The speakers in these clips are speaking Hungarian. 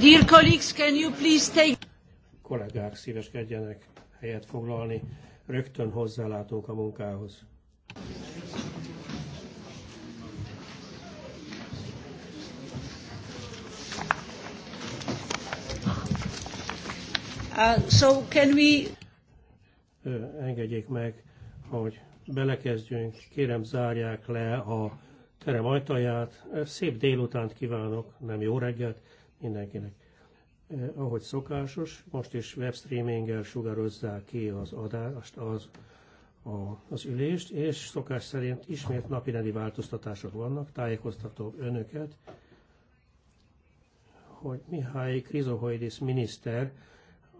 Dear colleagues, can you please take... Kollégák, szíveskedjenek helyet foglalni. Rögtön hozzálátunk a munkához. Uh, so can we... Engedjék meg, hogy belekezdjünk. Kérem, zárják le a terem ajtaját. Szép délutánt kívánok, nem jó reggelt mindenkinek. Eh, ahogy szokásos, most is webstreaminggel sugározzák ki az adást, az, a, az ülést, és szokás szerint ismét napirendi változtatások vannak, tájékoztatom önöket, hogy Mihály Krizohoidis miniszter,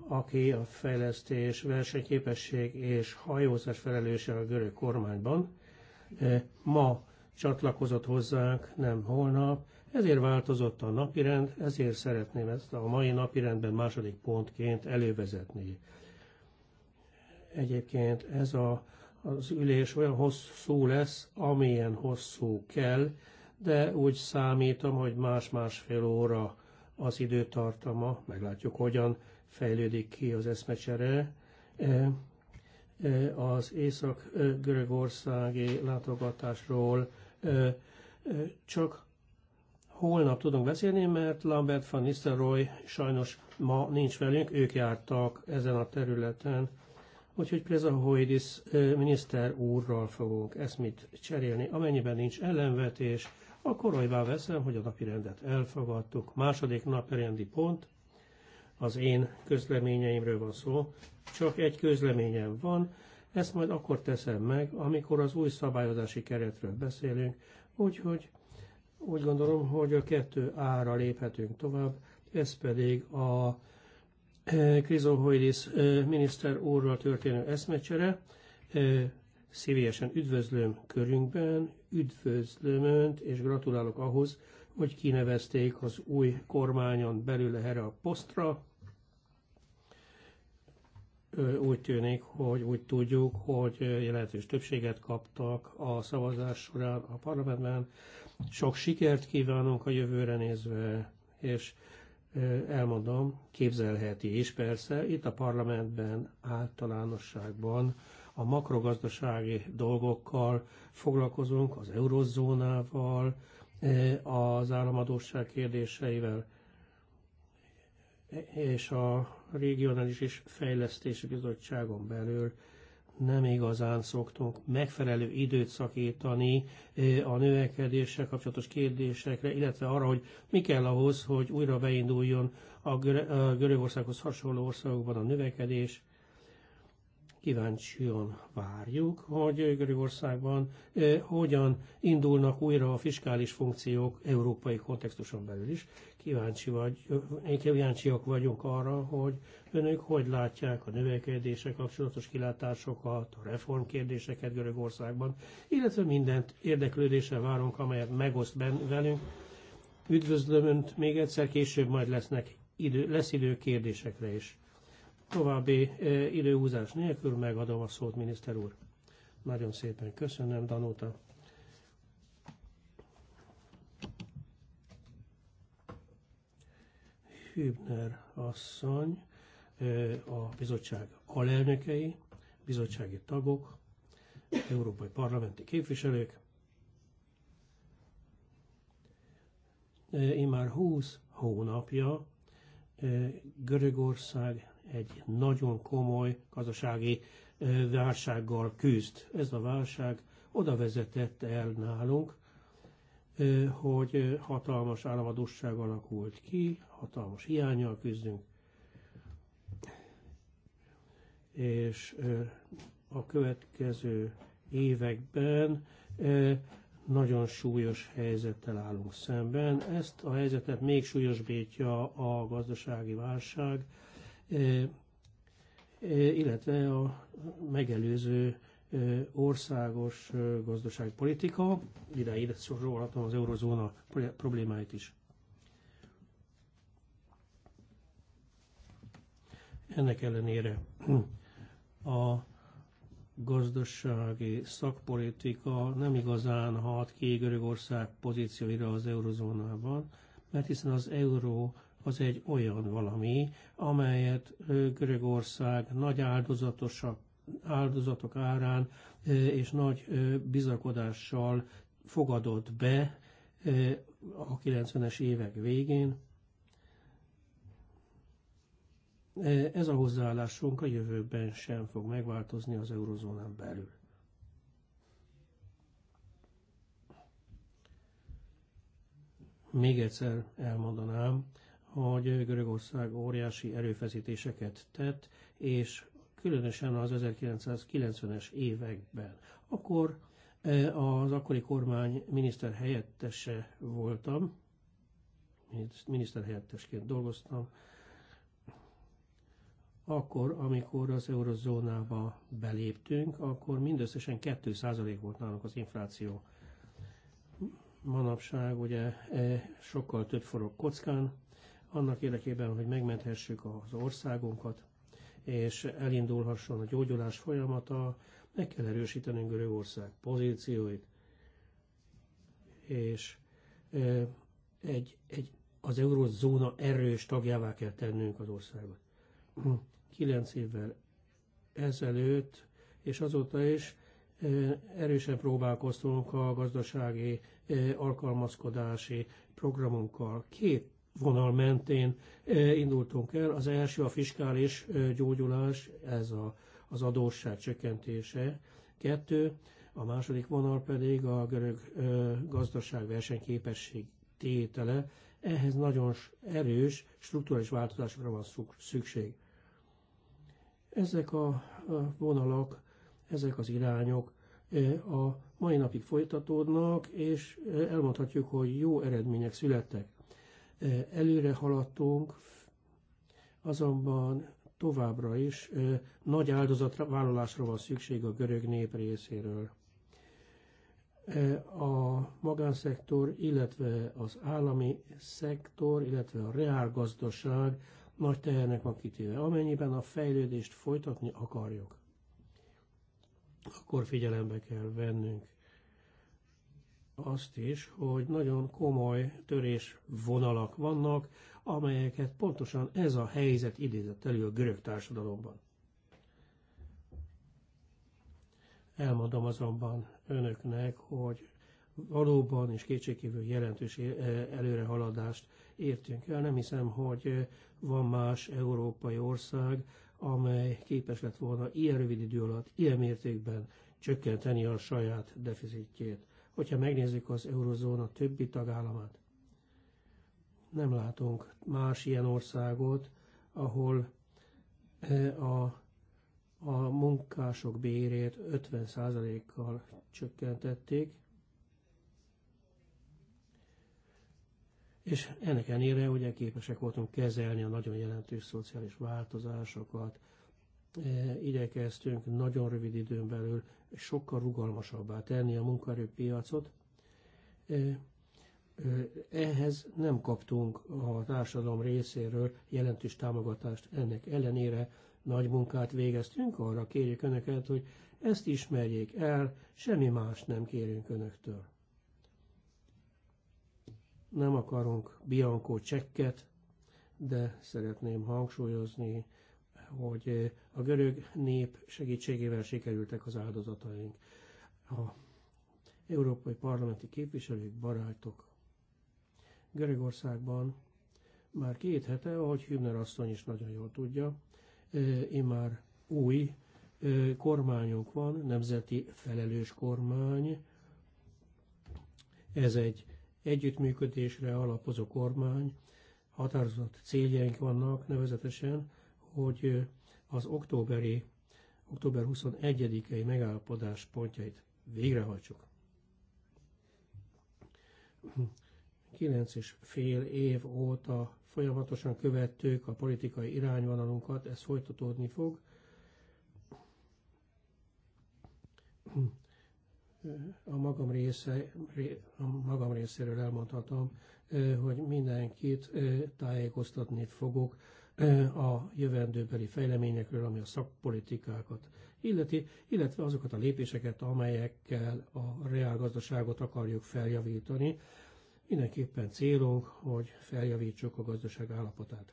aki a fejlesztés, versenyképesség és hajózás felelőse a görög kormányban, ma csatlakozott hozzánk, nem holnap, ezért változott a napirend, ezért szeretném ezt a mai napirendben második pontként elővezetni. Egyébként ez a, az ülés olyan hosszú lesz, amilyen hosszú kell, de úgy számítom, hogy más-másfél óra az időtartama, meglátjuk hogyan fejlődik ki az eszmecsere. E, e, az Észak-Görögországi látogatásról e, csak holnap tudunk beszélni, mert Lambert van Nistelrooy sajnos ma nincs velünk, ők jártak ezen a területen. Úgyhogy hoidis miniszter úrral fogunk eszmit cserélni. Amennyiben nincs ellenvetés, akkor olyvá veszem, hogy a napi rendet elfogadtuk. Második napirendi pont, az én közleményeimről van szó, csak egy közleményem van, ezt majd akkor teszem meg, amikor az új szabályozási keretről beszélünk, úgyhogy úgy gondolom, hogy a kettő ára léphetünk tovább, ez pedig a Krizohoidis eh, eh, miniszter úrral történő eszmecsere. Eh, szívélyesen üdvözlöm körünkben, üdvözlöm Önt, és gratulálok ahhoz, hogy kinevezték az új kormányon belül erre a posztra. Úgy tűnik, hogy úgy tudjuk, hogy jelentős többséget kaptak a szavazás során a parlamentben. Sok sikert kívánunk a jövőre nézve, és elmondom, képzelheti is persze, itt a parlamentben általánosságban a makrogazdasági dolgokkal foglalkozunk, az eurozónával, az államadóság kérdéseivel, és a regionális és fejlesztési bizottságon belül nem igazán szoktunk megfelelő időt szakítani a növekedéssel kapcsolatos kérdésekre, illetve arra, hogy mi kell ahhoz, hogy újra beinduljon a Görögországhoz hasonló országokban a növekedés. Kíváncsian várjuk, hogy Görögországban hogyan indulnak újra a fiskális funkciók európai kontextuson belül is. Kíváncsi, vagy, kíváncsiak vagyunk arra, hogy önök hogy látják a növekedése kapcsolatos kilátásokat, a reformkérdéseket Görögországban, illetve mindent érdeklődéssel várunk, amelyet megoszt ben, velünk. Üdvözlöm Önt még egyszer, később majd lesznek idő, lesz idő kérdésekre is. További eh, időhúzás nélkül megadom a szót, miniszter úr. Nagyon szépen köszönöm, Danuta. Hübner asszony, a bizottság alelnökei, bizottsági tagok, európai parlamenti képviselők. Én már 20 hónapja Görögország egy nagyon komoly gazdasági válsággal küzd. Ez a válság oda vezetett el nálunk, hogy hatalmas államadosság alakult ki, hatalmas hiányjal küzdünk, és a következő években nagyon súlyos helyzettel állunk szemben. Ezt a helyzetet még súlyosbítja a gazdasági válság, illetve a megelőző országos gazdaságpolitika, ide ide sorolhatom az eurozóna problémáit is. Ennek ellenére a gazdasági szakpolitika nem igazán hat ki Görögország pozícióira az eurozónában, mert hiszen az euró az egy olyan valami, amelyet Görögország nagy áldozatosak áldozatok árán és nagy bizakodással fogadott be a 90-es évek végén. Ez a hozzáállásunk a jövőben sem fog megváltozni az eurozónán belül. Még egyszer elmondanám, hogy Görögország óriási erőfeszítéseket tett, és különösen az 1990-es években. Akkor e, az akkori kormány miniszter helyettese voltam, miniszter helyettesként dolgoztam, akkor, amikor az eurozónába beléptünk, akkor mindösszesen 2% volt nálunk az infláció. Manapság ugye e, sokkal több forog kockán, annak érdekében, hogy megmenthessük az országunkat, és elindulhasson a gyógyulás folyamata, meg kell erősítenünk Görögország pozícióit, és egy, egy, az eurozóna erős tagjává kell tennünk az országot. Kilenc évvel ezelőtt, és azóta is erősen próbálkoztunk a gazdasági alkalmazkodási programunkkal. Két vonal mentén e, indultunk el. Az első a fiskális e, gyógyulás, ez a, az adósság csökkentése. Kettő, a második vonal pedig a görög e, gazdaság versenyképesség tétele. Ehhez nagyon erős struktúrális változásokra van szükség. Ezek a vonalak, ezek az irányok a mai napig folytatódnak, és elmondhatjuk, hogy jó eredmények születtek. Előre haladtunk, azonban továbbra is nagy áldozatvállalásra van szükség a görög nép részéről. A magánszektor, illetve az állami szektor, illetve a reálgazdaság nagy tehernek van kitéve. Amennyiben a fejlődést folytatni akarjuk, akkor figyelembe kell vennünk azt is, hogy nagyon komoly törésvonalak vannak, amelyeket pontosan ez a helyzet idézett elő a görög társadalomban. Elmondom azonban önöknek, hogy valóban és kétségkívül jelentős eh, előrehaladást értünk el. Nem hiszem, hogy eh, van más európai ország, amely képes lett volna ilyen rövid idő alatt, ilyen mértékben csökkenteni a saját deficitjét hogyha megnézzük az eurozóna többi tagállamát. Nem látunk más ilyen országot, ahol eh, a, a munkások bérét 50%-kal csökkentették, és ennek ellenére ugye képesek voltunk kezelni a nagyon jelentős szociális változásokat, Eh, igyekeztünk nagyon rövid időn belül sokkal rugalmasabbá tenni a munkaerőpiacot. Eh, eh, ehhez nem kaptunk a társadalom részéről jelentős támogatást, ennek ellenére nagy munkát végeztünk, arra kérjük Önöket, hogy ezt ismerjék el, semmi más nem kérünk Önöktől. Nem akarunk Bianco csekket, de szeretném hangsúlyozni, hogy eh, a görög nép segítségével sikerültek az áldozataink. A európai parlamenti képviselők, barátok. Görögországban már két hete, ahogy Hübner asszony is nagyon jól tudja, eh, már új eh, kormányunk van, nemzeti felelős kormány. Ez egy együttműködésre alapozó kormány, határozott céljaink vannak nevezetesen, hogy az októberi, október 21-i megállapodás pontjait végrehajtsuk. 9 és fél év óta folyamatosan követtük a politikai irányvonalunkat, ez folytatódni fog. A magam, része, a magam részéről elmondhatom, hogy mindenkit tájékoztatni fogok a jövendőbeli fejleményekről, ami a szakpolitikákat illeti, illetve azokat a lépéseket, amelyekkel a reálgazdaságot akarjuk feljavítani. Mindenképpen célunk, hogy feljavítsuk a gazdaság állapotát.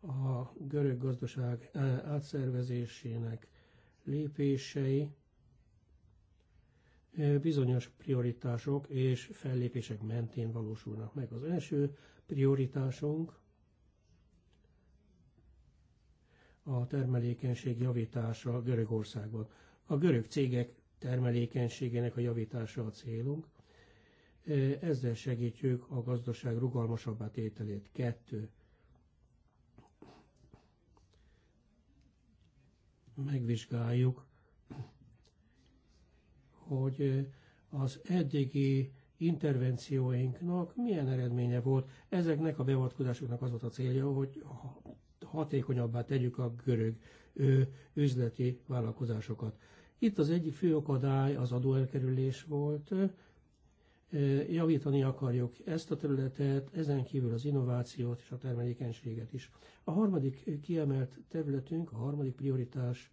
A görög gazdaság átszervezésének lépései bizonyos prioritások és fellépések mentén valósulnak meg. Az első prioritásunk a termelékenység javítása Görögországban. A görög cégek termelékenységének a javítása a célunk. Ezzel segítjük a gazdaság rugalmasabbá tételét. Kettő. Megvizsgáljuk, hogy az eddigi intervencióinknak milyen eredménye volt. Ezeknek a beavatkozásoknak az volt a célja, hogy hatékonyabbá tegyük a görög üzleti vállalkozásokat. Itt az egyik fő akadály az adóelkerülés volt, javítani akarjuk ezt a területet, ezen kívül az innovációt és a termelékenységet is. A harmadik kiemelt területünk, a harmadik prioritás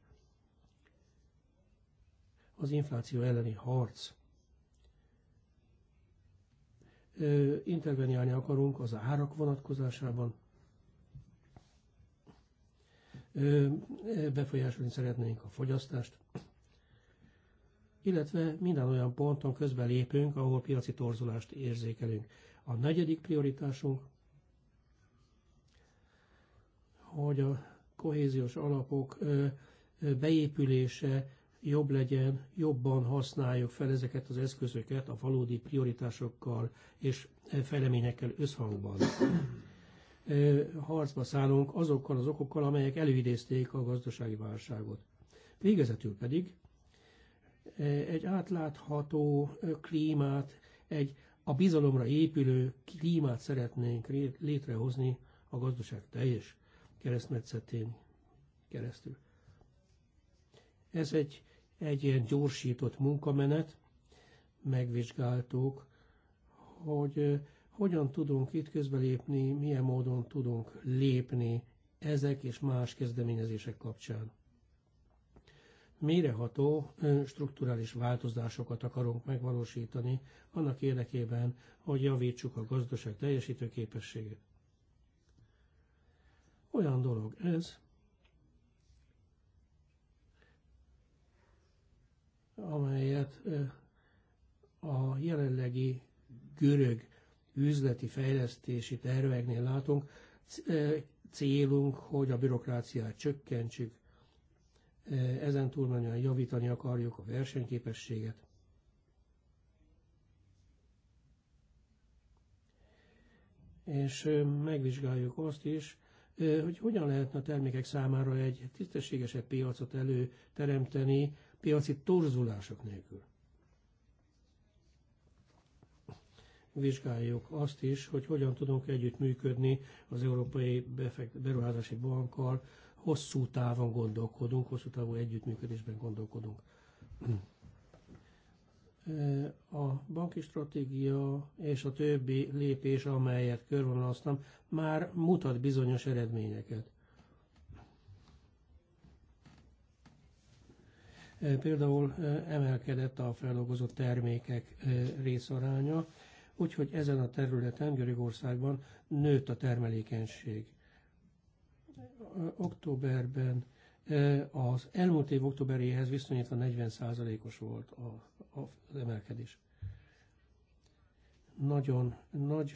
az infláció elleni harc. Interveniálni akarunk az árak vonatkozásában, befolyásolni szeretnénk a fogyasztást, illetve minden olyan ponton közben lépünk, ahol piaci torzulást érzékelünk. A negyedik prioritásunk, hogy a kohéziós alapok beépülése jobb legyen, jobban használjuk fel ezeket az eszközöket a valódi prioritásokkal és fejleményekkel összhangban harcba szállunk azokkal az okokkal, amelyek előidézték a gazdasági válságot. Végezetül pedig egy átlátható klímát, egy a bizalomra épülő klímát szeretnénk létrehozni a gazdaság teljes keresztmetszetén keresztül. Ez egy, egy ilyen gyorsított munkamenet, megvizsgáltuk, hogy hogyan tudunk itt közbelépni, milyen módon tudunk lépni ezek és más kezdeményezések kapcsán? méreható strukturális változásokat akarunk megvalósítani annak érdekében, hogy javítsuk a gazdaság teljesítő képességét. Olyan dolog ez, amelyet a jelenlegi görög üzleti fejlesztési terveknél látunk, célunk, hogy a bürokráciát csökkentsük, ezen túlmenően javítani akarjuk a versenyképességet. És megvizsgáljuk azt is, hogy hogyan lehetne a termékek számára egy tisztességesebb piacot előteremteni piaci torzulások nélkül. vizsgáljuk azt is, hogy hogyan tudunk együttműködni az Európai Beruházási Bankkal, hosszú távon gondolkodunk, hosszú távú együttműködésben gondolkodunk. A banki stratégia és a többi lépés, amelyet körvonalaztam, már mutat bizonyos eredményeket. Például emelkedett a feldolgozott termékek részaránya, Úgyhogy ezen a területen, Görögországban nőtt a termelékenység. Októberben eh, az elmúlt év októberéhez viszonyítva 40%-os volt az emelkedés. Nagyon nagy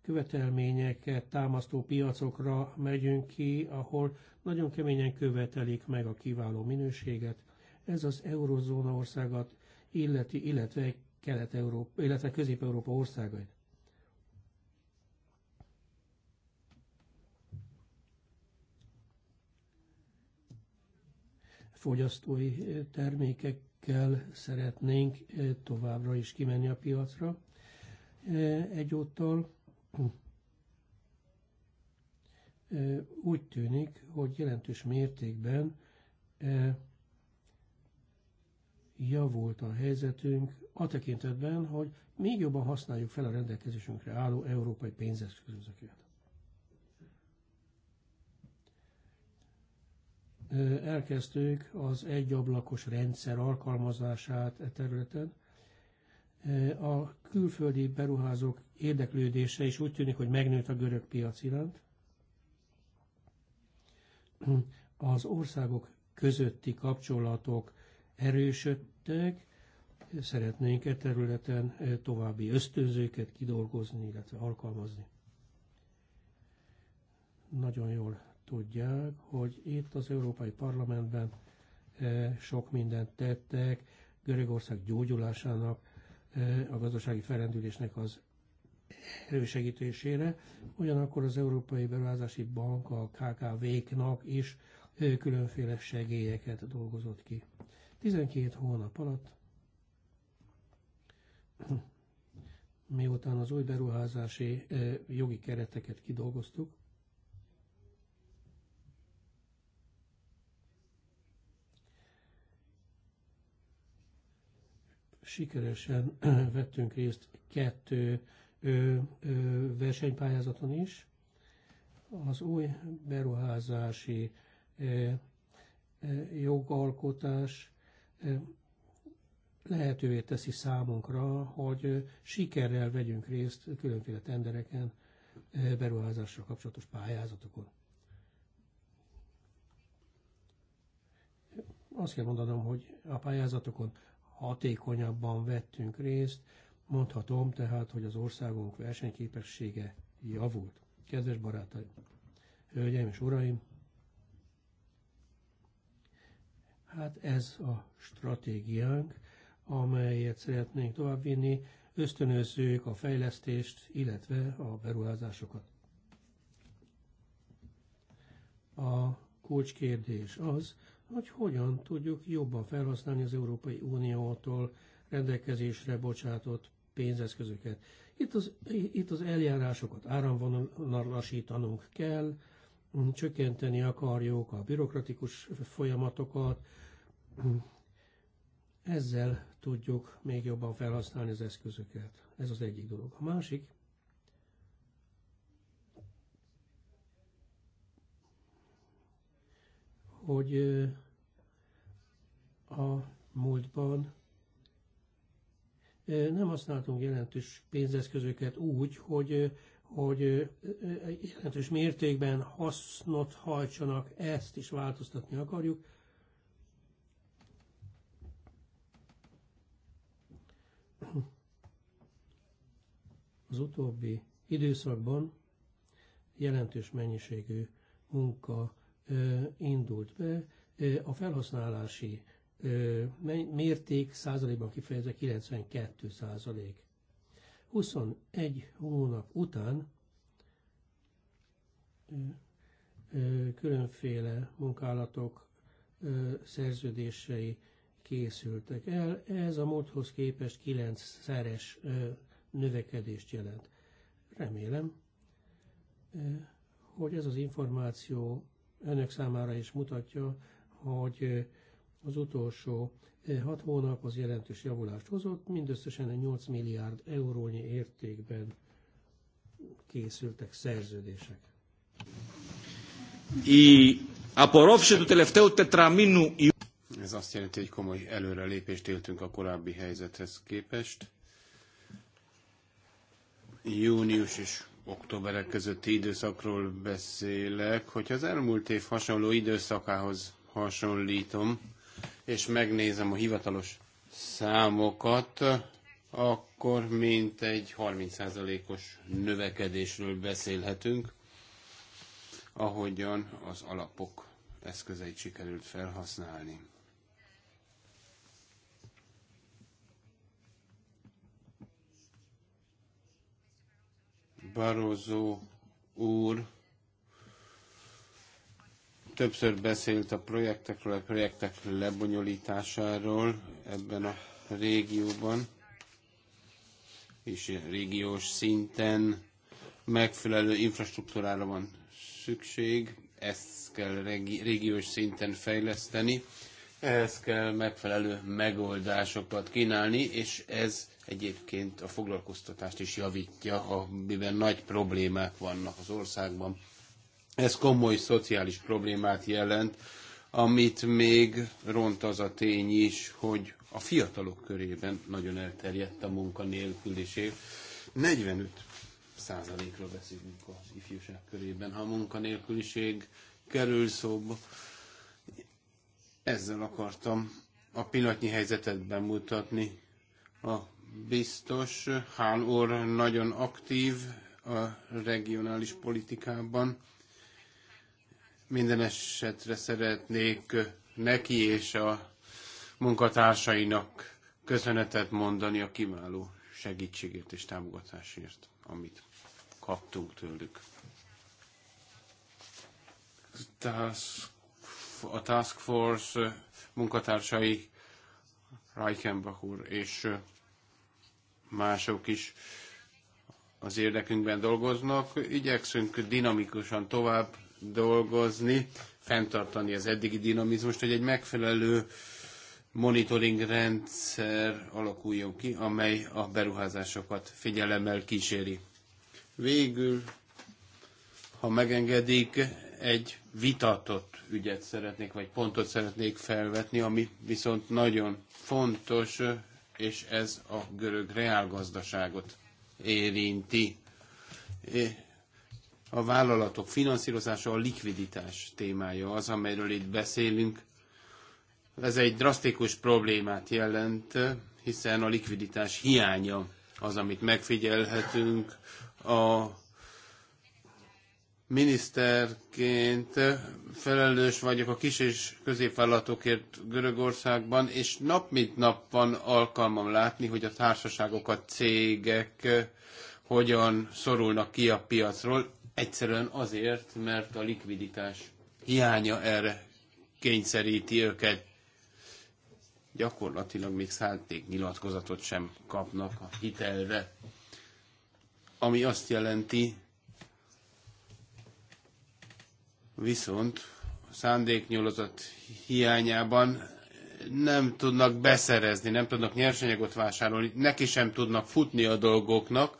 követelményeket támasztó piacokra megyünk ki, ahol nagyon keményen követelik meg a kiváló minőséget. Ez az eurozóna országot illeti, illetve egy Kelet-Európa, illetve Közép-Európa országait. Fogyasztói eh, termékekkel szeretnénk eh, továbbra is kimenni a piacra eh, egyúttal. Úgy tűnik, hogy jelentős mértékben javult a helyzetünk a tekintetben, hogy még jobban használjuk fel a rendelkezésünkre álló európai pénzeszközöket. Elkezdtük az egyablakos rendszer alkalmazását e területen. A külföldi beruházók érdeklődése is úgy tűnik, hogy megnőtt a görög piac iránt. Az országok közötti kapcsolatok erősödtek. Szeretnénk e területen e, további ösztönzőket kidolgozni, illetve alkalmazni. Nagyon jól tudják, hogy itt az Európai Parlamentben e, sok mindent tettek, Görögország gyógyulásának, e, a gazdasági felrendülésnek az elősegítésére, ugyanakkor az Európai Beruházási Bank a KKV-knak is különféle segélyeket dolgozott ki. 12 hónap alatt, miután az új beruházási jogi kereteket kidolgoztuk, sikeresen vettünk részt kettő ö, ö, versenypályázaton is. Az új beruházási ö, ö, jogalkotás lehetővé teszi számunkra, hogy sikerrel vegyünk részt különféle tendereken, beruházással kapcsolatos pályázatokon. Azt kell mondanom, hogy a pályázatokon hatékonyabban vettünk részt, mondhatom tehát, hogy az országunk versenyképessége javult. Kedves barátaim, hölgyeim és uraim, Hát ez a stratégiánk, amelyet szeretnénk továbbvinni, ösztönözzük a fejlesztést, illetve a beruházásokat. A kulcskérdés az, hogy hogyan tudjuk jobban felhasználni az Európai Uniótól rendelkezésre bocsátott pénzeszközöket. Itt az, itt az eljárásokat áramvonalasítanunk kell, csökkenteni akarjuk a bürokratikus folyamatokat, ezzel tudjuk még jobban felhasználni az eszközöket. Ez az egyik dolog. A másik, hogy a múltban nem használtunk jelentős pénzeszközöket úgy, hogy hogy jelentős mértékben hasznot hajtsanak, ezt is változtatni akarjuk. Az utóbbi időszakban jelentős mennyiségű munka indult be, a felhasználási mérték százalékban kifejezve 92 százalék. 21 hónap után különféle munkálatok szerződései készültek el. Ez a múlthoz képest 9-szeres növekedést jelent. Remélem, hogy ez az információ önök számára is mutatja, hogy az utolsó eh, hat hónap az jelentős javulást hozott, mindösszesen 8 milliárd eurónyi értékben készültek szerződések. A απορρόφηση του τελευταίου ez azt jelenti, hogy komoly előrelépést éltünk a korábbi helyzethez képest. Június és októberek közötti időszakról beszélek. Hogyha az elmúlt év hasonló időszakához hasonlítom, és megnézem a hivatalos számokat, akkor mint egy 30%-os növekedésről beszélhetünk, ahogyan az alapok eszközeit sikerült felhasználni. Barozó úr többször beszélt a projektekről, a projektek lebonyolításáról ebben a régióban, és régiós szinten megfelelő infrastruktúrára van szükség, ezt kell regi- régiós szinten fejleszteni, ehhez kell megfelelő megoldásokat kínálni, és ez egyébként a foglalkoztatást is javítja, amiben nagy problémák vannak az országban. Ez komoly szociális problémát jelent, amit még ront az a tény is, hogy a fiatalok körében nagyon elterjedt a munkanélküliség. 45 százalékról beszélünk az ifjúság körében, ha a munkanélküliség kerül szóba. Ezzel akartam a pillanatnyi helyzetet bemutatni. A biztos Hán Orr nagyon aktív a regionális politikában, minden esetre szeretnék neki és a munkatársainak köszönetet mondani a kiváló segítségért és támogatásért, amit kaptunk tőlük. A Task Force munkatársai Reichenbach úr és mások is az érdekünkben dolgoznak. Igyekszünk dinamikusan tovább dolgozni, fenntartani az eddigi dinamizmust, hogy egy megfelelő monitoring rendszer alakuljon ki, amely a beruházásokat figyelemmel kíséri. Végül, ha megengedik, egy vitatott ügyet szeretnék, vagy pontot szeretnék felvetni, ami viszont nagyon fontos, és ez a görög reálgazdaságot érinti. A vállalatok finanszírozása a likviditás témája az, amelyről itt beszélünk. Ez egy drasztikus problémát jelent, hiszen a likviditás hiánya az, amit megfigyelhetünk. A miniszterként felelős vagyok a kis és középvállalatokért Görögországban, és nap mint nap van alkalmam látni, hogy a társaságokat, cégek hogyan szorulnak ki a piacról. Egyszerűen azért, mert a likviditás hiánya erre kényszeríti őket. Gyakorlatilag még nyilatkozatot sem kapnak a hitelre, ami azt jelenti, viszont a szándéknyolozat hiányában nem tudnak beszerezni, nem tudnak nyersanyagot vásárolni, neki sem tudnak futni a dolgoknak,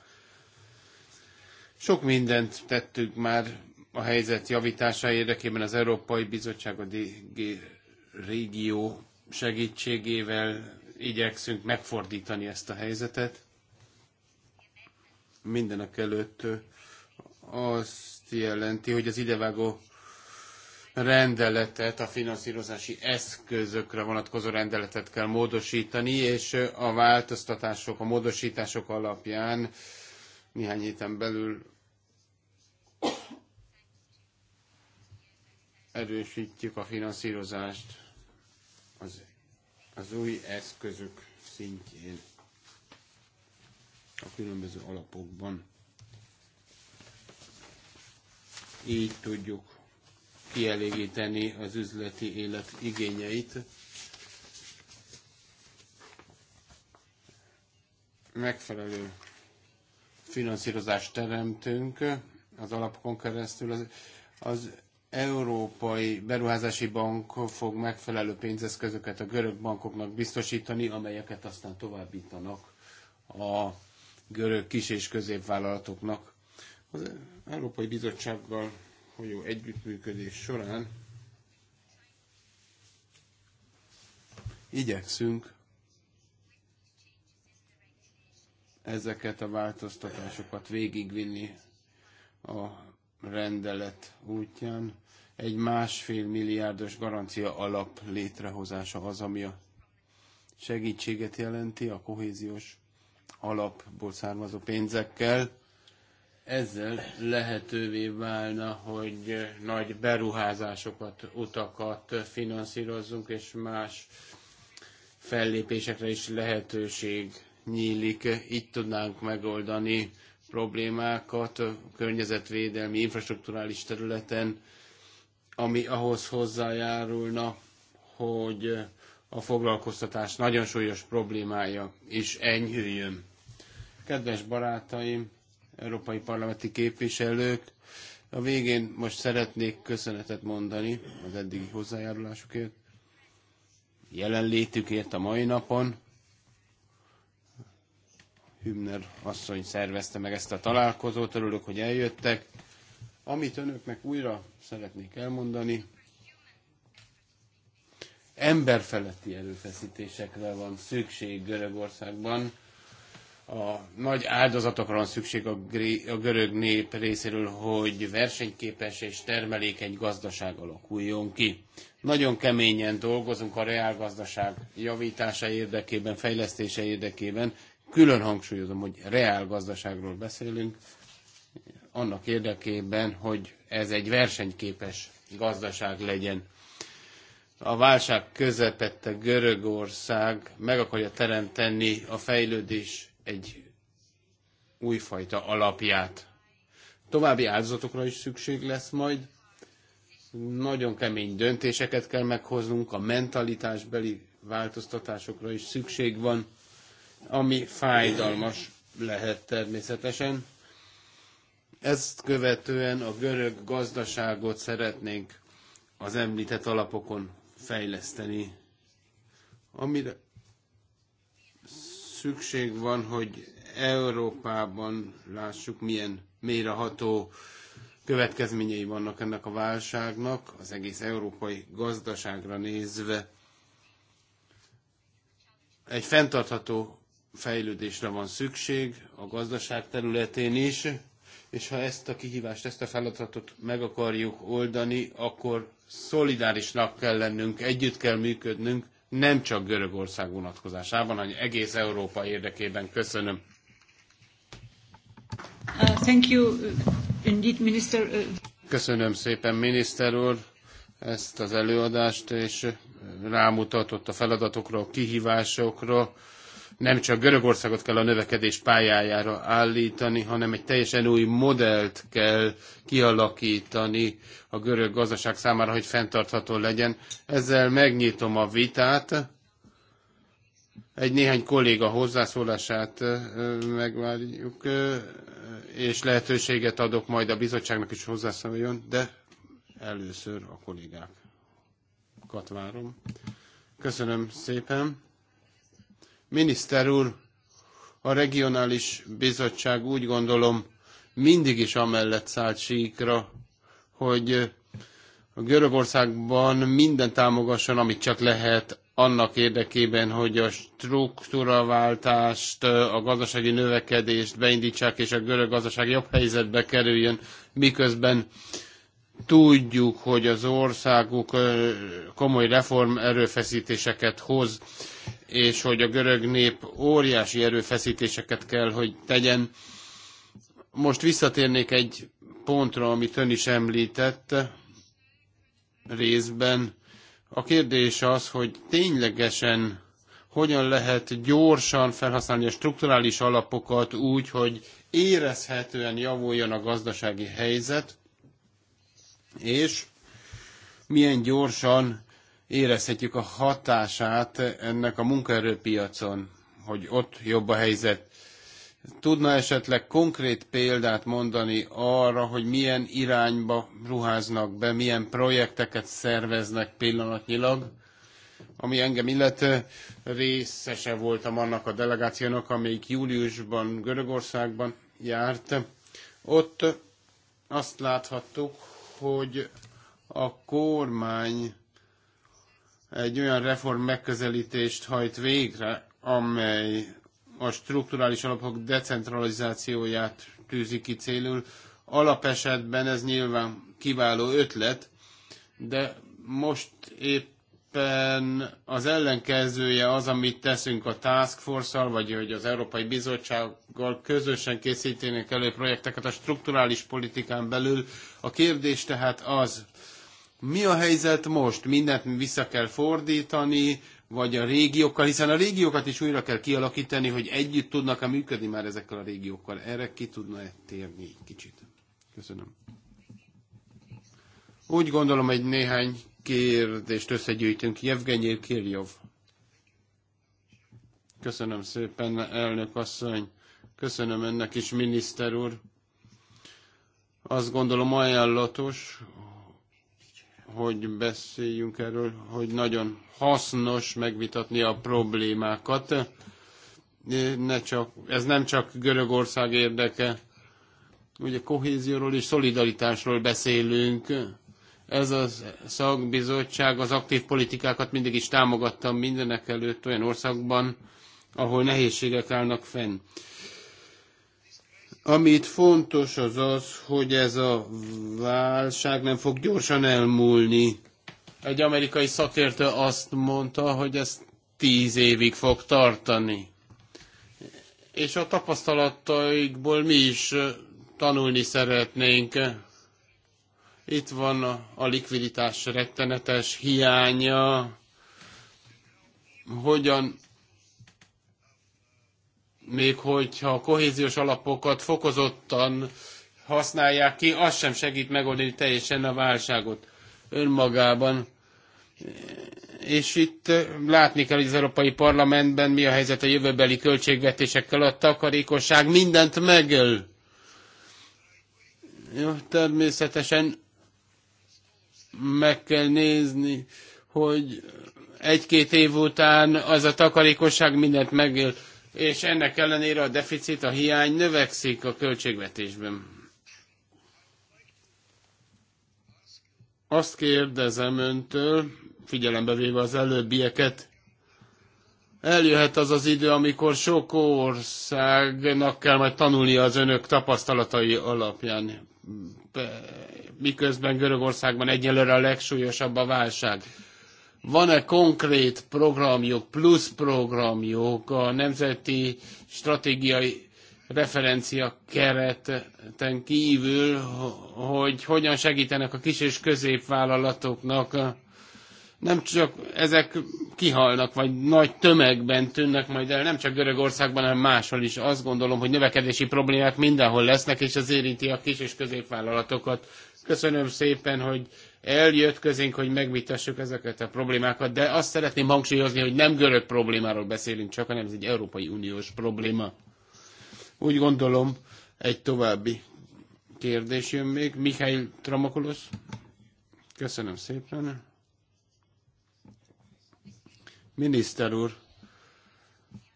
sok mindent tettünk már a helyzet javítása érdekében az Európai Bizottság a DG régió segítségével igyekszünk megfordítani ezt a helyzetet. Mindenek előtt azt jelenti, hogy az idevágó rendeletet, a finanszírozási eszközökre vonatkozó rendeletet kell módosítani, és a változtatások, a módosítások alapján néhány héten belül erősítjük a finanszírozást az, az új eszközök szintjén a különböző alapokban. Így tudjuk kielégíteni az üzleti élet igényeit. Megfelelő finanszírozást teremtünk az alapokon keresztül. Az, az Európai Beruházási Bank fog megfelelő pénzeszközöket a görög bankoknak biztosítani, amelyeket aztán továbbítanak a görög kis- és középvállalatoknak. Az Európai Bizottsággal folyó együttműködés során igyekszünk ezeket a változtatásokat végigvinni a rendelet útján. Egy másfél milliárdos garancia alap létrehozása az, ami a segítséget jelenti a kohéziós alapból származó pénzekkel. Ezzel lehetővé válna, hogy nagy beruházásokat, utakat finanszírozzunk, és más fellépésekre is lehetőség nyílik, így tudnánk megoldani problémákat a környezetvédelmi, infrastruktúrális területen, ami ahhoz hozzájárulna, hogy a foglalkoztatás nagyon súlyos problémája is enyhüljön. Kedves barátaim, európai parlamenti képviselők, a végén most szeretnék köszönetet mondani az eddigi hozzájárulásukért, jelenlétükért a mai napon, Hübner asszony szervezte meg ezt a találkozót, örülök, hogy eljöttek. Amit önöknek újra szeretnék elmondani, emberfeletti erőfeszítésekre van szükség Görögországban. A nagy áldozatokra van szükség a, a görög nép részéről, hogy versenyképes és termelékeny gazdaság alakuljon ki. Nagyon keményen dolgozunk a reálgazdaság javítása érdekében, fejlesztése érdekében, Külön hangsúlyozom, hogy reál gazdaságról beszélünk, annak érdekében, hogy ez egy versenyképes gazdaság legyen. A válság közepette Görögország meg akarja teremteni a fejlődés egy újfajta alapját. További áldozatokra is szükség lesz majd. Nagyon kemény döntéseket kell meghoznunk, a mentalitásbeli változtatásokra is szükség van ami fájdalmas lehet természetesen. Ezt követően a görög gazdaságot szeretnénk az említett alapokon fejleszteni, amire szükség van, hogy Európában lássuk, milyen mélyreható következményei vannak ennek a válságnak, az egész európai gazdaságra nézve. Egy fenntartható fejlődésre van szükség a gazdaság területén is, és ha ezt a kihívást, ezt a feladatot meg akarjuk oldani, akkor szolidárisnak kell lennünk, együtt kell működnünk, nem csak Görögország vonatkozásában, hanem egész Európa érdekében. Köszönöm. Uh, thank you, uh, indeed, minister. Uh, Köszönöm szépen, miniszter úr, ezt az előadást, és rámutatott a feladatokra, a kihívásokra nem csak Görögországot kell a növekedés pályájára állítani, hanem egy teljesen új modellt kell kialakítani a görög gazdaság számára, hogy fenntartható legyen. Ezzel megnyitom a vitát. Egy néhány kolléga hozzászólását megvárjuk, és lehetőséget adok majd a bizottságnak is hozzászóljon, de először a kollégákat várom. Köszönöm szépen. Miniszter úr, a regionális bizottság úgy gondolom mindig is amellett szállt síkra, hogy a Görögországban minden támogasson, amit csak lehet, annak érdekében, hogy a struktúraváltást, a gazdasági növekedést beindítsák, és a görög gazdaság jobb helyzetbe kerüljön, miközben Tudjuk, hogy az országuk komoly reform erőfeszítéseket hoz, és hogy a görög nép óriási erőfeszítéseket kell, hogy tegyen. Most visszatérnék egy pontra, amit ön is említett részben. A kérdés az, hogy ténylegesen hogyan lehet gyorsan felhasználni a strukturális alapokat úgy, hogy érezhetően javuljon a gazdasági helyzet, és milyen gyorsan érezhetjük a hatását ennek a munkaerőpiacon, hogy ott jobb a helyzet. Tudna esetleg konkrét példát mondani arra, hogy milyen irányba ruháznak be, milyen projekteket szerveznek pillanatnyilag? Ami engem illető részese voltam annak a delegációnak, amelyik júliusban Görögországban járt. Ott azt láthattuk, hogy a kormány egy olyan reform megközelítést hajt végre, amely a strukturális alapok decentralizációját tűzi ki célul. Alapesetben ez nyilván kiváló ötlet, de most épp éppen az ellenkezője az, amit teszünk a Task Force-al, vagy hogy az Európai Bizottsággal közösen készítenek elő projekteket a strukturális politikán belül. A kérdés tehát az, mi a helyzet most? Mindent vissza kell fordítani, vagy a régiókkal, hiszen a régiókat is újra kell kialakítani, hogy együtt tudnak-e működni már ezekkel a régiókkal. Erre ki tudna-e térni kicsit? Köszönöm. Úgy gondolom, hogy néhány kérdést összegyűjtünk. Jevgenyél Kirjov. Köszönöm szépen, elnök asszony. Köszönöm ennek is, miniszter úr. Azt gondolom ajánlatos, hogy beszéljünk erről, hogy nagyon hasznos megvitatni a problémákat. Ne csak, ez nem csak Görögország érdeke. Ugye kohézióról és szolidaritásról beszélünk ez a szakbizottság az aktív politikákat mindig is támogatta mindenek előtt olyan országban, ahol nehézségek állnak fenn. Amit fontos az az, hogy ez a válság nem fog gyorsan elmúlni. Egy amerikai szakértő azt mondta, hogy ez tíz évig fog tartani. És a tapasztalataikból mi is tanulni szeretnénk itt van a, a likviditás rettenetes hiánya, hogyan még hogyha a kohéziós alapokat fokozottan használják ki, az sem segít megoldani teljesen a válságot önmagában. És itt látni kell, hogy az Európai Parlamentben mi a helyzet a jövőbeli költségvetésekkel, a takarékosság mindent megöl. Jó, természetesen meg kell nézni, hogy egy-két év után az a takarékosság mindent megél, és ennek ellenére a deficit, a hiány növekszik a költségvetésben. Azt kérdezem öntől, figyelembe véve az előbbieket, eljöhet az az idő, amikor sok országnak kell majd tanulni az önök tapasztalatai alapján miközben Görögországban egyelőre a legsúlyosabb a válság. Van-e konkrét programjuk, plusz programjuk a nemzeti stratégiai referencia kereten kívül, hogy hogyan segítenek a kis és középvállalatoknak, nem csak ezek kihalnak, vagy nagy tömegben tűnnek majd el, nem csak Görögországban, hanem máshol is. Azt gondolom, hogy növekedési problémák mindenhol lesznek, és az érinti a kis és középvállalatokat. Köszönöm szépen, hogy eljött közénk, hogy megvitassuk ezeket a problémákat, de azt szeretném hangsúlyozni, hogy nem görög problémáról beszélünk csak, hanem ez egy Európai Uniós probléma. Úgy gondolom, egy további kérdés jön még. Mihály Tramakulosz. Köszönöm szépen. Miniszter úr,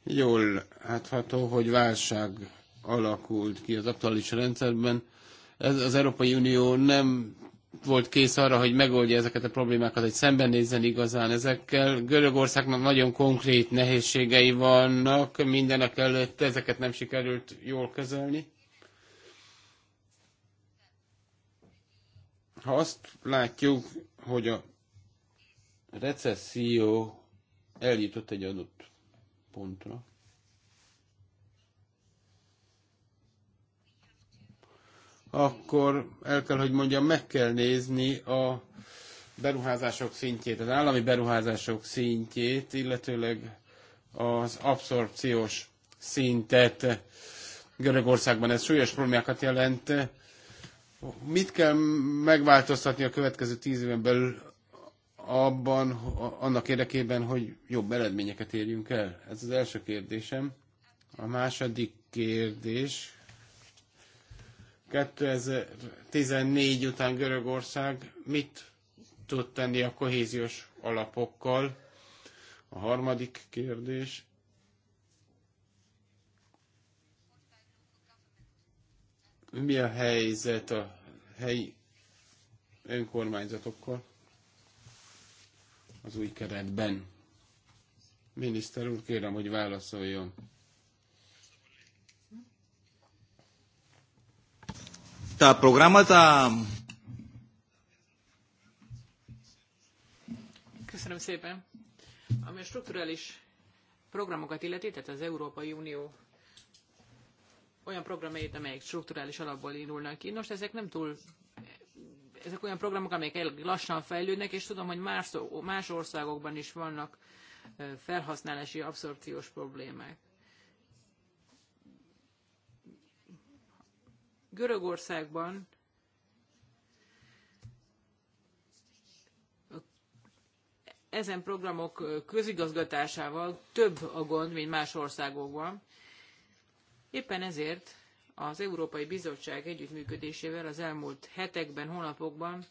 jól látható, hogy válság alakult ki az aktuális rendszerben az Európai Unió nem volt kész arra, hogy megoldja ezeket a problémákat, hogy szembenézzen igazán ezekkel. Görögországnak nagyon konkrét nehézségei vannak, mindenek előtt ezeket nem sikerült jól kezelni. Ha azt látjuk, hogy a recesszió eljutott egy adott pontra, akkor el kell, hogy mondjam, meg kell nézni a beruházások szintjét, az állami beruházások szintjét, illetőleg az abszorpciós szintet. Görögországban ez súlyos problémákat jelent. Mit kell megváltoztatni a következő tíz éven belül abban, annak érdekében, hogy jobb eredményeket érjünk el? Ez az első kérdésem. A második kérdés 2014 után Görögország mit tud tenni a kohéziós alapokkal? A harmadik kérdés. Mi a helyzet a helyi önkormányzatokkal az új keretben? Miniszter úr, kérem, hogy válaszoljon. τα προγράμματα... Köszönöm szépen. Ami a strukturális programokat illeti, tehát az Európai Unió olyan programjait, amelyek strukturális alapból indulnak ki. Nos, ezek nem túl ezek olyan programok, amelyek lassan fejlődnek, és tudom, hogy más, más országokban is vannak felhasználási abszorpciós problémák. Görögországban ezen programok közigazgatásával több a gond, mint más országokban. Éppen ezért az Európai Bizottság együttműködésével az elmúlt hetekben, hónapokban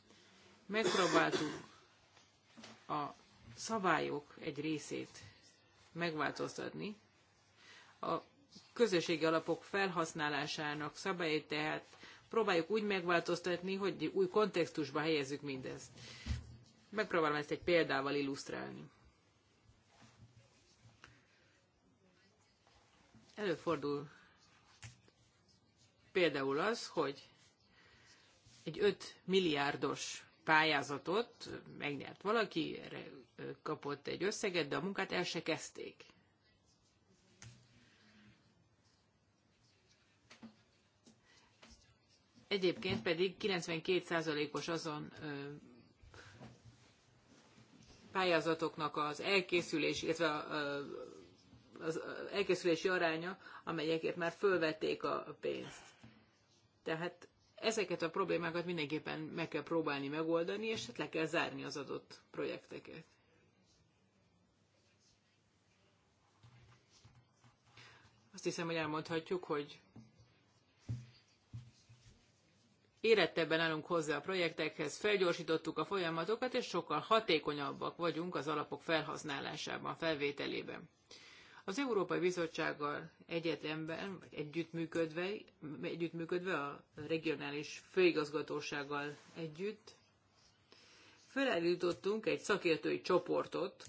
megpróbáltuk a szabályok egy részét megváltoztatni. A közösségi alapok felhasználásának szabályait, tehát próbáljuk úgy megváltoztatni, hogy új kontextusba helyezzük mindezt. Megpróbálom ezt egy példával illusztrálni. Előfordul például az, hogy egy 5 milliárdos pályázatot megnyert valaki, erre kapott egy összeget, de a munkát el se kezdték. Egyébként pedig 92%-os azon pályázatoknak az elkészülés, illetve az elkészülési aránya, amelyekért már fölvették a pénzt. Tehát ezeket a problémákat mindenképpen meg kell próbálni megoldani, és hát le kell zárni az adott projekteket. Azt hiszem, hogy elmondhatjuk, hogy érettebben állunk hozzá a projektekhez, felgyorsítottuk a folyamatokat, és sokkal hatékonyabbak vagyunk az alapok felhasználásában, felvételében. Az Európai Bizottsággal egyetemben, vagy együttműködve, együttműködve a regionális főigazgatósággal együtt, felállítottunk egy szakértői csoportot,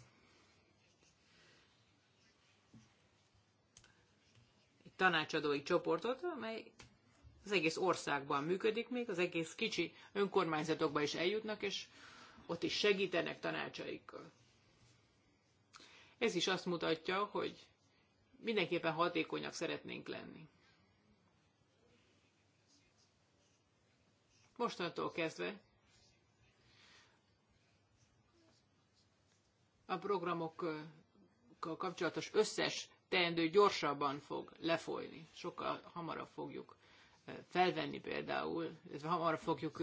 egy tanácsadói csoportot, amely az egész országban működik még, az egész kicsi önkormányzatokba is eljutnak, és ott is segítenek tanácsaikkal. Ez is azt mutatja, hogy mindenképpen hatékonyak szeretnénk lenni. Mostantól kezdve a programokkal kapcsolatos összes teendő gyorsabban fog lefolyni, sokkal hamarabb fogjuk felvenni például, ez hamar fogjuk,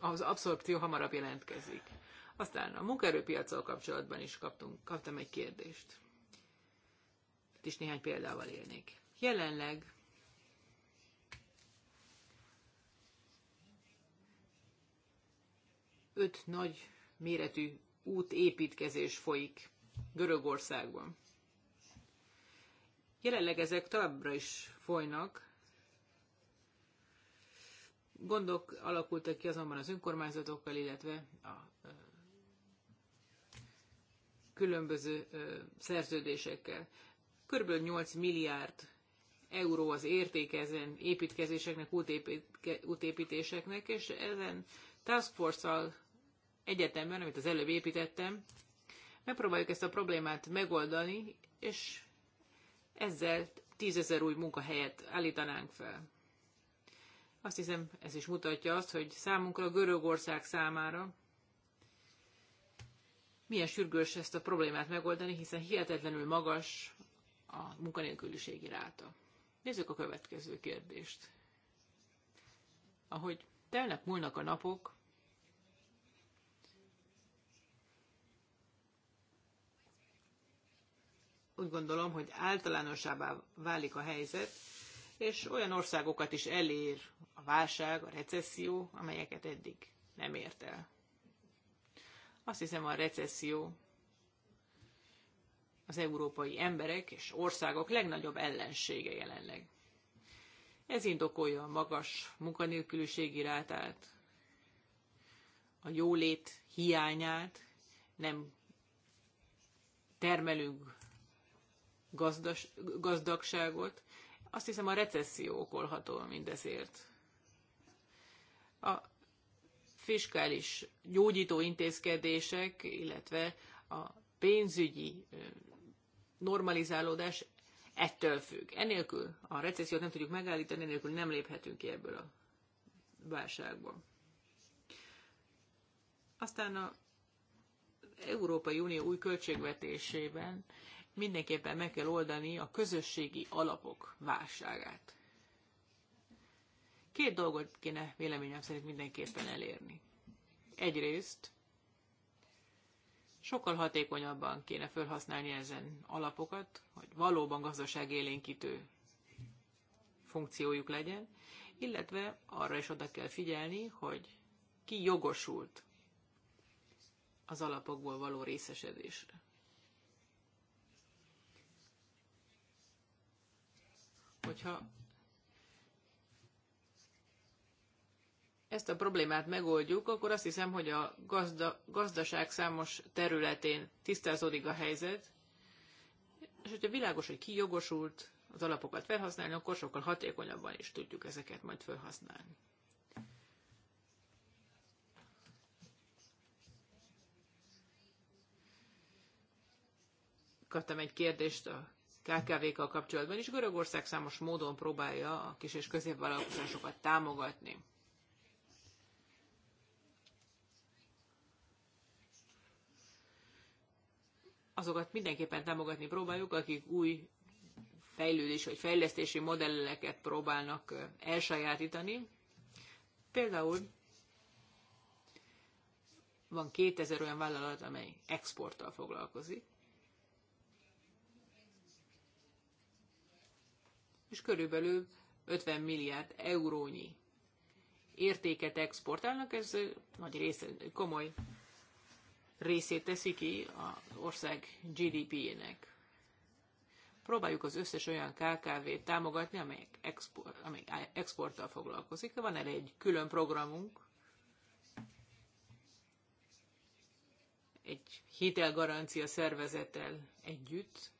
az abszorpció hamarabb jelentkezik. Aztán a munkaerőpiacsal kapcsolatban is kaptunk, kaptam egy kérdést. Itt is néhány példával élnék. Jelenleg öt nagy méretű útépítkezés folyik Görögországban. Jelenleg ezek továbbra is folynak, Gondok alakultak ki azonban az önkormányzatokkal, illetve a különböző szerződésekkel. Körülbelül 8 milliárd euró az értéke ezen építkezéseknek, útépítéseknek, és ezen task force egyetemben, amit az előbb építettem, megpróbáljuk ezt a problémát megoldani, és ezzel tízezer új munkahelyet állítanánk fel. Azt hiszem, ez is mutatja azt, hogy számunkra Görögország számára milyen sürgős ezt a problémát megoldani, hiszen hihetetlenül magas a munkanélküliségi ráta. Nézzük a következő kérdést. Ahogy telnek múlnak a napok, úgy gondolom, hogy általánosabbá válik a helyzet, és olyan országokat is elér a válság, a recesszió, amelyeket eddig nem ért el. Azt hiszem a recesszió az európai emberek és országok legnagyobb ellensége jelenleg. Ez indokolja a magas munkanélküliségi rátát, a jólét hiányát, nem termelünk gazdas, gazdagságot, azt hiszem a recesszió okolható mindezért. A fiskális gyógyító intézkedések, illetve a pénzügyi normalizálódás ettől függ. Enélkül a recessziót nem tudjuk megállítani, enélkül nem léphetünk ki ebből a válságból. Aztán a Európai Unió új költségvetésében mindenképpen meg kell oldani a közösségi alapok válságát. Két dolgot kéne véleményem szerint mindenképpen elérni. Egyrészt sokkal hatékonyabban kéne felhasználni ezen alapokat, hogy valóban élénkítő funkciójuk legyen, illetve arra is oda kell figyelni, hogy ki jogosult az alapokból való részesedésre. hogyha ezt a problémát megoldjuk, akkor azt hiszem, hogy a gazda, gazdaság számos területén tisztázódik a helyzet, és hogyha világos, hogy ki jogosult az alapokat felhasználni, akkor sokkal hatékonyabban is tudjuk ezeket majd felhasználni. Kaptam egy kérdést a KKV-kkal kapcsolatban is Görögország számos módon próbálja a kis és középvállalkozásokat támogatni. Azokat mindenképpen támogatni próbáljuk, akik új fejlődés vagy fejlesztési modelleket próbálnak elsajátítani. Például van 2000 olyan vállalat, amely exporttal foglalkozik. és körülbelül 50 milliárd eurónyi értéket exportálnak, ez nagy része, komoly részét teszi ki az ország GDP-jének. Próbáljuk az összes olyan KKV-t támogatni, amelyek export, amely exporttal foglalkozik. Van erre egy külön programunk, egy hitelgarancia szervezettel együtt,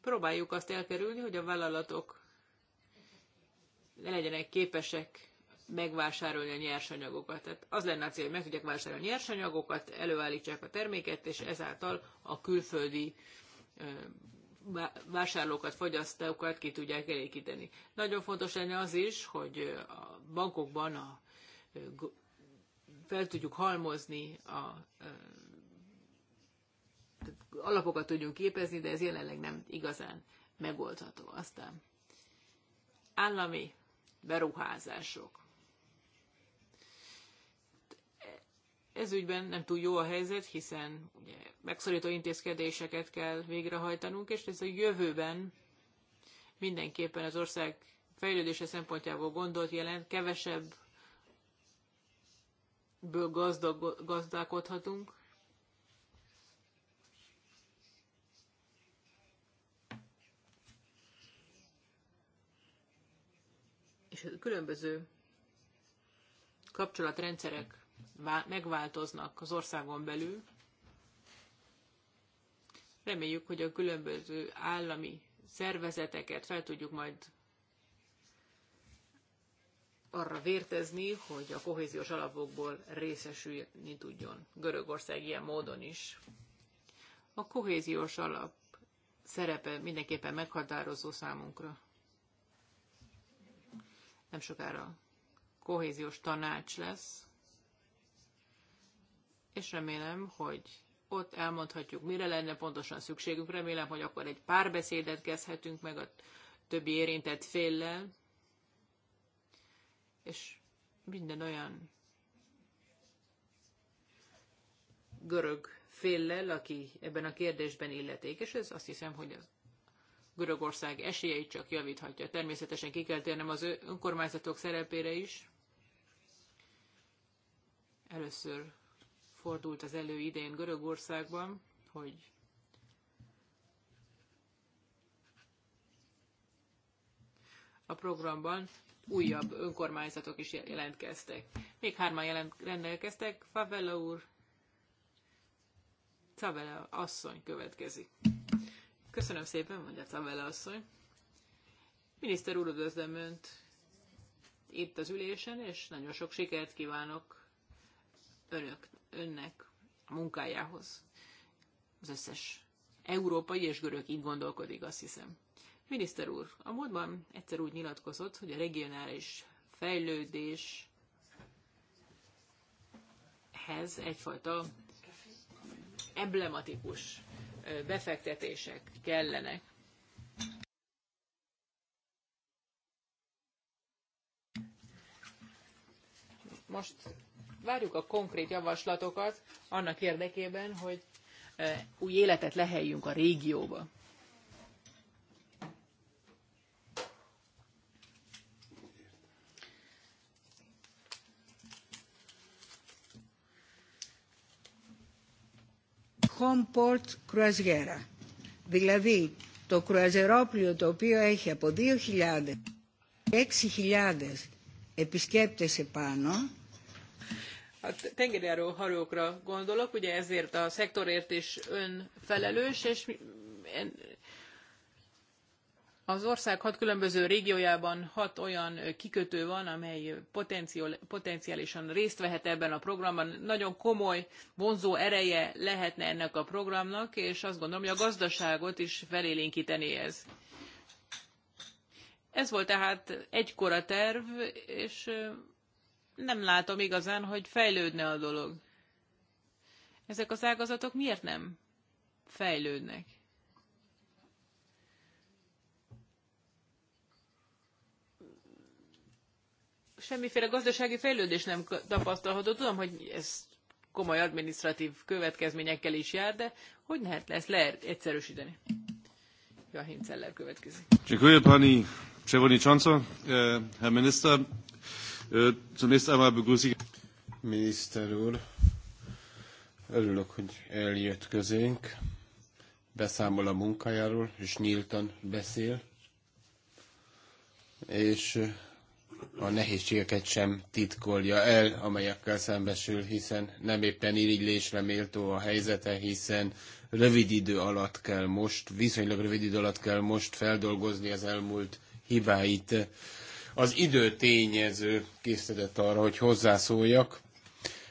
Próbáljuk azt elkerülni, hogy a vállalatok ne legyenek képesek megvásárolni a nyersanyagokat. Tehát az lenne a cél, hogy meg tudják vásárolni a nyersanyagokat, előállítsák a terméket, és ezáltal a külföldi vásárlókat, fogyasztókat ki tudják elégíteni. Nagyon fontos lenne az is, hogy a bankokban a, fel tudjuk halmozni a alapokat tudjunk képezni, de ez jelenleg nem igazán megoldható. Aztán állami beruházások. Ez ügyben nem túl jó a helyzet, hiszen ugye megszorító intézkedéseket kell végrehajtanunk, és ez a jövőben mindenképpen az ország fejlődése szempontjából gondolt jelent, kevesebb ből gazdag, gazdálkodhatunk, különböző kapcsolatrendszerek megváltoznak az országon belül. Reméljük, hogy a különböző állami szervezeteket fel tudjuk majd arra vértezni, hogy a kohéziós alapokból részesülni tudjon. Görögország ilyen módon is. A kohéziós alap szerepe mindenképpen meghatározó számunkra nem sokára kohéziós tanács lesz, és remélem, hogy ott elmondhatjuk, mire lenne pontosan szükségünk. Remélem, hogy akkor egy párbeszédet kezdhetünk meg a többi érintett féllel, és minden olyan görög féllel, aki ebben a kérdésben és ez azt hiszem, hogy az Görögország esélyeit csak javíthatja. Természetesen ki kell térnem az önkormányzatok szerepére is. Először fordult az elő idén Görögországban, hogy a programban újabb önkormányzatok is jelentkeztek. Még hárman jelent, rendelkeztek, Favela úr, Favela asszony következik. Köszönöm szépen, mondja Tavella asszony. Miniszter úr, üdvözlöm Önt itt az ülésen, és nagyon sok sikert kívánok önök, Önnek a munkájához. Az összes európai és görög így gondolkodik, azt hiszem. Miniszter úr, a módban egyszer úgy nyilatkozott, hogy a regionális fejlődéshez egyfajta emblematikus befektetések kellenek. Most várjuk a konkrét javaslatokat annak érdekében, hogy új életet leheljünk a régióba. Homeport Κρουαζιέρα. Δηλαδή το κρουαζερόπλιο το οποίο έχει από 2.000 και 6.000 επισκέπτες επάνω a tengerjáró hajókra gondolok, ugye ezért a szektorért is ön felelős, és az ország hat különböző régiójában hat olyan kikötő van, amely potenciálisan részt vehet ebben a programban. Nagyon komoly, vonzó ereje lehetne ennek a programnak, és azt gondolom, hogy a gazdaságot is felélénkíteni ez. Ez volt tehát egykor a terv, és nem látom igazán, hogy fejlődne a dolog. Ezek az ágazatok miért nem fejlődnek? semmiféle gazdasági fejlődés nem tapasztalható. Tudom, hogy ez komoly administratív következményekkel is jár, de hogy lehet lesz leegyszerűsíteni? Joachim Zeller következik. Dziękuję pani przewodnicząca, e, herr minister. E, zunächst einmal begrüße ich... Miniszter úr, örülök, hogy eljött közénk, beszámol a munkájáról, és nyíltan beszél, és a nehézségeket sem titkolja el, amelyekkel szembesül, hiszen nem éppen irigylésre méltó a helyzete, hiszen rövid idő alatt kell most, viszonylag rövid idő alatt kell most feldolgozni az elmúlt hibáit. Az idő tényező készített arra, hogy hozzászóljak.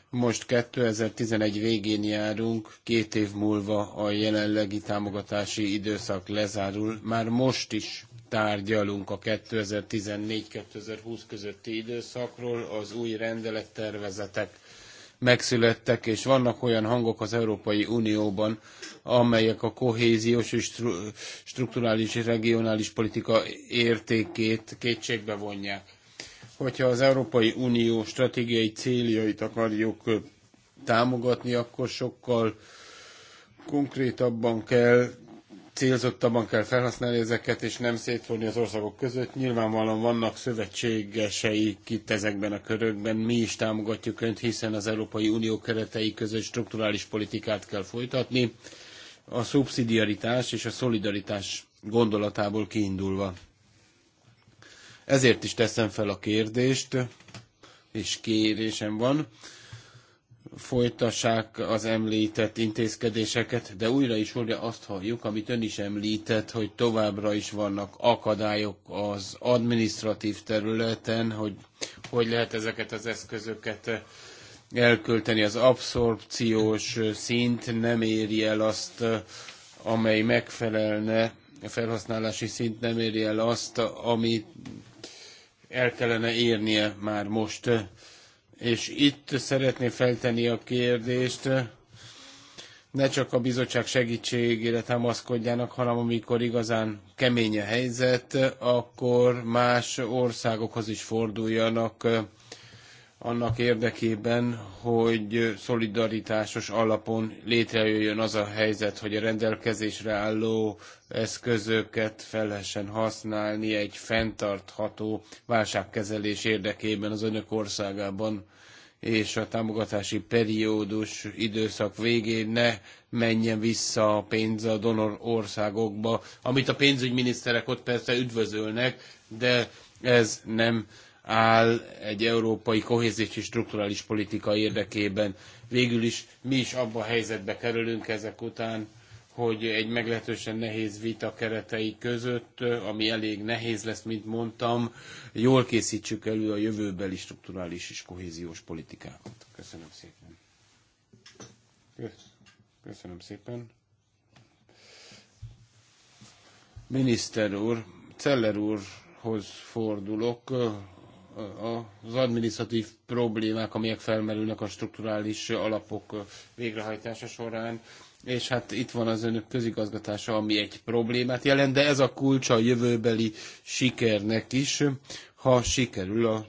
Most 2011 végén járunk, két év múlva a jelenlegi támogatási időszak lezárul. Már most is tárgyalunk a 2014-2020 közötti időszakról, az új rendelettervezetek megszülettek, és vannak olyan hangok az Európai Unióban, amelyek a kohéziós és strukturális és regionális politika értékét kétségbe vonják. Hogyha az Európai Unió stratégiai céljait akarjuk támogatni, akkor sokkal konkrétabban kell célzottabban kell felhasználni ezeket, és nem szétfogni az országok között. Nyilvánvalóan vannak szövetségeseik itt ezekben a körökben, mi is támogatjuk Önt, hiszen az Európai Unió keretei között strukturális politikát kell folytatni, a szubszidiaritás és a szolidaritás gondolatából kiindulva. Ezért is teszem fel a kérdést, és kérésem van, folytassák az említett intézkedéseket, de újra is újra azt halljuk, amit ön is említett, hogy továbbra is vannak akadályok az administratív területen, hogy hogy lehet ezeket az eszközöket elkölteni. Az abszorpciós szint nem éri el azt, amely megfelelne, a felhasználási szint nem éri el azt, amit el kellene érnie már most és itt szeretném feltenni a kérdést, ne csak a bizottság segítségére támaszkodjanak, hanem amikor igazán kemény a helyzet, akkor más országokhoz is forduljanak annak érdekében, hogy szolidaritásos alapon létrejöjjön az a helyzet, hogy a rendelkezésre álló eszközöket fel lehessen használni egy fenntartható válságkezelés érdekében az önök országában, és a támogatási periódus időszak végén ne menjen vissza a pénz a donor országokba, amit a pénzügyminiszterek ott persze üdvözölnek, de ez nem áll egy európai kohéziós és strukturális politika érdekében. Végül is mi is abba a helyzetbe kerülünk ezek után, hogy egy meglehetősen nehéz vita keretei között, ami elég nehéz lesz, mint mondtam, jól készítsük elő a jövőbeli strukturális és kohéziós politikákat. Köszönöm szépen. Köszönöm szépen. Miniszter úr, Celler úrhoz fordulok, az administratív problémák, amelyek felmerülnek a strukturális alapok végrehajtása során, és hát itt van az önök közigazgatása, ami egy problémát jelent, de ez a kulcsa a jövőbeli sikernek is, ha sikerül a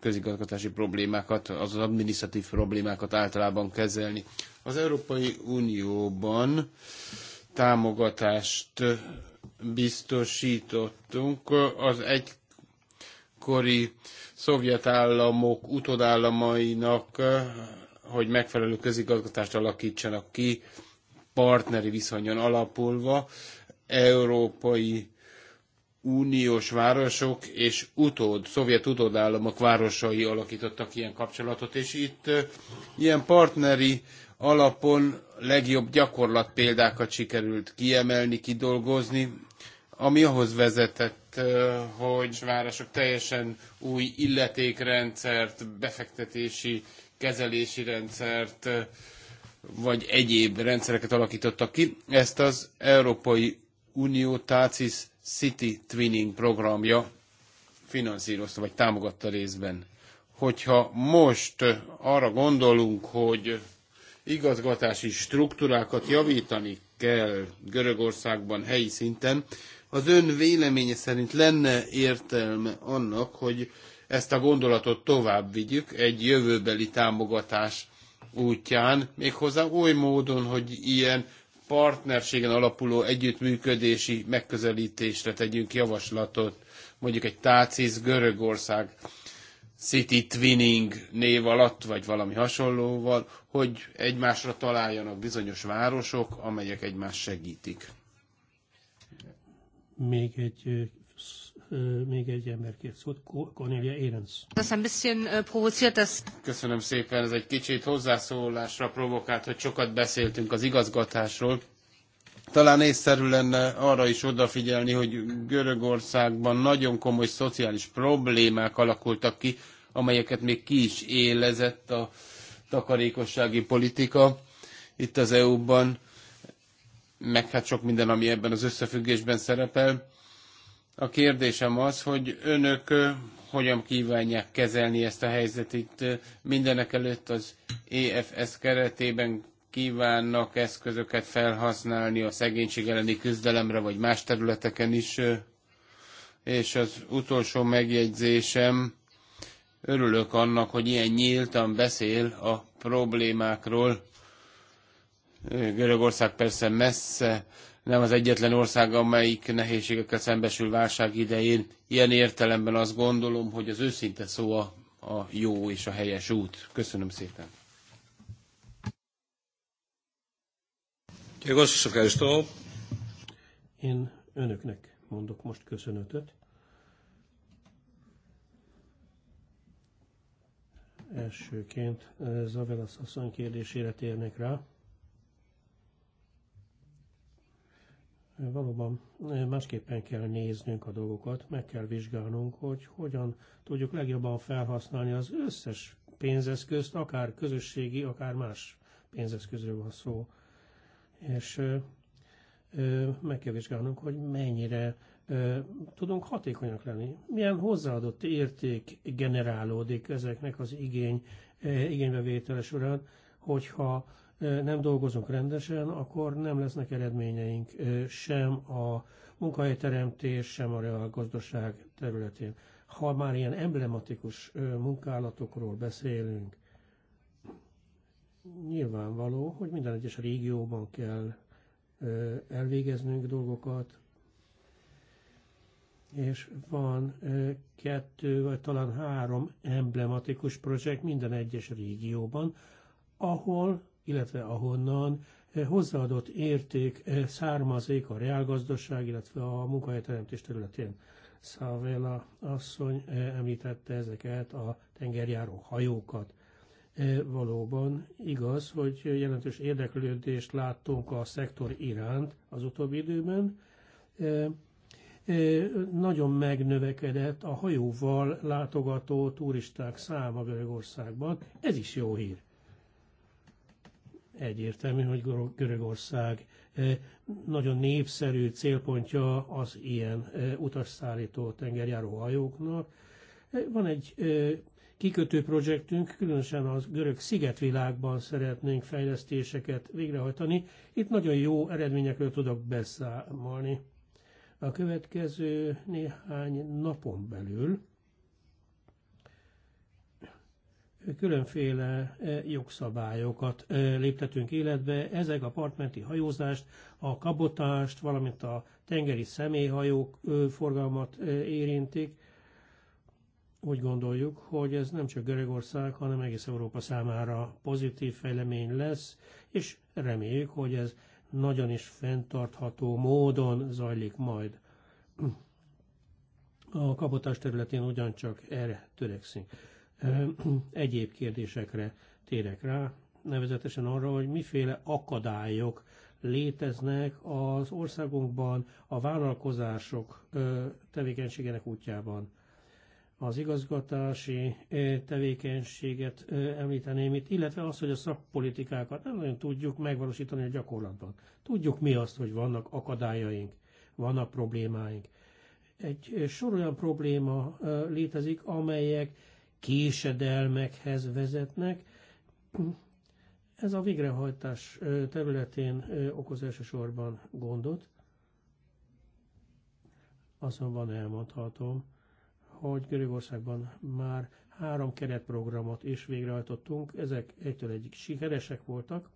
közigazgatási problémákat, az adminisztratív problémákat általában kezelni. Az Európai Unióban támogatást biztosítottunk az egy akkori szovjet államok utodállamainak, eh, hogy megfelelő közigazgatást alakítsanak ki, partneri viszonyon alapulva, európai uniós városok és utód, szovjet utódállamok városai alakítottak ilyen kapcsolatot, és itt eh, ilyen partneri alapon legjobb gyakorlat példákat sikerült kiemelni, kidolgozni, ami ahhoz vezetett, hogy városok teljesen új illetékrendszert, befektetési, kezelési rendszert, vagy egyéb rendszereket alakítottak ki. Ezt az Európai Unió Tácis City Twinning programja finanszírozta, vagy támogatta részben. Hogyha most arra gondolunk, hogy igazgatási struktúrákat javítani kell Görögországban helyi szinten, az ön véleménye szerint lenne értelme annak, hogy ezt a gondolatot tovább vigyük egy jövőbeli támogatás útján, méghozzá oly módon, hogy ilyen partnerségen alapuló együttműködési megközelítésre tegyünk javaslatot, mondjuk egy Tácisz Görögország City Twinning név alatt, vagy valami hasonlóval, hogy egymásra találjanak bizonyos városok, amelyek egymást segítik még egy még egy ember kért szót, Cornelia Ehrens. Köszönöm szépen, ez egy kicsit hozzászólásra provokált, hogy sokat beszéltünk az igazgatásról. Talán észszerű lenne arra is odafigyelni, hogy Görögországban nagyon komoly szociális problémák alakultak ki, amelyeket még ki is élezett a takarékossági politika itt az EU-ban meg hát sok minden, ami ebben az összefüggésben szerepel. A kérdésem az, hogy önök hogyan kívánják kezelni ezt a helyzetet itt. Mindenek előtt az EFS keretében kívánnak eszközöket felhasználni a szegénység elleni küzdelemre, vagy más területeken is. És az utolsó megjegyzésem, örülök annak, hogy ilyen nyíltan beszél a problémákról, Görögország persze messze nem az egyetlen ország, amelyik nehézségekkel szembesül válság idején. Ilyen értelemben azt gondolom, hogy az őszinte szó a, a jó és a helyes út. Köszönöm szépen. Én önöknek mondok most köszönötöt. Elsőként eh, Zavelasz asszony kérdésére térnek rá. valóban eh, másképpen kell néznünk a dolgokat, meg kell vizsgálnunk, hogy hogyan tudjuk legjobban felhasználni az összes pénzeszközt, akár közösségi, akár más pénzeszközről van szó. És eh, eh, meg kell vizsgálnunk, hogy mennyire tudunk hatékonyak lenni. Milyen hozzáadott érték generálódik ezeknek az igény, igénybevétele során, hogyha nem dolgozunk rendesen, akkor nem lesznek eredményeink sem a munkahelyteremtés, sem a real gazdaság területén. Ha már ilyen emblematikus munkálatokról beszélünk, nyilvánvaló, hogy minden egyes régióban kell elvégeznünk dolgokat, és van kettő, vagy talán három emblematikus projekt minden egyes régióban, ahol illetve ahonnan eh, hozzáadott érték eh, származik a reálgazdaság, illetve a munkahelyteremtés területén. Szávela asszony eh, említette ezeket a tengerjáró hajókat. Valóban igaz, hogy jelentős érdeklődést láttunk a szektor iránt az utóbbi időben. Nagyon megnövekedett a hajóval látogató turisták száma Görögországban. Ez is jó hír. Egyértelmű, hogy Görögország eh, nagyon népszerű célpontja az ilyen eh, utasszállító tengerjáró hajóknak. Eh, van egy kikötő projektünk, különösen az görög szigetvilágban szeretnénk fejlesztéseket végrehajtani. Itt nagyon jó eredményekről tudok beszámolni. A következő néhány napon belül különféle e, jogszabályokat e, léptetünk életbe. Ezek a partmenti hajózást, a kabotást, valamint a tengeri személyhajók forgalmat e, érintik. Úgy gondoljuk, hogy ez nem csak Görögország, hanem egész Európa számára pozitív fejlemény lesz, és reméljük, hogy ez nagyon is fenntartható módon zajlik majd. A kabotás területén ugyancsak erre törekszünk egyéb kérdésekre térek rá, nevezetesen arra, hogy miféle akadályok léteznek az országunkban a vállalkozások tevékenységének útjában. Az igazgatási tevékenységet említeném itt, illetve azt, hogy a szakpolitikákat nem nagyon tudjuk megvalósítani a gyakorlatban. Tudjuk mi azt, hogy vannak akadályaink, vannak problémáink. Egy sor olyan probléma létezik, amelyek késedelmekhez vezetnek. Ez a végrehajtás területén okoz elsősorban gondot, azonban elmondhatom, hogy Görögországban már három keretprogramot is végrehajtottunk, ezek egytől egyik sikeresek voltak.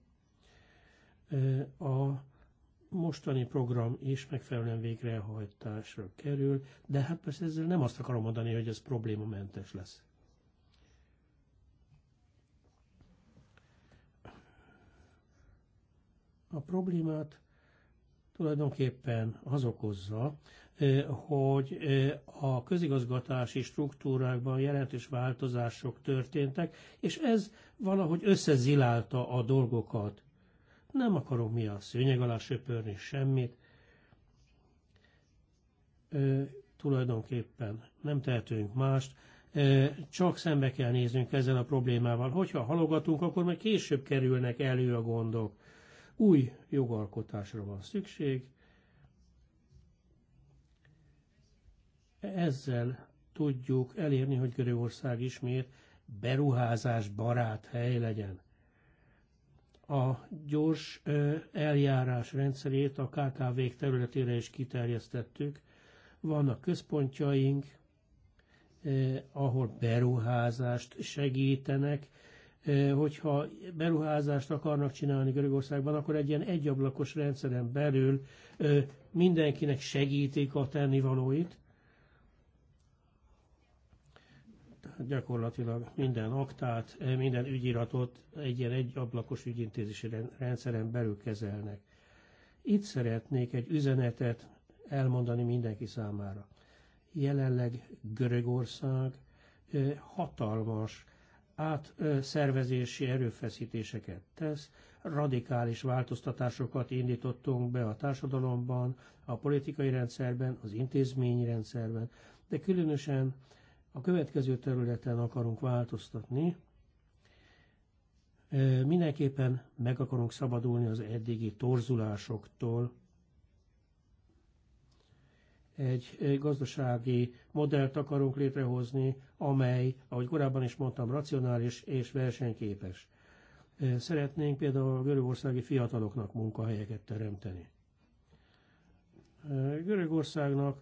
A mostani program is megfelelően végrehajtásra kerül, de hát persze ezzel nem azt akarom mondani, hogy ez problémamentes lesz. A problémát tulajdonképpen az okozza, hogy a közigazgatási struktúrákban jelentős változások történtek, és ez valahogy összezilálta a dolgokat. Nem akarok mi a szőnyeg alá söpörni semmit. Tulajdonképpen nem tehetünk mást, csak szembe kell néznünk ezzel a problémával. Hogyha halogatunk, akkor majd később kerülnek elő a gondok új jogalkotásra van szükség. Ezzel tudjuk elérni, hogy Görögország ismét beruházás barát hely legyen. A gyors eljárás rendszerét a kkv területére is kiterjesztettük. Vannak központjaink, ahol beruházást segítenek, Eh, hogyha beruházást akarnak csinálni Görögországban, akkor egy ilyen egyablakos rendszeren belül eh, mindenkinek segítik a tennivalóit. Tehát gyakorlatilag minden aktát, eh, minden ügyiratot egy ilyen egyablakos ügyintézési rendszeren belül kezelnek. Itt szeretnék egy üzenetet elmondani mindenki számára. Jelenleg Görögország hatalmas átszervezési erőfeszítéseket tesz, radikális változtatásokat indítottunk be a társadalomban, a politikai rendszerben, az intézményrendszerben, de különösen a következő területen akarunk változtatni. Mindenképpen meg akarunk szabadulni az eddigi torzulásoktól, egy gazdasági modellt akarunk létrehozni, amely, ahogy korábban is mondtam, racionális és versenyképes. Szeretnénk például a görögországi fiataloknak munkahelyeket teremteni. Görögországnak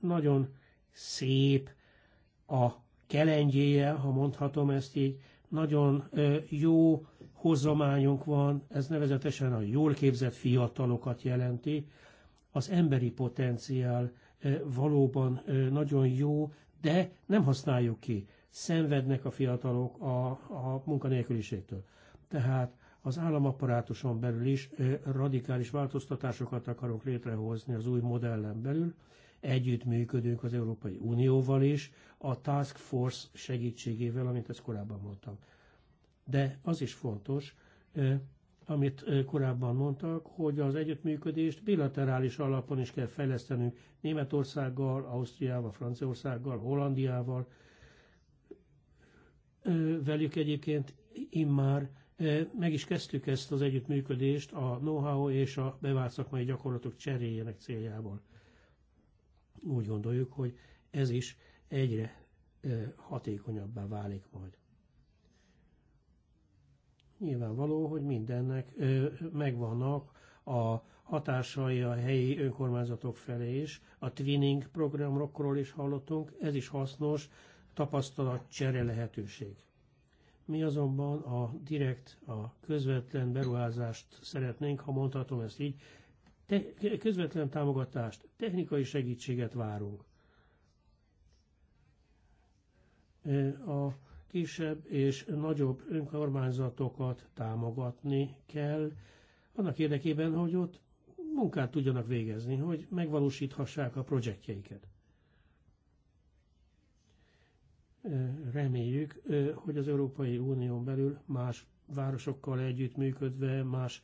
nagyon szép a kelengyéje, ha mondhatom ezt így, nagyon jó hozományunk van, ez nevezetesen a jól képzett fiatalokat jelenti, az emberi potenciál valóban nagyon jó, de nem használjuk ki. Szenvednek a fiatalok a, a munkanélküliségtől. Tehát az államapparátuson belül is radikális változtatásokat akarok létrehozni az új modellen belül. Együttműködünk az Európai Unióval is, a Task Force segítségével, amint ezt korábban mondtam. De az is fontos, amit korábban mondtak, hogy az együttműködést bilaterális alapon is kell fejlesztenünk Németországgal, Ausztriával, Franciaországgal, Hollandiával. Velük egyébként immár meg is kezdtük ezt az együttműködést a know-how és a bevált szakmai gyakorlatok cseréjének céljából. Úgy gondoljuk, hogy ez is egyre hatékonyabbá válik majd nyilvánvaló, hogy mindennek megvannak a hatásai a helyi önkormányzatok felé is. A twinning programokról is hallottunk, ez is hasznos tapasztalatcsere lehetőség. Mi azonban a direkt, a közvetlen beruházást szeretnénk, ha mondhatom ezt így, te, közvetlen támogatást, technikai segítséget várunk. A kisebb és nagyobb önkormányzatokat támogatni kell, annak érdekében, hogy ott munkát tudjanak végezni, hogy megvalósíthassák a projektjeiket. Reméljük, hogy az Európai Unión belül más városokkal együttműködve, más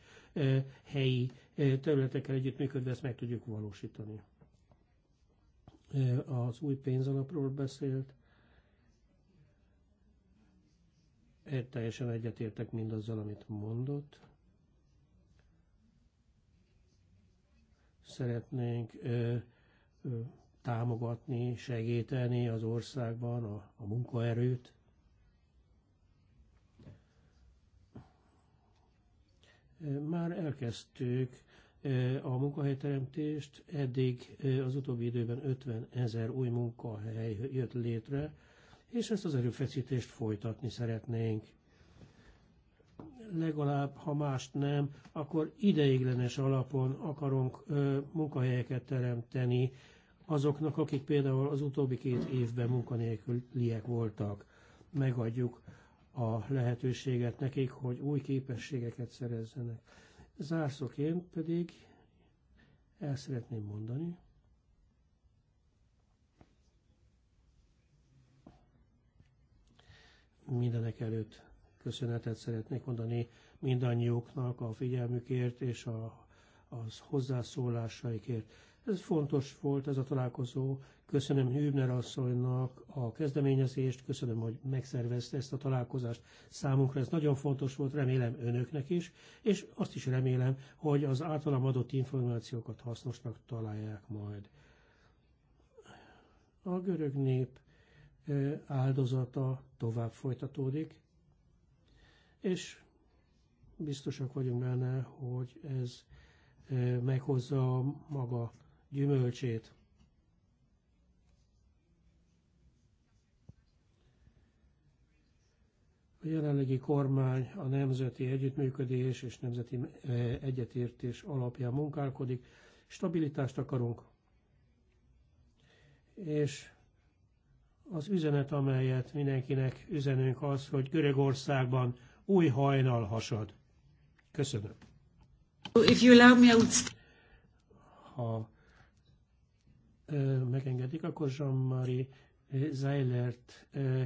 helyi területekkel együttműködve ezt meg tudjuk valósítani. Az új pénzalapról beszélt, teljesen egyetértek mindazzal, amit mondott. Szeretnénk ö, ö, támogatni, segíteni az országban a, a munkaerőt. Már elkezdtük a munkahelyteremtést, eddig az utóbbi időben 50 ezer új munkahely jött létre, és ezt az erőfeszítést folytatni szeretnénk. Legalább, ha mást nem, akkor ideiglenes alapon akarunk ö, munkahelyeket teremteni azoknak, akik például az utóbbi két évben munkanélküliek voltak. Megadjuk a lehetőséget nekik, hogy új képességeket szerezzenek. Zárszóként pedig el szeretném mondani, Mindenek előtt köszönetet szeretnék mondani mindannyiuknak a figyelmükért és a, az hozzászólásaikért. Ez fontos volt ez a találkozó. Köszönöm Hübner asszonynak a kezdeményezést, köszönöm, hogy megszervezte ezt a találkozást. Számunkra ez nagyon fontos volt, remélem önöknek is, és azt is remélem, hogy az általam adott információkat hasznosnak találják majd. A görög nép áldozata tovább folytatódik, és biztosak vagyunk benne, hogy ez meghozza a maga gyümölcsét. A jelenlegi kormány a nemzeti együttműködés és nemzeti egyetértés alapján munkálkodik. Stabilitást akarunk, és az üzenet, amelyet mindenkinek üzenünk az, hogy Görögországban új hajnal hasad. Köszönöm. If you allow me, I would... Ha ö, megengedik, akkor Jean-Marie Zeilert ö,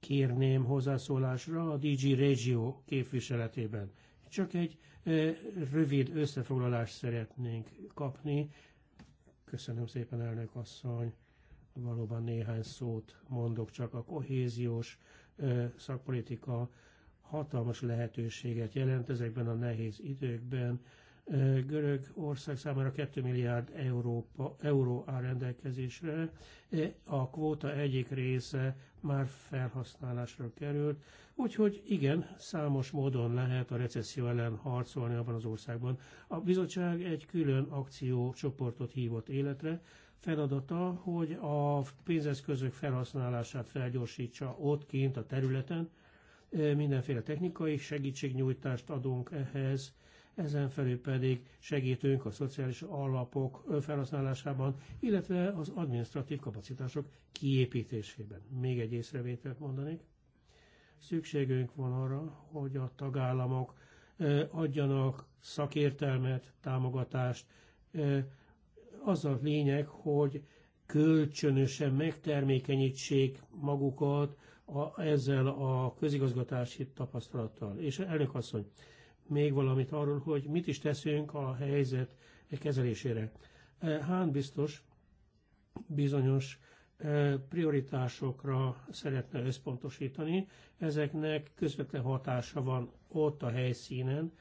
kérném hozzászólásra a DG Regio képviseletében. Csak egy ö, rövid összefoglalást szeretnénk kapni. Köszönöm szépen, elnök asszony valóban néhány szót mondok, csak a kohéziós szakpolitika hatalmas lehetőséget jelent ezekben a nehéz időkben. Görögország számára 2 milliárd Európa, euró áll rendelkezésre, a kvóta egyik része már felhasználásra került, úgyhogy igen, számos módon lehet a recesszió ellen harcolni abban az országban. A bizottság egy külön akciócsoportot hívott életre, feladata, hogy a pénzeszközök felhasználását felgyorsítsa ott kint a területen. Mindenféle technikai segítségnyújtást adunk ehhez, ezen felül pedig segítünk a szociális alapok felhasználásában, illetve az administratív kapacitások kiépítésében. Még egy észrevételt mondanék. Szükségünk van arra, hogy a tagállamok adjanak szakértelmet, támogatást az a lényeg, hogy kölcsönösen megtermékenyítsék magukat a, ezzel a közigazgatási tapasztalattal. És elnök asszony, még valamit arról, hogy mit is teszünk a helyzet kezelésére. Hán eh, biztos bizonyos eh, prioritásokra szeretne összpontosítani. Ezeknek közvetlen hatása van ott a helyszínen.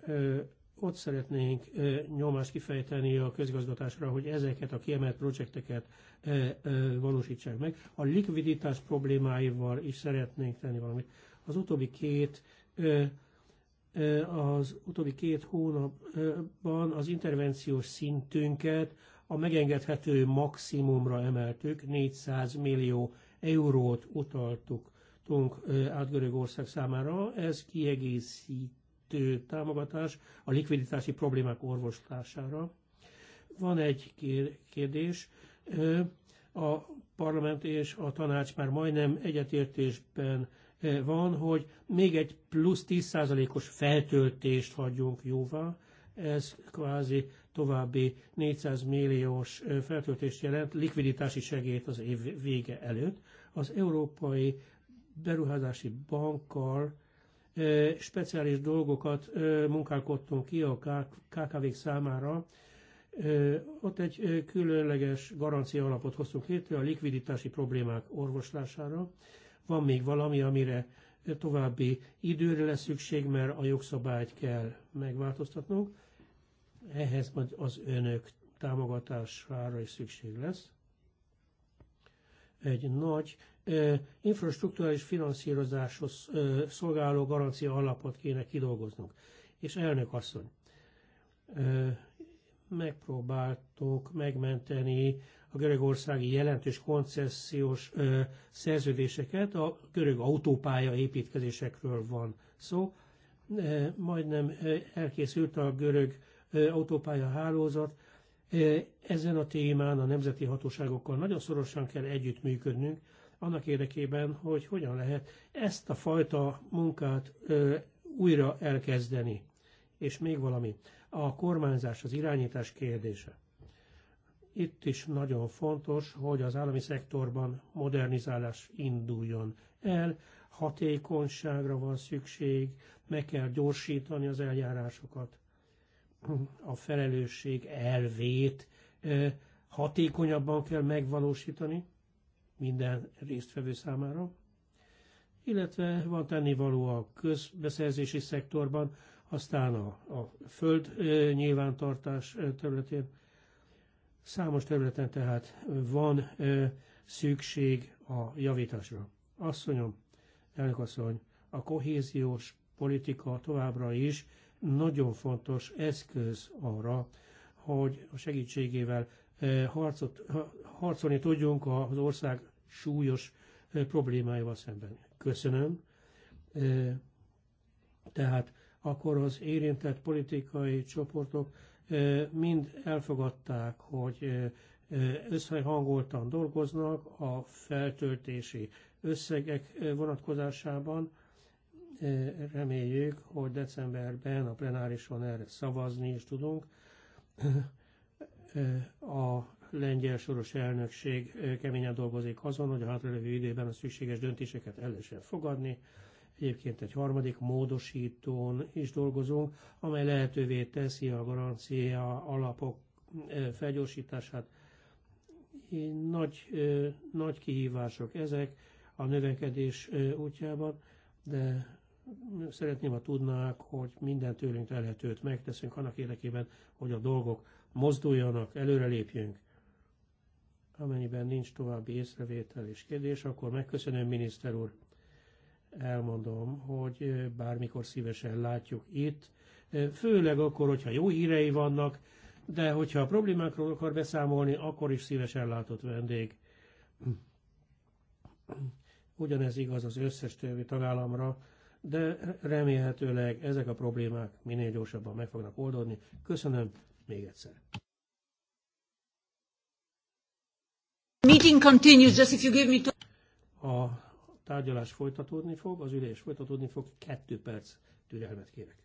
Eh, ott szeretnénk nyomást kifejteni a közgazgatásra, hogy ezeket a kiemelt projekteket valósítsák meg. A likviditás problémáival is szeretnénk tenni valamit. Az utóbbi két az utóbbi két hónapban az intervenciós szintünket a megengedhető maximumra emeltük, 400 millió eurót utaltuk tunk át Görögország számára. Ez kiegészít támogatás a likviditási problémák orvoslására. Van egy kérdés. A parlament és a tanács már majdnem egyetértésben van, hogy még egy plusz 10%-os feltöltést hagyjunk jóvá. Ez kvázi további 400 milliós feltöltést jelent, likviditási segélyt az év vége előtt. Az Európai Beruházási Bankkal speciális dolgokat munkálkodtunk ki a KKV-k számára. Ott egy különleges garancia alapot hoztunk létre a likviditási problémák orvoslására. Van még valami, amire további időre lesz szükség, mert a jogszabályt kell megváltoztatnunk. Ehhez majd az önök támogatására is szükség lesz egy nagy infrastruktúrális finanszírozáshoz szolgáló garancia alapot kéne kidolgoznunk. És elnök asszony, megpróbáltuk megmenteni a görögországi jelentős koncesziós szerződéseket, a görög autópálya építkezésekről van szó. majdnem elkészült a görög autópálya hálózat, E, ezen a témán a nemzeti hatóságokkal nagyon szorosan kell együttműködnünk, annak érdekében, hogy hogyan lehet ezt a fajta munkát e, újra elkezdeni. És még valami, a kormányzás, az irányítás kérdése. Itt is nagyon fontos, hogy az állami szektorban modernizálás induljon el, hatékonyságra van szükség, meg kell gyorsítani az eljárásokat a felelősség elvét hatékonyabban kell megvalósítani minden résztvevő számára, illetve van tennivaló a közbeszerzési szektorban, aztán a, a föld nyilvántartás területén, számos területen tehát van szükség a javításra. Asszonyom, elnök asszony, a kohéziós politika továbbra is nagyon fontos eszköz arra, hogy a segítségével eh, harcot, harcolni tudjunk az ország súlyos eh, problémáival szemben. Köszönöm. Eh, tehát akkor az érintett politikai csoportok mind elfogadták, hogy összehangoltan dolgoznak a feltöltési összegek vonatkozásában, Reméljük, hogy decemberben a plenárison erre szavazni is tudunk. A lengyel soros elnökség keményen dolgozik azon, hogy a hátralévő időben a szükséges döntéseket el lehessen fogadni. Egyébként egy harmadik módosítón is dolgozunk, amely lehetővé teszi a garancia alapok felgyorsítását. Nagy, nagy kihívások ezek a növekedés útjában, de szeretném, ha tudnák, hogy minden tőlünk telhetőt megteszünk annak érdekében, hogy a dolgok mozduljanak, előrelépjünk. Amennyiben nincs további észrevétel és kérdés, akkor megköszönöm, miniszter úr. Elmondom, hogy bármikor szívesen látjuk itt, főleg akkor, hogyha jó hírei vannak, de hogyha a problémákról akar beszámolni, akkor is szívesen látott vendég. Ugyanez igaz az összes többi tagállamra, de remélhetőleg ezek a problémák minél gyorsabban meg fognak oldódni. Köszönöm még egyszer. Meeting continues, just if you give me two... A tárgyalás folytatódni fog, az ülés folytatódni fog, kettő perc türelmet kérek.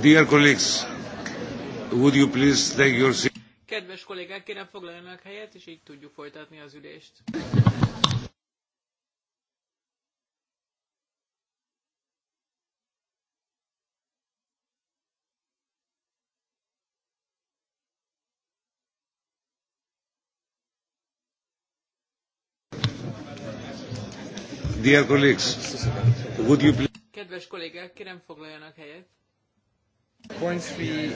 Kedves kollégák, kérem foglaljanak helyet, és így tudjuk folytatni az ülést. Dear colleagues, would you please... Kedves kollégák, kérem foglaljanak helyet we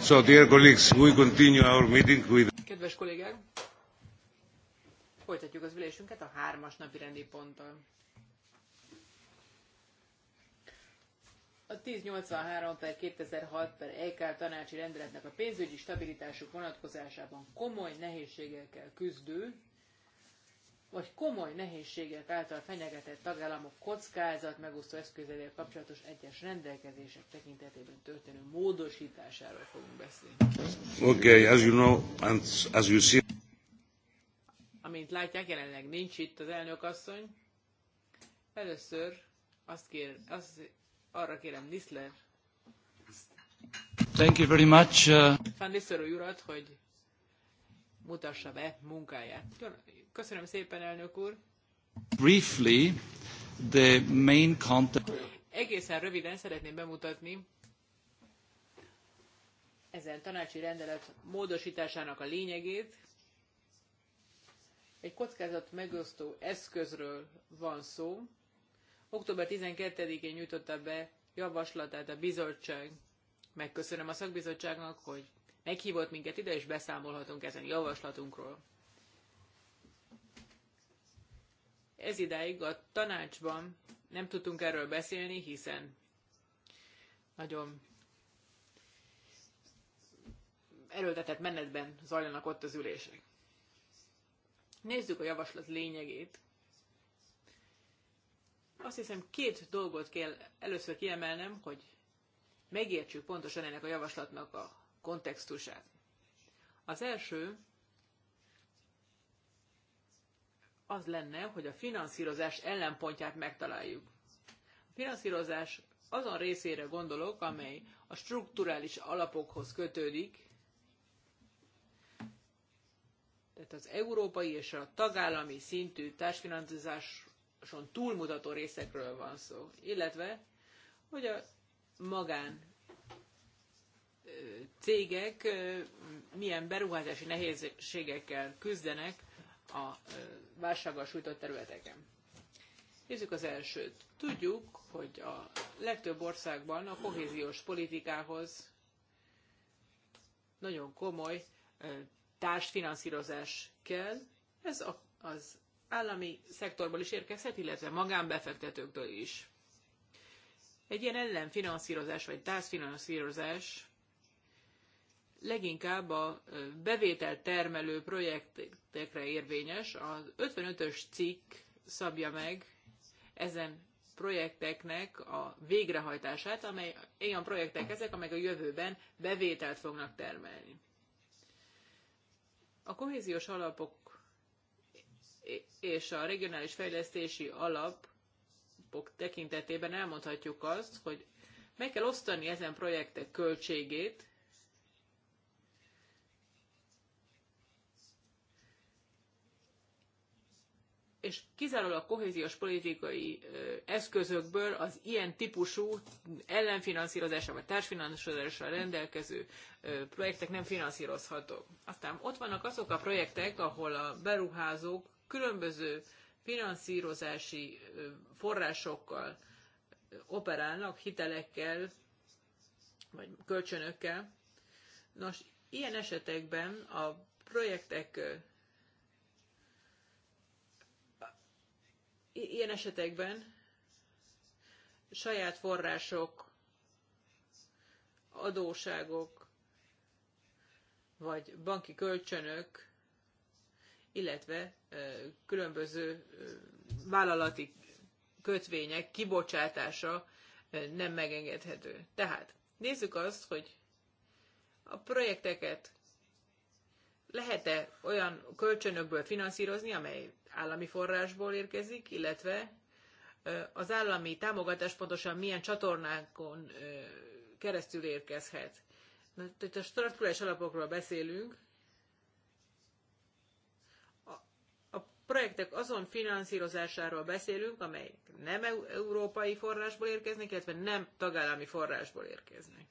So, dear colleagues, we continue our meeting with... Kedves kollégák, Folytatjuk az ülésünket a hármas napi rendi ponttal. A 1083 per 2006 per EK tanácsi rendeletnek a pénzügyi stabilitásuk vonatkozásában komoly nehézségekkel küzdő, vagy komoly nehézségek által fenyegetett tagállamok kockázat megosztó eszközével kapcsolatos egyes rendelkezések tekintetében történő módosításáról fogunk beszélni. Okay, as you know, and as you see... Amint látják, jelenleg nincs itt az elnök asszony. Először azt kér, azt, arra kérem Nisler. Thank you very much. Van uh, Nisler urat, hogy mutassa be munkáját. Köszönöm szépen, elnök úr. Briefly, the main content... Egészen röviden szeretném bemutatni ezen tanácsi rendelet módosításának a lényegét. Egy kockázat megosztó eszközről van szó. Október 12-én nyújtotta be javaslatát a bizottság. Megköszönöm a szakbizottságnak, hogy meghívott minket ide, és beszámolhatunk ezen javaslatunkról. Ez idáig a tanácsban nem tudtunk erről beszélni, hiszen nagyon erőltetett menetben zajlanak ott az ülések. Nézzük a javaslat lényegét. Azt hiszem két dolgot kell először kiemelnem, hogy megértsük pontosan ennek a javaslatnak a kontextusát. Az első az lenne, hogy a finanszírozás ellenpontját megtaláljuk. A finanszírozás azon részére gondolok, amely a strukturális alapokhoz kötődik, tehát az európai és a tagállami szintű társfinanszírozáson túlmutató részekről van szó, illetve hogy a magán cégek milyen beruházási nehézségekkel küzdenek a válsággal sújtott területeken. Nézzük az elsőt. Tudjuk, hogy a legtöbb országban a kohéziós politikához nagyon komoly társfinanszírozás kell, ez a, az állami szektorból is érkezhet, illetve magánbefektetőktől is. Egy ilyen ellenfinanszírozás vagy társfinanszírozás leginkább a bevételt termelő projektekre érvényes. Az 55-ös cikk szabja meg ezen projekteknek a végrehajtását, amely olyan projektek ezek, amelyek a jövőben bevételt fognak termelni. A kohéziós alapok és a regionális fejlesztési alapok tekintetében elmondhatjuk azt, hogy meg kell osztani ezen projektek költségét, és kizárólag kohéziós politikai eszközökből az ilyen típusú ellenfinanszírozása vagy társfinanszírozással rendelkező projektek nem finanszírozhatók. Aztán ott vannak azok a projektek, ahol a beruházók különböző finanszírozási forrásokkal operálnak, hitelekkel vagy kölcsönökkel. Nos, ilyen esetekben a projektek ilyen esetekben saját források, adóságok, vagy banki kölcsönök, illetve különböző vállalati kötvények kibocsátása nem megengedhető. Tehát nézzük azt, hogy a projekteket lehet-e olyan kölcsönökből finanszírozni, amely állami forrásból érkezik, illetve az állami támogatás pontosan milyen csatornákon keresztül érkezhet. Na, itt a strukturális alapokról beszélünk. A, projektek azon finanszírozásáról beszélünk, amely nem európai forrásból érkeznek, illetve nem tagállami forrásból érkeznek.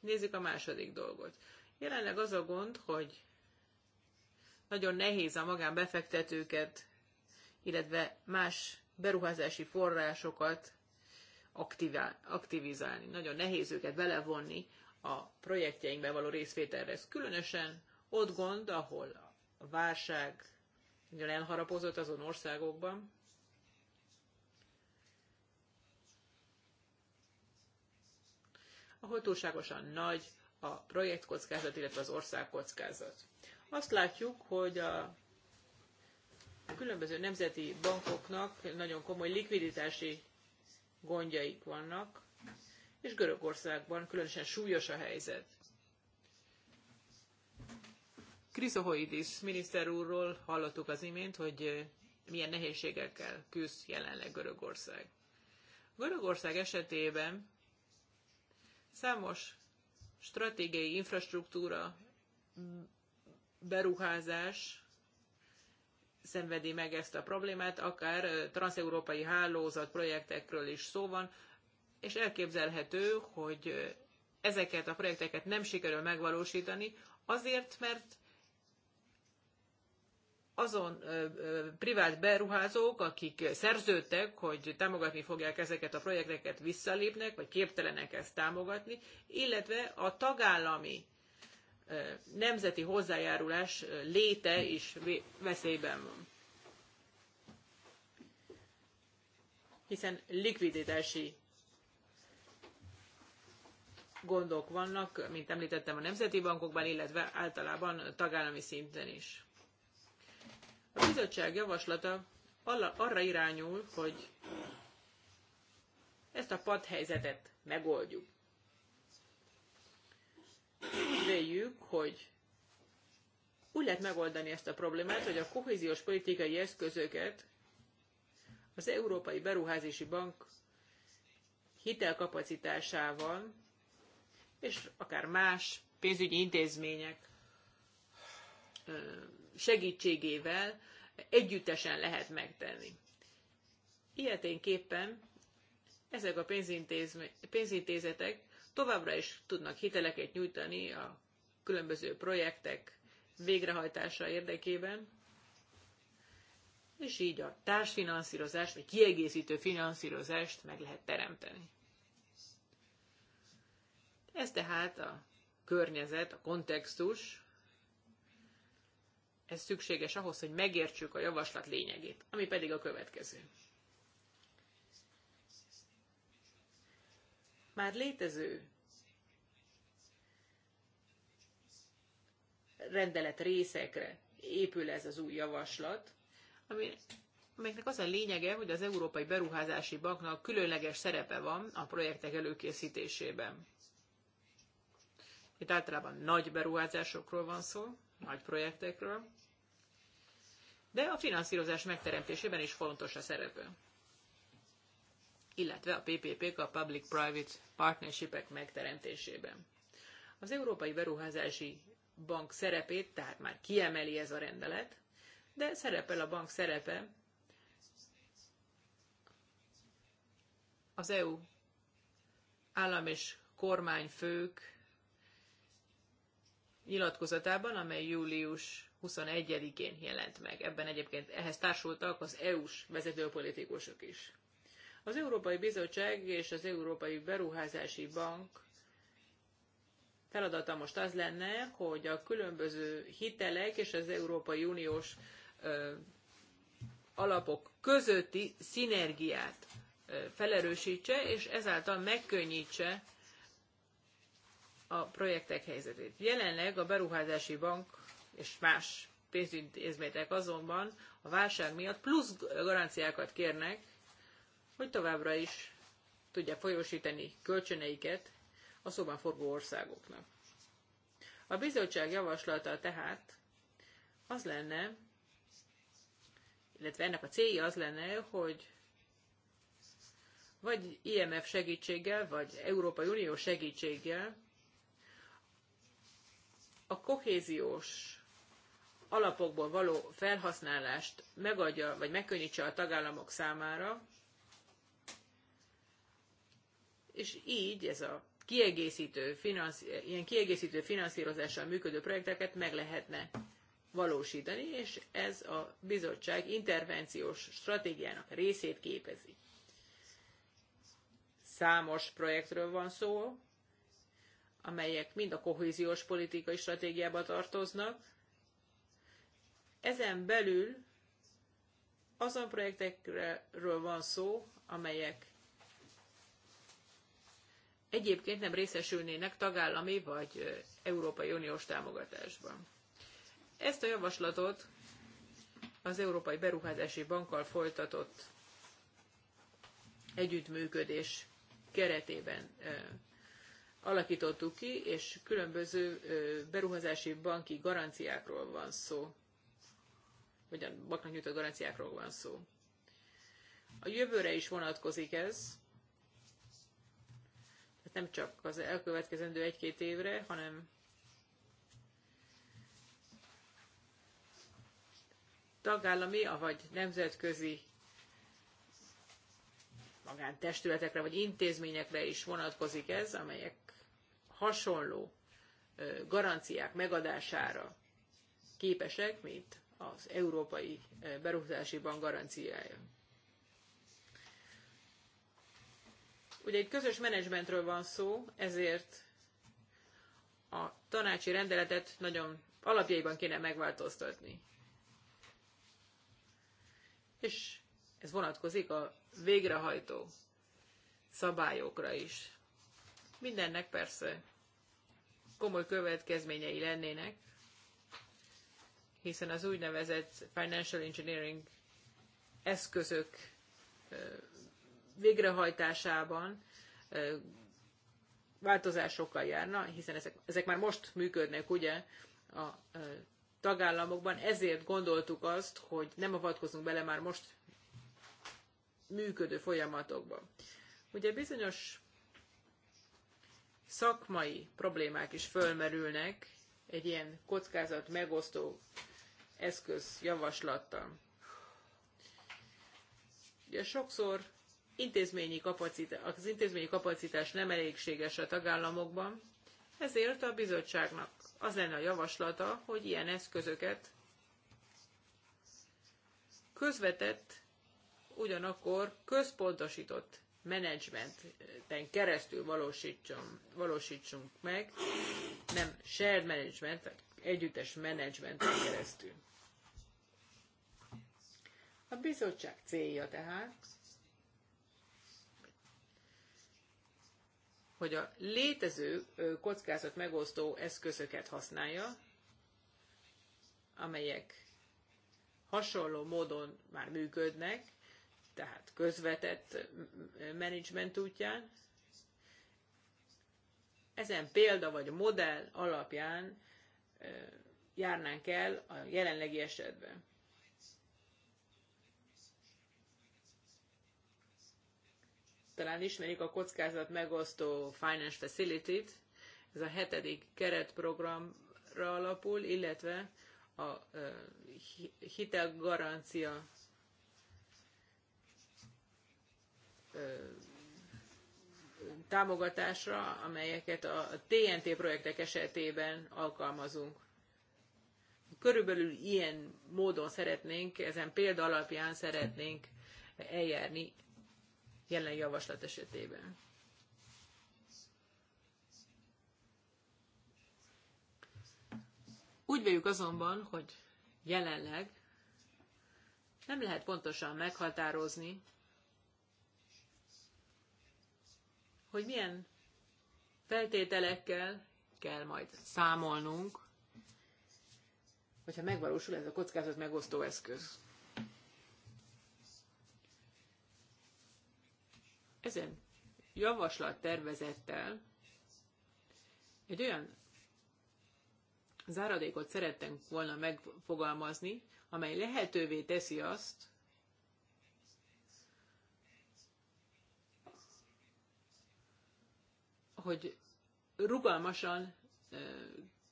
Nézzük a második dolgot. Jelenleg az a gond, hogy nagyon nehéz a magánbefektetőket, illetve más beruházási forrásokat aktivizálni. Nagyon nehéz őket belevonni a projektjeinkbe való részvételre. Ez különösen ott gond, ahol a válság nagyon elharapozott azon országokban, ahol túlságosan nagy a projektkockázat, illetve az országkockázat. Azt látjuk, hogy a különböző nemzeti bankoknak nagyon komoly likviditási gondjaik vannak, és Görögországban különösen súlyos a helyzet. Krizohoidis miniszter úrról hallottuk az imént, hogy milyen nehézségekkel küzd jelenleg Görögország. Görögország esetében számos stratégiai infrastruktúra beruházás szenvedi meg ezt a problémát, akár transeurópai hálózat projektekről is szó van, és elképzelhető, hogy ezeket a projekteket nem sikerül megvalósítani, azért, mert azon ö, ö, privát beruházók, akik szerződtek, hogy támogatni fogják ezeket a projekteket, visszalépnek, vagy képtelenek ezt támogatni, illetve a tagállami nemzeti hozzájárulás léte is veszélyben van. Hiszen likviditási gondok vannak, mint említettem, a nemzeti bankokban, illetve általában tagállami szinten is. A bizottság javaslata arra irányul, hogy ezt a padhelyzetet megoldjuk reméljük, hogy úgy lehet megoldani ezt a problémát, hogy a kohéziós politikai eszközöket az Európai Beruházási Bank hitelkapacitásával és akár más pénzügyi intézmények segítségével együttesen lehet megtenni. Ilyeténképpen ezek a pénzintézetek továbbra is tudnak hiteleket nyújtani a különböző projektek végrehajtása érdekében, és így a társfinanszírozást, vagy kiegészítő finanszírozást meg lehet teremteni. Ez tehát a környezet, a kontextus, ez szükséges ahhoz, hogy megértsük a javaslat lényegét, ami pedig a következő. már létező rendelet részekre épül ez az új javaslat, ami, amelynek az a lényege, hogy az Európai Beruházási Banknak különleges szerepe van a projektek előkészítésében. Itt általában nagy beruházásokról van szó, nagy projektekről, de a finanszírozás megteremtésében is fontos a szerepe illetve a PPP-k, a Public-Private Partnershipek megteremtésében. Az Európai Beruházási Bank szerepét, tehát már kiemeli ez a rendelet, de szerepel a bank szerepe az EU állam és kormányfők nyilatkozatában, amely július 21-én jelent meg. Ebben egyébként ehhez társultak az EU-s vezetőpolitikusok is. Az Európai Bizottság és az Európai Beruházási Bank feladata most az lenne, hogy a különböző hitelek és az Európai Uniós ö, alapok közötti szinergiát ö, felerősítse, és ezáltal megkönnyítse a projektek helyzetét. Jelenleg a Beruházási Bank és más pénzintézmények azonban a válság miatt plusz garanciákat kérnek hogy továbbra is tudja folyósítani kölcsöneiket a szóban forgó országoknak. A bizottság javaslata tehát az lenne, illetve ennek a célja az lenne, hogy vagy IMF segítséggel, vagy Európai Unió segítséggel a kohéziós alapokból való felhasználást megadja, vagy megkönnyítse a tagállamok számára, és így ez a kiegészítő finansz, ilyen kiegészítő finanszírozással működő projekteket meg lehetne valósítani, és ez a bizottság intervenciós stratégiának részét képezi. Számos projektről van szó, amelyek mind a kohéziós politikai stratégiába tartoznak. Ezen belül azon projektekről van szó, amelyek egyébként nem részesülnének tagállami vagy Európai Uniós támogatásban. Ezt a javaslatot az Európai Beruházási Bankkal folytatott együttműködés keretében alakítottuk ki, és különböző beruházási banki garanciákról van szó, vagy a banknak nyújtott garanciákról van szó. A jövőre is vonatkozik ez, nem csak az elkövetkezendő egy-két évre, hanem tagállami, vagy nemzetközi magántestületekre, vagy intézményekre is vonatkozik ez, amelyek hasonló garanciák megadására képesek, mint az Európai Beruházási Bank garanciája. Ugye egy közös menedzsmentről van szó, ezért a tanácsi rendeletet nagyon alapjaiban kéne megváltoztatni. És ez vonatkozik a végrehajtó szabályokra is. Mindennek persze komoly következményei lennének, hiszen az úgynevezett financial engineering eszközök végrehajtásában változásokkal járna, hiszen ezek, ezek már most működnek, ugye, a tagállamokban, ezért gondoltuk azt, hogy nem avatkozunk bele már most működő folyamatokba. Ugye bizonyos szakmai problémák is fölmerülnek egy ilyen kockázat megosztó eszköz javaslattal. Ugye sokszor intézményi kapacitás, az intézményi kapacitás nem elégséges a tagállamokban, ezért a bizottságnak az lenne a javaslata, hogy ilyen eszközöket közvetett, ugyanakkor központosított menedzsmenten keresztül valósítsunk meg, nem shared management, együttes menedzsmenten keresztül. A bizottság célja tehát, hogy a létező kockázat megosztó eszközöket használja, amelyek hasonló módon már működnek, tehát közvetett menedzsment útján. Ezen példa vagy modell alapján járnánk el a jelenlegi esetben. talán ismerik a kockázat megosztó Finance Facility-t, ez a hetedik keretprogramra alapul, illetve a hitelgarancia támogatásra, amelyeket a TNT projektek esetében alkalmazunk. Körülbelül ilyen módon szeretnénk, ezen példa alapján szeretnénk eljárni jelen javaslat esetében. Úgy véljük azonban, hogy jelenleg nem lehet pontosan meghatározni, hogy milyen feltételekkel kell majd számolnunk, hogyha megvalósul ez a kockázat megosztó eszköz. Ezen javaslat tervezettel egy olyan záradékot szerettünk volna megfogalmazni, amely lehetővé teszi azt, hogy rugalmasan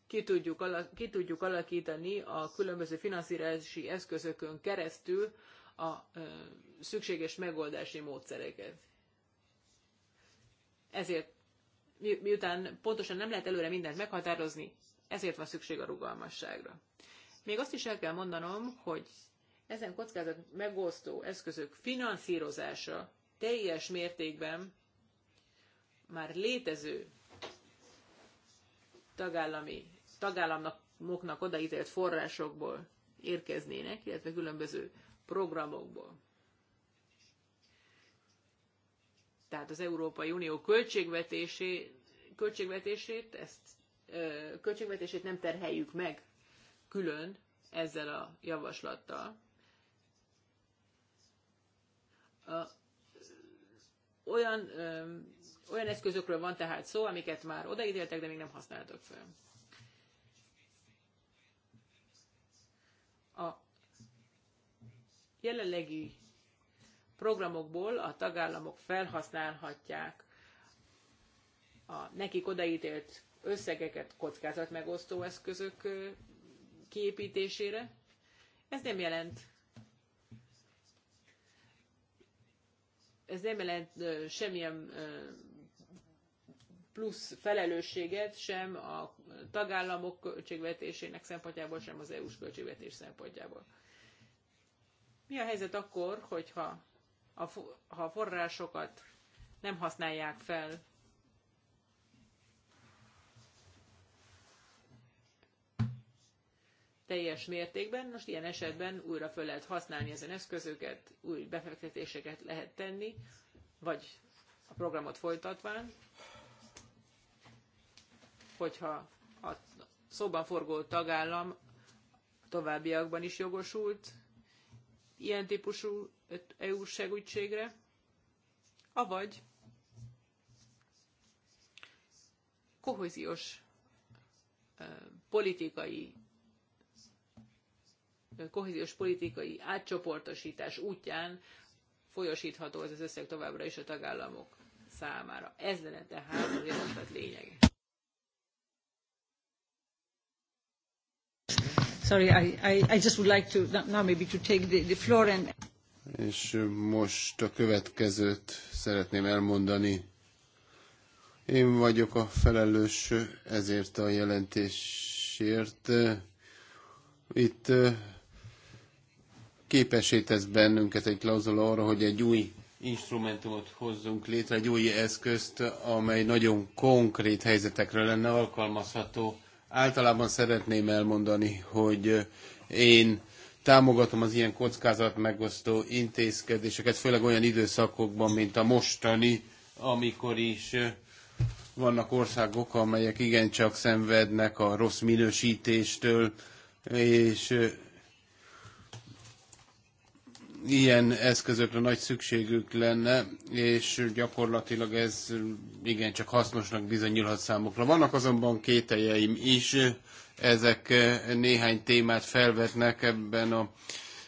ki tudjuk, alak, ki tudjuk alakítani a különböző finanszírozási eszközökön keresztül a szükséges megoldási módszereket ezért mi, miután pontosan nem lehet előre mindent meghatározni, ezért van szükség a rugalmasságra. Még azt is el kell mondanom, hogy ezen kockázat megosztó eszközök finanszírozása teljes mértékben már létező tagállami, tagállamnak odaítélt forrásokból érkeznének, illetve különböző programokból. tehát az Európai Unió költségvetését, költségvetését, ezt, költségvetését nem terheljük meg külön ezzel a javaslattal. A, olyan, ö, olyan eszközökről van tehát szó, amiket már odaítéltek, de még nem használtak fel. A jelenlegi programokból a tagállamok felhasználhatják a nekik odaítélt összegeket kockázatmegosztó eszközök kiépítésére. Ez nem jelent ez nem jelent semmilyen plusz felelősséget sem a tagállamok költségvetésének szempontjából, sem az EU-s költségvetés szempontjából. Mi a helyzet akkor, hogyha a, ha a forrásokat nem használják fel, teljes mértékben. Most ilyen esetben újra föl lehet használni ezen eszközöket, új befektetéseket lehet tenni, vagy a programot folytatván, hogyha a szóban forgó tagállam továbbiakban is jogosult ilyen típusú EU-s segítségre, avagy kohéziós politikai kohéziós politikai átcsoportosítás útján folyosítható ez az összeg továbbra is a tagállamok számára. Ez lenne tehát a javaslat lényege. Sorry, I, I, I just would like to now maybe to take the, the floor and... És most a következőt szeretném elmondani. Én vagyok a felelős ezért a jelentésért. Itt képesítesz bennünket egy klauzula arra, hogy egy új instrumentumot hozzunk létre, egy új eszközt, amely nagyon konkrét helyzetekre lenne alkalmazható. Általában szeretném elmondani, hogy én támogatom az ilyen kockázat megosztó intézkedéseket, főleg olyan időszakokban, mint a mostani, amikor is vannak országok, amelyek igencsak szenvednek a rossz minősítéstől, és ilyen eszközökre nagy szükségük lenne, és gyakorlatilag ez igen, csak hasznosnak bizonyulhat számukra. Vannak azonban kételjeim is, ezek néhány témát felvetnek ebben a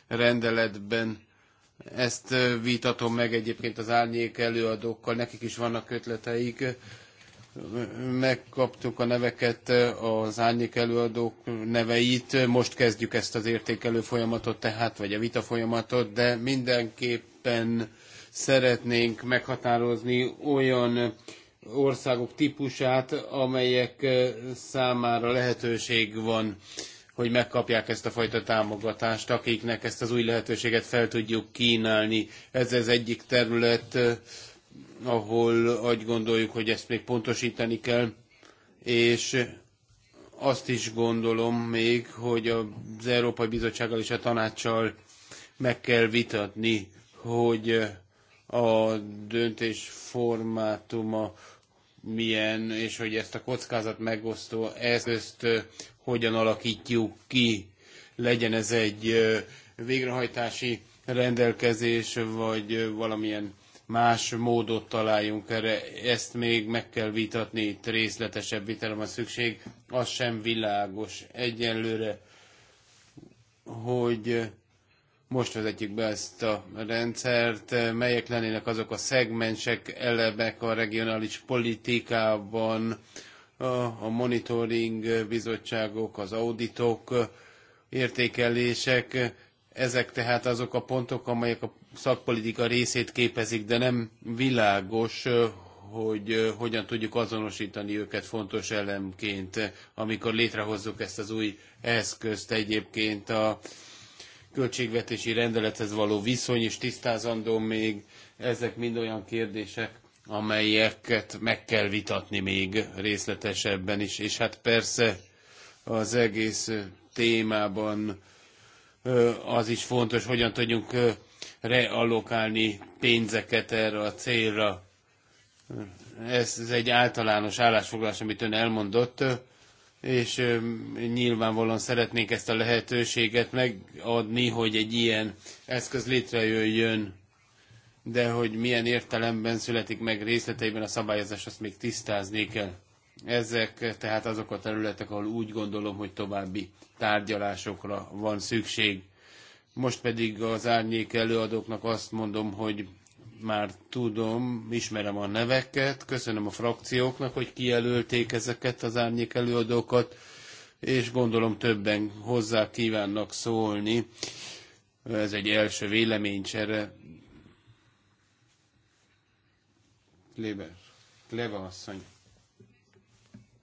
rendeletben. Ezt vitatom meg egyébként az árnyék előadókkal, nekik is vannak ötleteik megkaptuk a neveket, az árnyék előadók neveit, most kezdjük ezt az értékelő folyamatot tehát, vagy a vita folyamatot, de mindenképpen szeretnénk meghatározni olyan országok típusát, amelyek számára lehetőség van, hogy megkapják ezt a fajta támogatást, akiknek ezt az új lehetőséget fel tudjuk kínálni. Ez az egyik terület, ahol agy gondoljuk, hogy ezt még pontosítani kell, és azt is gondolom még, hogy az Európai Bizottsággal és a tanácssal meg kell vitatni, hogy a döntés formátuma milyen, és hogy ezt a kockázat megosztó eszközt hogyan alakítjuk ki, legyen ez egy végrehajtási rendelkezés, vagy valamilyen más módot találjunk erre. Ezt még meg kell vitatni, itt részletesebb vitelem a szükség. Az sem világos egyenlőre, hogy most vezetjük be ezt a rendszert, melyek lennének azok a szegmensek, elebek a regionális politikában, a monitoring bizottságok, az auditok, értékelések, ezek tehát azok a pontok, amelyek a szakpolitika részét képezik, de nem világos, hogy hogyan tudjuk azonosítani őket fontos elemként, amikor létrehozzuk ezt az új eszközt egyébként a költségvetési rendelethez való viszony is tisztázandó még. Ezek mind olyan kérdések, amelyeket meg kell vitatni még részletesebben is. És hát persze az egész témában az is fontos, hogyan tudjunk realokálni pénzeket erre a célra. Ez, ez egy általános állásfoglalás, amit ön elmondott, és nyilvánvalóan szeretnénk ezt a lehetőséget megadni, hogy egy ilyen eszköz létrejöjjön, de hogy milyen értelemben születik meg részleteiben a szabályozás, azt még tisztázni kell. Ezek tehát azok a területek, ahol úgy gondolom, hogy további tárgyalásokra van szükség. Most pedig az árnyék előadóknak azt mondom, hogy már tudom, ismerem a neveket, köszönöm a frakcióknak, hogy kijelölték ezeket az árnyék előadókat, és gondolom többen hozzá kívánnak szólni. Ez egy első véleménycsere. Kleber, Kleva asszony.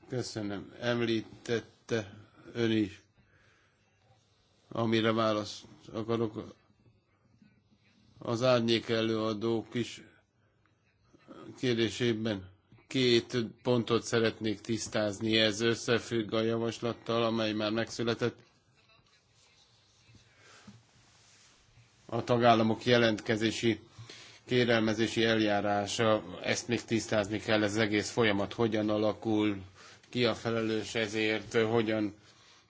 Köszönöm. Említette ön is, amire válasz akarok. Az árnyék előadók is kérdésében két pontot szeretnék tisztázni. Ez összefügg a javaslattal, amely már megszületett. A tagállamok jelentkezési kérelmezési eljárása, ezt még tisztázni kell, ez az egész folyamat hogyan alakul, ki a felelős ezért, hogyan,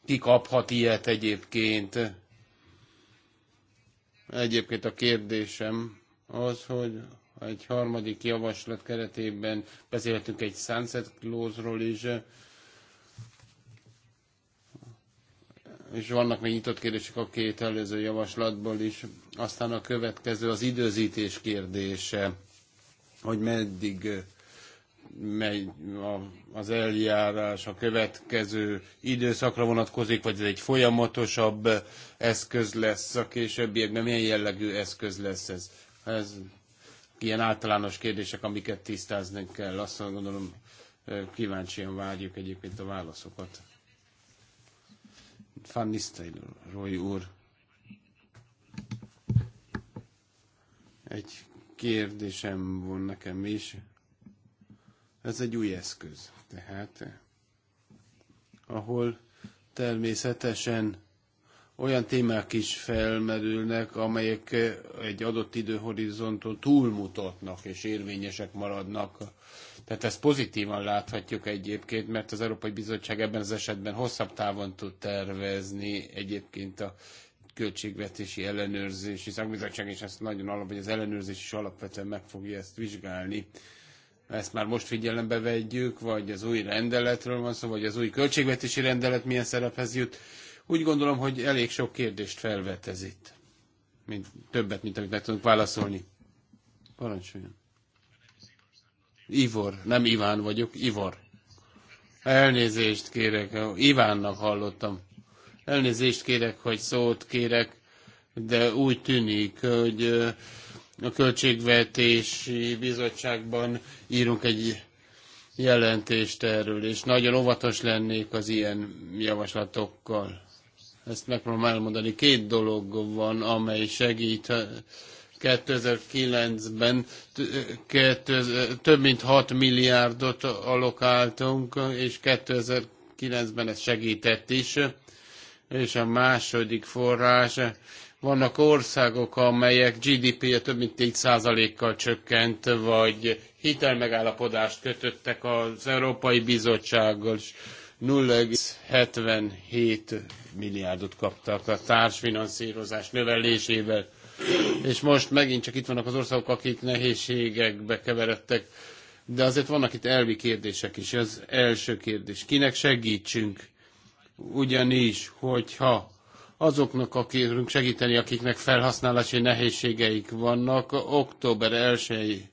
ki kaphat ilyet egyébként, Egyébként a kérdésem az, hogy egy harmadik javaslat keretében beszélhetünk egy sunset clause-ról is, és vannak még nyitott kérdések a két előző javaslatból is. Aztán a következő az időzítés kérdése, hogy meddig mely a, az eljárás a következő időszakra vonatkozik, vagy ez egy folyamatosabb eszköz lesz a későbbiekben? Milyen jellegű eszköz lesz ez? Ez ilyen általános kérdések, amiket tisztázni kell. Azt gondolom, kíváncsian várjuk egyébként a válaszokat. Van Roy úr. Egy kérdésem van nekem is. Ez egy új eszköz, tehát ahol természetesen olyan témák is felmerülnek, amelyek egy adott időhorizonton túlmutatnak és érvényesek maradnak. Tehát ezt pozitívan láthatjuk egyébként, mert az Európai Bizottság ebben az esetben hosszabb távon tud tervezni egyébként a költségvetési ellenőrzési szakbizottság, és ezt nagyon alap, hogy az ellenőrzés is alapvetően meg fogja ezt vizsgálni ezt már most figyelembe vegyük, vagy az új rendeletről van szó, vagy az új költségvetési rendelet milyen szerephez jut. Úgy gondolom, hogy elég sok kérdést felvet ez itt. Mint, többet, mint amit meg tudunk válaszolni. Parancsoljon. Ivor, nem Iván vagyok, Ivor. Elnézést kérek, Ivánnak hallottam. Elnézést kérek, hogy szót kérek, de úgy tűnik, hogy a Költségvetési Bizottságban írunk egy jelentést erről, és nagyon óvatos lennék az ilyen javaslatokkal. Ezt megpróbálom elmondani. Két dolog van, amely segít. 2009-ben több mint 6 milliárdot alokáltunk, és 2009-ben ez segített is. És a második forrás vannak országok, amelyek GDP-je több mint 4%-kal csökkent, vagy hitelmegállapodást kötöttek az Európai Bizottsággal, és 0,77 milliárdot kaptak a társfinanszírozás növelésével. És most megint csak itt vannak az országok, akik nehézségekbe keveredtek. De azért vannak itt elvi kérdések is. Az első kérdés. Kinek segítsünk? Ugyanis, hogyha azoknak, akiknek segíteni, akiknek felhasználási nehézségeik vannak. Október 1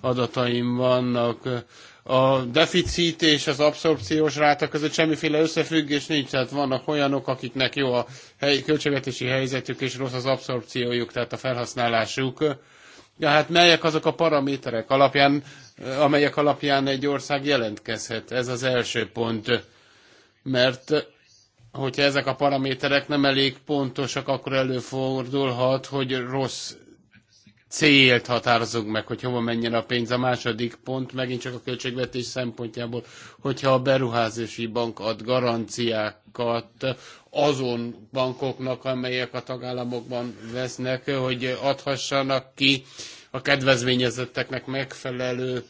adataim vannak. A deficit és az abszorpciós ráta között semmiféle összefüggés nincs, tehát vannak olyanok, akiknek jó a helyi költségvetési helyzetük és rossz az abszorpciójuk, tehát a felhasználásuk. Ja, hát melyek azok a paraméterek alapján, amelyek alapján egy ország jelentkezhet? Ez az első pont mert hogyha ezek a paraméterek nem elég pontosak, akkor előfordulhat, hogy rossz célt határozunk meg, hogy hova menjen a pénz. A második pont megint csak a költségvetés szempontjából, hogyha a beruházási bank ad garanciákat azon bankoknak, amelyek a tagállamokban vesznek, hogy adhassanak ki a kedvezményezetteknek megfelelő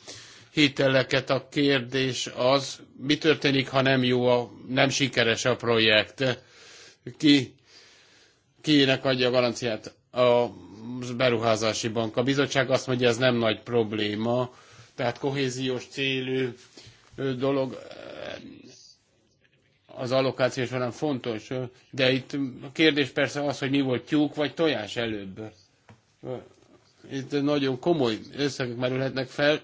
hiteleket, a kérdés az, mi történik, ha nem jó, a, nem sikeres a projekt, ki, kinek adja a garanciát a beruházási bank. A bizottság azt mondja, ez nem nagy probléma, tehát kohéziós célú dolog az allokáció során fontos, de itt a kérdés persze az, hogy mi volt tyúk vagy tojás előbb. Itt nagyon komoly összegek merülhetnek fel,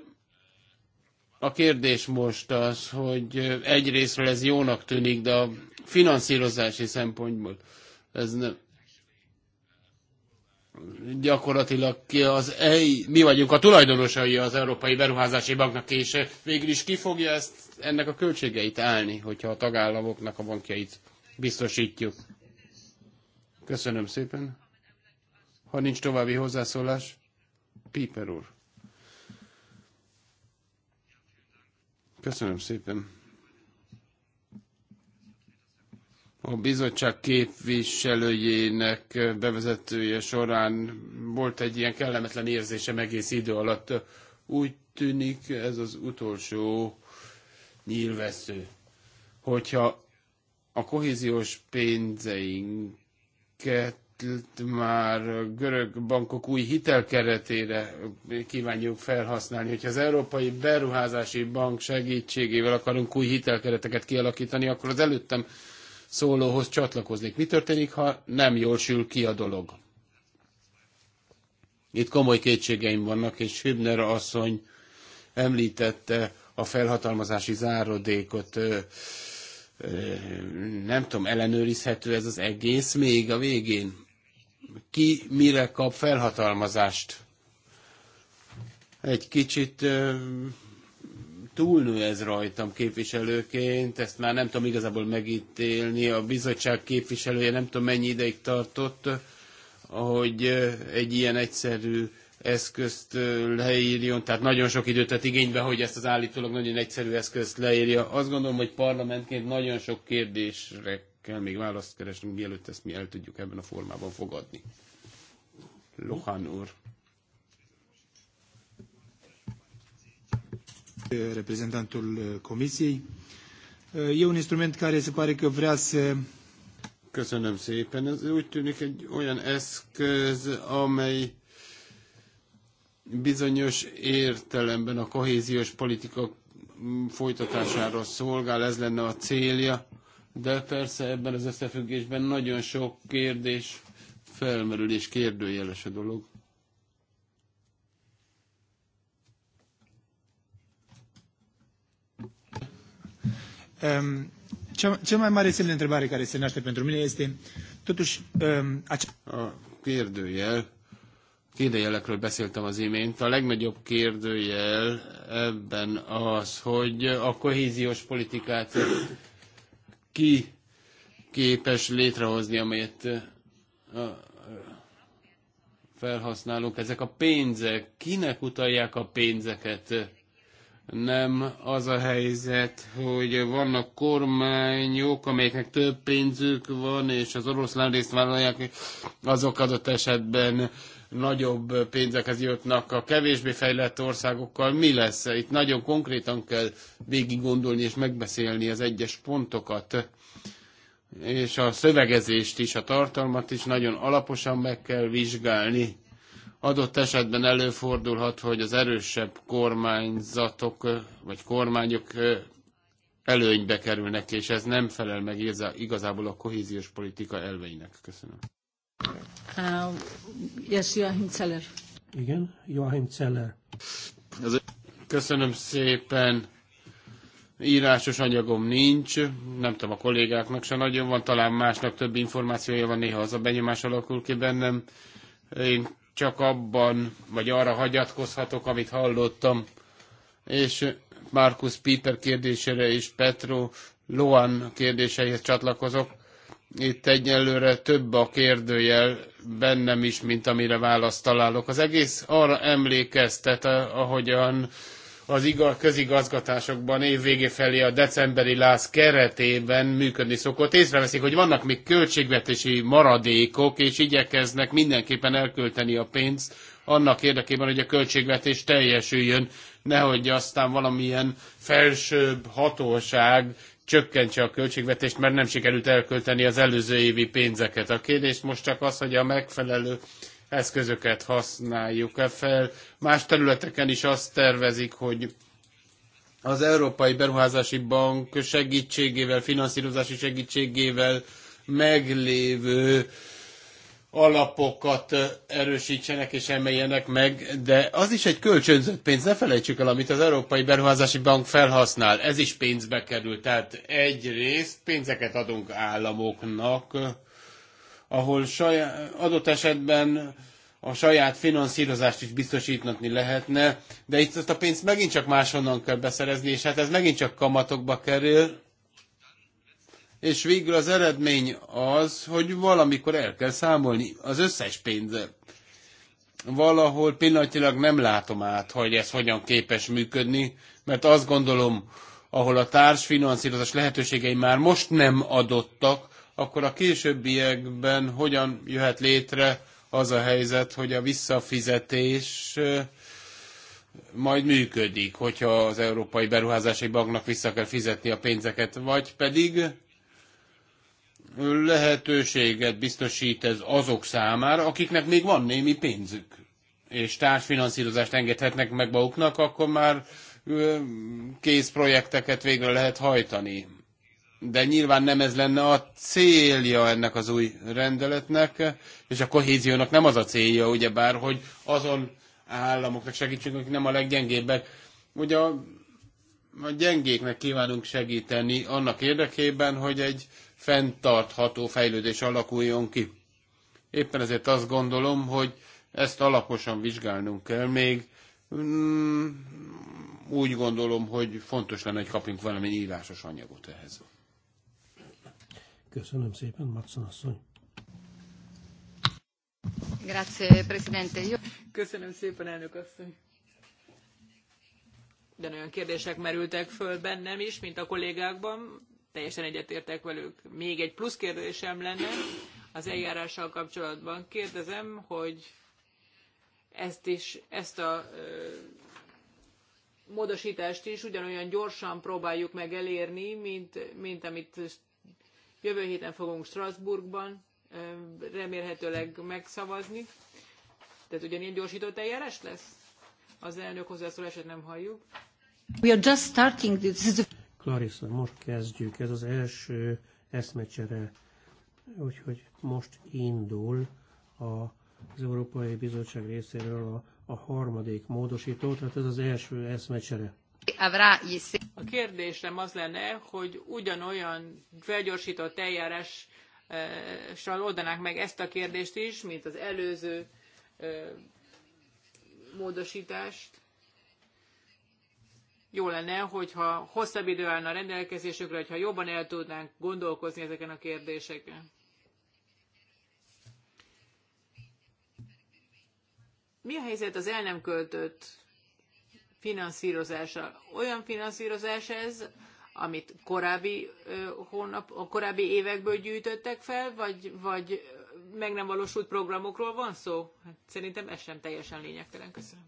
a kérdés most az, hogy egyrésztről ez jónak tűnik, de a finanszírozási szempontból ez nem, gyakorlatilag az EI, mi vagyunk a tulajdonosai az Európai Beruházási Banknak, és végül is ki fogja ezt, ennek a költségeit állni, hogyha a tagállamoknak a bankjait biztosítjuk. Köszönöm szépen. Ha nincs további hozzászólás, Piper úr. Köszönöm szépen. A bizottság képviselőjének bevezetője során volt egy ilyen kellemetlen érzésem egész idő alatt. Úgy tűnik ez az utolsó nyílvesző. Hogyha a kohéziós pénzeinket már a görög bankok új hitelkeretére kívánjuk felhasználni. Hogyha az Európai Beruházási Bank segítségével akarunk új hitelkereteket kialakítani, akkor az előttem szólóhoz csatlakoznék. Mi történik, ha nem jól sül ki a dolog? Itt komoly kétségeim vannak, és Hübner asszony említette a felhatalmazási zárodékot nem tudom, ellenőrizhető ez az egész még a végén ki mire kap felhatalmazást. Egy kicsit túlnő ez rajtam képviselőként, ezt már nem tudom igazából megítélni, a bizottság képviselője nem tudom mennyi ideig tartott, hogy egy ilyen egyszerű eszközt leírjon, tehát nagyon sok időt tett igénybe, hogy ezt az állítólag nagyon egyszerű eszközt leírja. Azt gondolom, hogy parlamentként nagyon sok kérdésre kell még választ keresnünk, mielőtt ezt mi el tudjuk ebben a formában fogadni. Lohan úr. Reprezentantul Comisiei. Jó e instrument care se pare că vrea să... Köszönöm szépen. Ez úgy tűnik egy olyan eszköz, amely bizonyos értelemben a kohéziós politika folytatására szolgál, ez lenne a célja de persze ebben az összefüggésben nagyon sok kérdés felmerül és kérdőjeles a dolog. Um, cea, cea mai mare semn de întrebare care se naște pentru mine este, totuși, um, acea... A kérdőjel, kérdőjelekről beszéltem az imént, a legnagyobb kérdőjel ebben az, hogy a kohéziós politikát ki képes létrehozni, amelyet felhasználunk. Ezek a pénzek, kinek utalják a pénzeket? Nem az a helyzet, hogy vannak kormányok, amelyeknek több pénzük van, és az oroszlán részt vállalják, azok adott esetben nagyobb pénzekhez jutnak a kevésbé fejlett országokkal, mi lesz? Itt nagyon konkrétan kell végig gondolni és megbeszélni az egyes pontokat, és a szövegezést is, a tartalmat is nagyon alaposan meg kell vizsgálni. Adott esetben előfordulhat, hogy az erősebb kormányzatok vagy kormányok előnybe kerülnek, és ez nem felel meg igazából a kohéziós politika elveinek. Köszönöm. Uh, yes, Joachim Zeller. Igen, Joachim Zeller. Köszönöm szépen. Írásos anyagom nincs, nem tudom, a kollégáknak se nagyon van, talán másnak több információja van, néha az a benyomás alakul ki bennem. Én csak abban, vagy arra hagyatkozhatok, amit hallottam, és Markus Piper kérdésére és Petro Loan kérdéseihez csatlakozok. Itt egyelőre több a kérdőjel bennem is, mint amire választ találok. Az egész arra emlékeztet, ahogyan az igaz, közigazgatásokban évvégé felé a decemberi láz keretében működni szokott. Észreveszik, hogy vannak még költségvetési maradékok, és igyekeznek mindenképpen elkölteni a pénzt annak érdekében, hogy a költségvetés teljesüljön, nehogy aztán valamilyen felsőbb hatóság csökkentse a költségvetést, mert nem sikerült elkölteni az előző évi pénzeket. A kérdés most csak az, hogy a megfelelő eszközöket használjuk-e fel. Más területeken is azt tervezik, hogy az Európai Beruházási Bank segítségével, finanszírozási segítségével meglévő alapokat erősítsenek és emeljenek meg, de az is egy kölcsönzött pénz, ne felejtsük el, amit az Európai Beruházási Bank felhasznál, ez is pénzbe kerül, tehát egyrészt pénzeket adunk államoknak, ahol saját, adott esetben a saját finanszírozást is biztosítani lehetne, de itt azt a pénzt megint csak máshonnan kell beszerezni, és hát ez megint csak kamatokba kerül, és végül az eredmény az, hogy valamikor el kell számolni az összes pénzzel. Valahol pillanatilag nem látom át, hogy ez hogyan képes működni, mert azt gondolom, ahol a társfinanszírozás lehetőségei már most nem adottak, akkor a későbbiekben hogyan jöhet létre az a helyzet, hogy a visszafizetés majd működik, hogyha az Európai Beruházási Banknak vissza kell fizetni a pénzeket, vagy pedig lehetőséget biztosít ez azok számára, akiknek még van némi pénzük, és társfinanszírozást engedhetnek meg maguknak, akkor már kész projekteket végre lehet hajtani. De nyilván nem ez lenne a célja ennek az új rendeletnek, és a kohéziónak nem az a célja, ugyebár, hogy azon államoknak segítsünk, akik nem a leggyengébbek. Ugye a, a gyengéknek kívánunk segíteni annak érdekében, hogy egy fenntartható fejlődés alakuljon ki. Éppen ezért azt gondolom, hogy ezt alaposan vizsgálnunk kell még. Mm, úgy gondolom, hogy fontos lenne, hogy kapjunk valami írásos anyagot ehhez. Köszönöm szépen, Matson asszony. Grazie, Presidente. Köszönöm szépen, elnök asszony. De olyan kérdések merültek föl bennem is, mint a kollégákban teljesen egyetértek velük. Még egy plusz kérdésem lenne az eljárással kapcsolatban. Kérdezem, hogy ezt is, ezt a ö, módosítást is ugyanolyan gyorsan próbáljuk meg elérni, mint, mint amit jövő héten fogunk Strasbourgban ö, remélhetőleg megszavazni. Tehát ugyanilyen gyorsított eljárás lesz? Az elnök hozzászólását nem halljuk. We are just starting this. Clarissa, most kezdjük. Ez az első eszmecsere, úgyhogy most indul az Európai Bizottság részéről a, a harmadik módosító, tehát ez az első eszmecsere. A kérdésem az lenne, hogy ugyanolyan felgyorsított eljárással eh, oldanák meg ezt a kérdést is, mint az előző eh, módosítást jó lenne, hogyha hosszabb idő állna rendelkezésünkre, hogyha jobban el tudnánk gondolkozni ezeken a kérdéseken. Mi a helyzet az el nem költött finanszírozása? Olyan finanszírozás ez, amit korábbi, hónap, a korábbi évekből gyűjtöttek fel, vagy, vagy meg nem valósult programokról van szó? Hát szerintem ez sem teljesen lényegtelen. Köszönöm.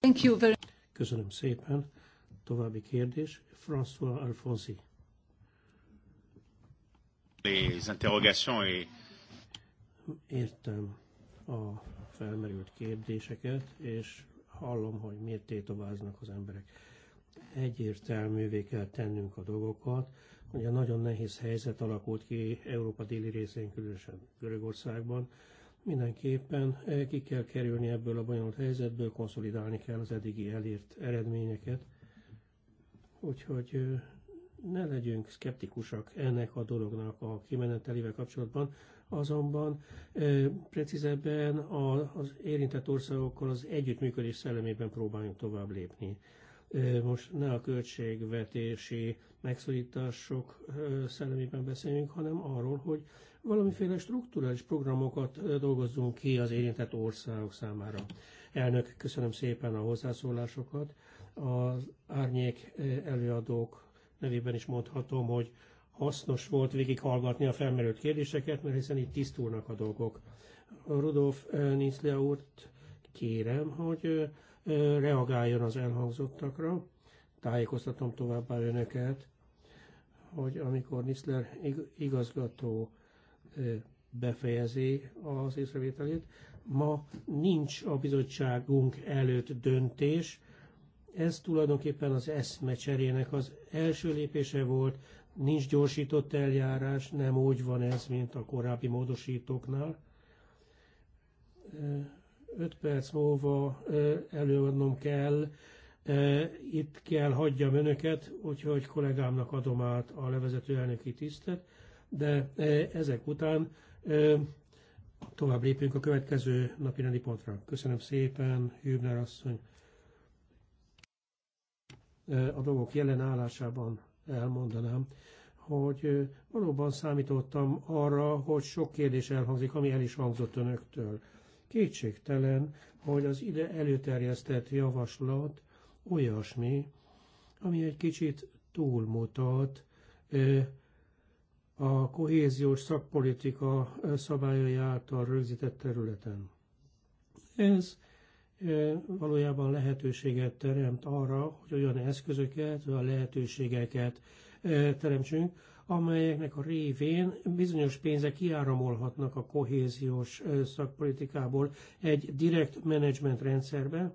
Thank you very Köszönöm szépen. További kérdés. François Alfonsi. Les interrogations et... Értem a felmerült kérdéseket, és hallom, hogy miért tétováznak az emberek. Egyértelművé kell tennünk a dolgokat. Ugye nagyon nehéz helyzet alakult ki Európa déli részén, különösen Görögországban, Mindenképpen eh, ki kell kerülni ebből a bonyolult helyzetből, konszolidálni kell az eddigi elért eredményeket. Úgyhogy eh, ne legyünk szkeptikusak ennek a dolognak a kimenetelével kapcsolatban, azonban eh, precízebben az érintett országokkal az együttműködés szellemében próbáljunk tovább lépni. most ne a költségvetési megszorítások szellemében beszéljünk, hanem arról, hogy valamiféle strukturális programokat dolgozzunk ki az érintett országok számára. Elnök, köszönöm szépen a hozzászólásokat. Az árnyék előadók nevében is mondhatom, hogy hasznos volt végighallgatni a felmerült kérdéseket, mert hiszen itt tisztulnak a dolgok. Rudolf Niszlia úrt kérem, hogy reagáljon az elhangzottakra. Tájékoztatom továbbá önöket, hogy amikor Niszler igazgató befejezi az észrevételét. Ma nincs a bizottságunk előtt döntés, ez tulajdonképpen az eszmecserének az első lépése volt, nincs gyorsított eljárás, nem úgy van ez, mint a korábbi módosítóknál. Öt perc múlva előadnom kell, itt kell hagyjam önöket, úgyhogy kollégámnak adom át a levezető elnöki tisztet, de e, ezek után e, tovább lépünk a következő napi rendi pontra. Köszönöm szépen, Hübner asszony. E, a dolgok jelen állásában elmondanám, hogy valóban számítottam arra, hogy sok kérdés elhangzik, ami el is hangzott önöktől. Kétségtelen, hogy az ide előterjesztett javaslat olyasmi, ami egy kicsit túlmutat a kohéziós szakpolitika szabályai által rögzített területen. Ez valójában lehetőséget teremt arra, hogy olyan eszközöket, olyan lehetőségeket teremtsünk, amelyeknek a révén bizonyos pénzek kiáramolhatnak a kohéziós szakpolitikából egy direkt menedzsment rendszerbe.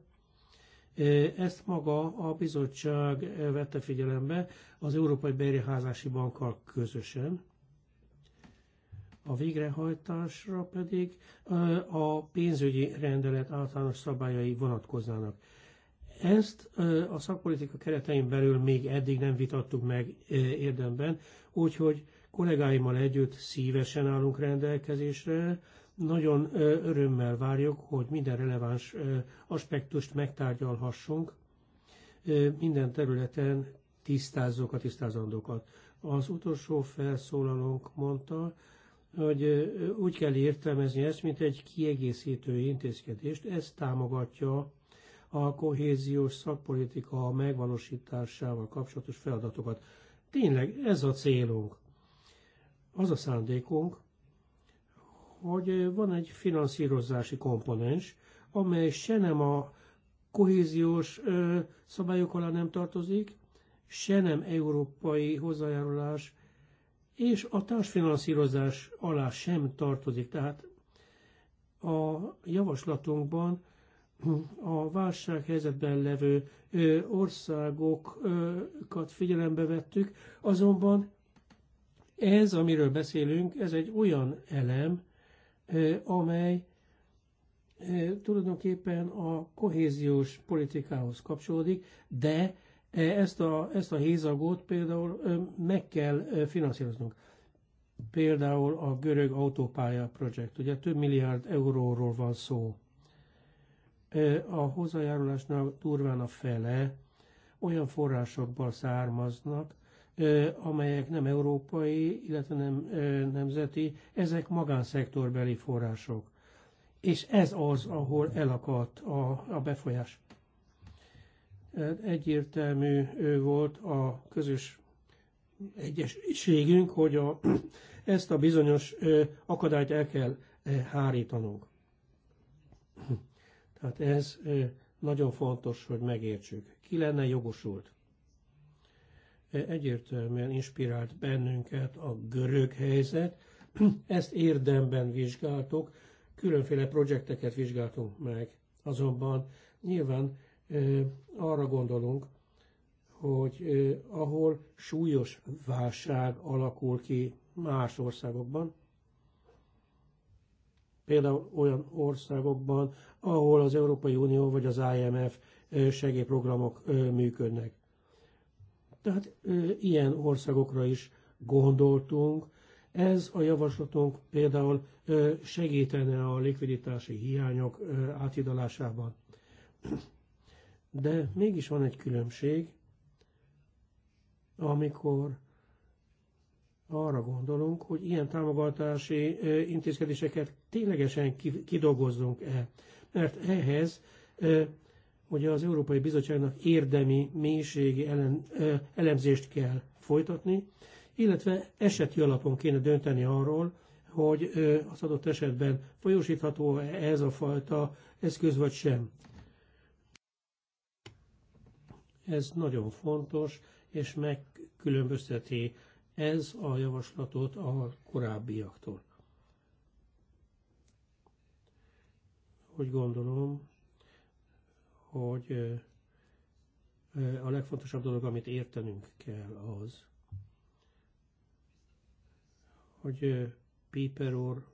Ezt maga a bizottság vette figyelembe az Európai Beriházási Bankkal közösen a végrehajtásra pedig a pénzügyi rendelet általános szabályai vonatkoznának. Ezt a szakpolitika keretein belül még eddig nem vitattuk meg érdemben, úgyhogy kollégáimmal együtt szívesen állunk rendelkezésre. Nagyon örömmel várjuk, hogy minden releváns aspektust megtárgyalhassunk. Minden területen tisztázzuk a tisztázandókat. Az utolsó felszólalónk mondta, hogy úgy kell értelmezni ezt, mint egy kiegészítő intézkedést. Ez támogatja a kohéziós szakpolitika megvalósításával kapcsolatos feladatokat. Tényleg ez a célunk. Az a szándékunk, hogy van egy finanszírozási komponens, amely se nem a kohéziós szabályok alá nem tartozik, se nem európai hozzájárulás és a társfinanszírozás alá sem tartozik. Tehát a javaslatunkban a válsághelyzetben levő országokat figyelembe vettük, azonban ez, amiről beszélünk, ez egy olyan elem, amely tulajdonképpen a kohéziós politikához kapcsolódik, de E, ezt a, ezt a hézagot például meg kell finanszíroznunk. Például a görög autópálya projekt, ugye több milliárd euróról van szó. E, a hozzájárulásnál durván a fele olyan forrásokból származnak, amelyek nem európai, illetve nem nemzeti, ezek magánszektorbeli források. És ez az, ahol elakadt a, a befolyás. Egyértelmű volt a közös egyességünk, hogy a, ezt a bizonyos akadályt el kell hárítanunk. Tehát ez nagyon fontos, hogy megértsük. Ki lenne jogosult? Egyértelműen inspirált bennünket a görög helyzet, ezt érdemben vizsgáltuk, különféle projekteket vizsgáltunk meg. Azonban nyilván arra gondolunk, hogy ahol súlyos válság alakul ki más országokban, például olyan országokban, ahol az Európai Unió vagy az IMF segélyprogramok működnek. Tehát ilyen országokra is gondoltunk. Ez a javaslatunk például segítene a likviditási hiányok áthidalásában. De mégis van egy különbség, amikor arra gondolunk, hogy ilyen támogatási intézkedéseket ténylegesen kidolgozzunk-e. Mert ehhez ugye az Európai Bizottságnak érdemi, mélységi ellen, elemzést kell folytatni, illetve eseti alapon kéne dönteni arról, hogy az adott esetben folyósítható -e ez a fajta eszköz vagy sem. Ez nagyon fontos, és megkülönbözteti ez a javaslatot a korábbiaktól. Úgy gondolom, hogy a legfontosabb dolog, amit értenünk kell az, hogy Piper úr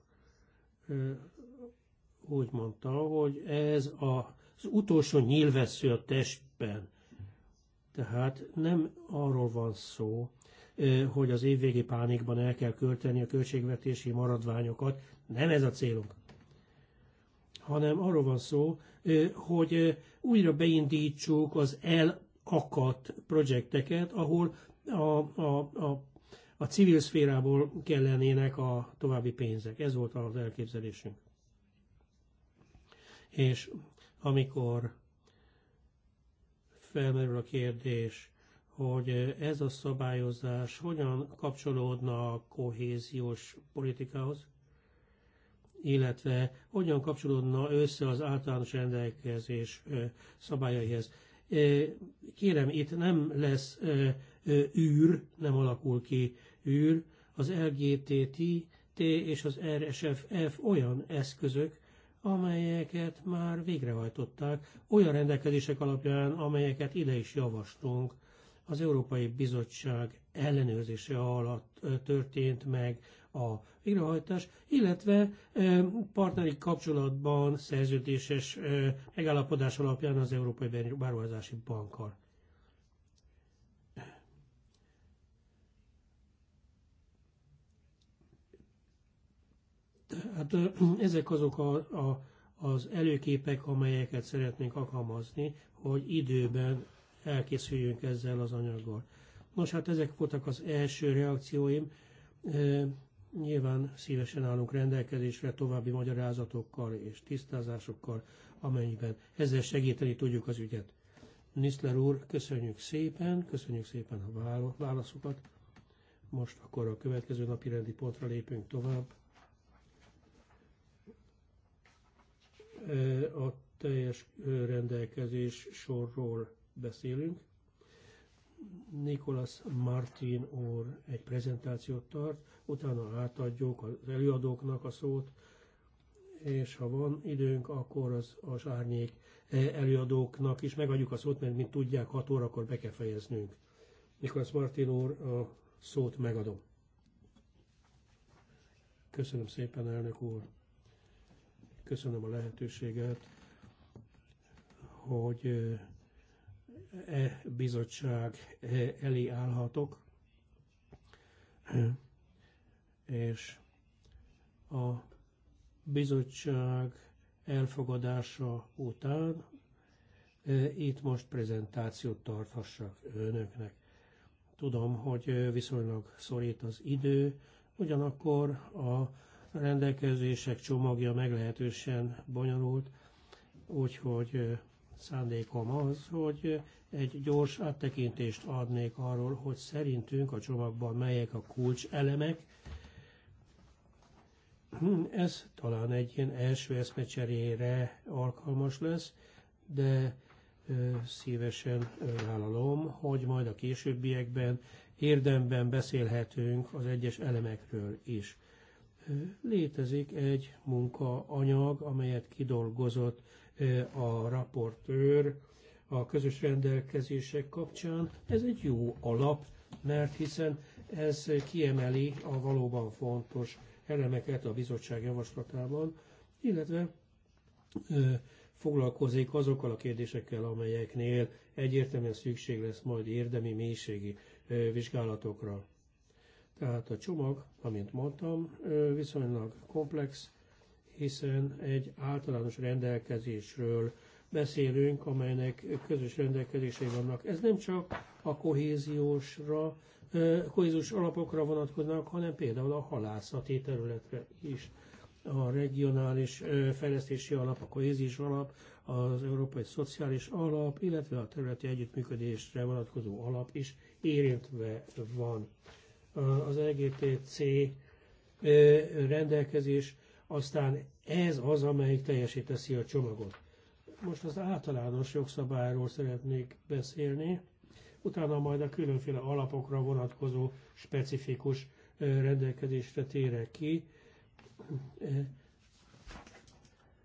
úgy mondta, hogy ez az utolsó nyílvesző a testben. Tehát nem arról van szó, hogy az évvégi pánikban el kell költeni a költségvetési maradványokat, nem ez a célunk, hanem arról van szó, hogy újra beindítsuk az elakadt projekteket, ahol a, a, a, a civil szférából kellenének a további pénzek. Ez volt az elképzelésünk. És amikor felmerül a kérdés, hogy ez a szabályozás hogyan kapcsolódna a kohéziós politikához, illetve hogyan kapcsolódna össze az általános rendelkezés szabályaihez. Kérem, itt nem lesz űr, nem alakul ki űr, az LGTT és az RSFF olyan eszközök, amelyeket már végrehajtották, olyan rendelkezések alapján, amelyeket ide is javaslunk. Az Európai Bizottság ellenőrzése alatt történt meg a végrehajtás, illetve partneri kapcsolatban szerződéses megállapodás alapján az Európai Beruházási Bankkal. Hát ezek azok a, a, az előképek, amelyeket szeretnénk alkalmazni, hogy időben elkészüljünk ezzel az anyaggal. Nos, hát ezek voltak az első reakcióim. E, nyilván szívesen állunk rendelkezésre további magyarázatokkal és tisztázásokkal, amennyiben ezzel segíteni tudjuk az ügyet. Niszler úr, köszönjük szépen, köszönjük szépen a válaszokat. Most akkor a következő napi rendi pontra lépünk tovább. a teljes rendelkezés sorról beszélünk. Nikolas Martin úr egy prezentációt tart, utána átadjuk az előadóknak a szót, és ha van időnk, akkor az, az árnyék előadóknak is megadjuk a szót, mert mint tudják, 6 órakor be kell fejeznünk. Nikolas Martin úr, a szót megadom. Köszönöm szépen, elnök úr. Köszönöm a lehetőséget, hogy eh, e bizottság eh, elé állhatok, és a bizottság elfogadása után eh, itt most prezentációt tarthassak önöknek. Tudom, hogy viszonylag szorít az idő, ugyanakkor a rendelkezések csomagja meglehetősen bonyolult, úgyhogy szándékom az, hogy egy gyors áttekintést adnék arról, hogy szerintünk a csomagban melyek a kulcs elemek. Hm, ez talán egy ilyen első eszmecserére alkalmas lesz, de szívesen vállalom, hogy majd a későbbiekben érdemben beszélhetünk az egyes elemekről is. Létezik egy munkaanyag, amelyet kidolgozott a raportőr a közös rendelkezések kapcsán. Ez egy jó alap, mert hiszen ez kiemeli a valóban fontos elemeket a bizottság javaslatában, illetve foglalkozik azokkal a kérdésekkel, amelyeknél egyértelműen szükség lesz majd érdemi mélységi vizsgálatokra. Tehát a csomag, amint mondtam, viszonylag komplex, hiszen egy általános rendelkezésről beszélünk, amelynek közös rendelkezései vannak. Ez nem csak a kohéziósra, kohéziós alapokra vonatkoznak, hanem például a halászati területre is. A regionális fejlesztési alap, a kohéziós alap, az európai szociális alap, illetve a területi együttműködésre vonatkozó alap is érintve van az LGTC rendelkezés, aztán ez az, amelyik teljesíteszi a csomagot. Most az általános jogszabályról szeretnék beszélni, utána majd a különféle alapokra vonatkozó specifikus rendelkezésre térek ki.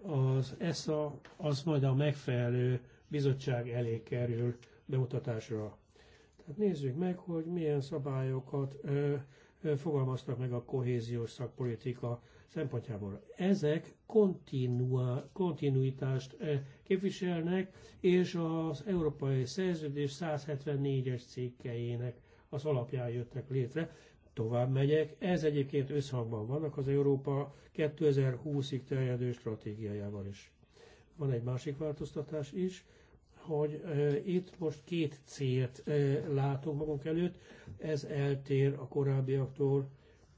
Az ESA az majd a megfelelő bizottság elé kerül bemutatásra. Tehát nézzük meg, hogy milyen szabályokat ö, ö, fogalmaztak meg a kohéziós szakpolitika szempontjából. Ezek kontinua, kontinuitást ö, képviselnek, és az Európai Szerződés 174-es cikkeinek az alapján jöttek létre. Tovább megyek, ez egyébként összhangban vannak az Európa 2020-ig terjedő stratégiájával is. Van egy másik változtatás is, hogy itt most két célt látunk magunk előtt, ez eltér a korábbiaktól,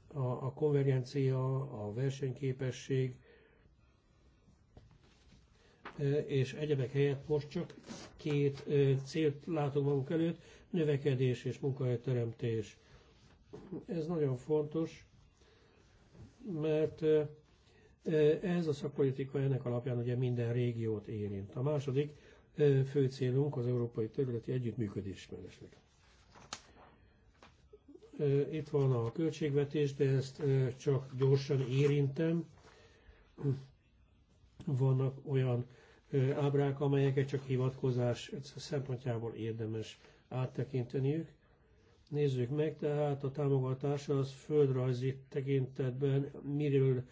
a, a konvergencia, a versenyképesség és egyebek helyett most csak két célt látunk magunk előtt, növekedés és munkahelyteremtés. Ez nagyon fontos, mert ez a szakpolitika ennek alapján ugye minden régiót érint. A második, Fő célunk az európai területi együttműködés mellesleg. Itt van a költségvetés, de ezt csak gyorsan érintem. Vannak olyan ábrák, amelyeket csak hivatkozás szempontjából érdemes áttekinteniük. Nézzük meg, tehát a támogatás az földrajzi tekintetben miről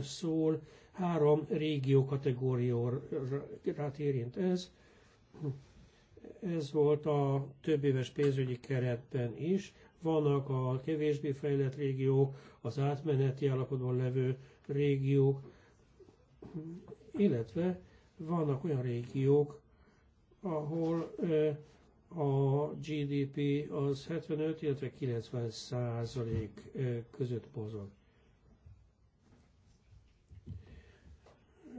szól. Három régió kategóriát érint ez. Ez volt a több éves pénzügyi keretben is. Vannak a kevésbé fejlett régiók, az átmeneti állapotban levő régiók, illetve vannak olyan régiók, ahol a GDP az 75, illetve 90 százalék között mozog.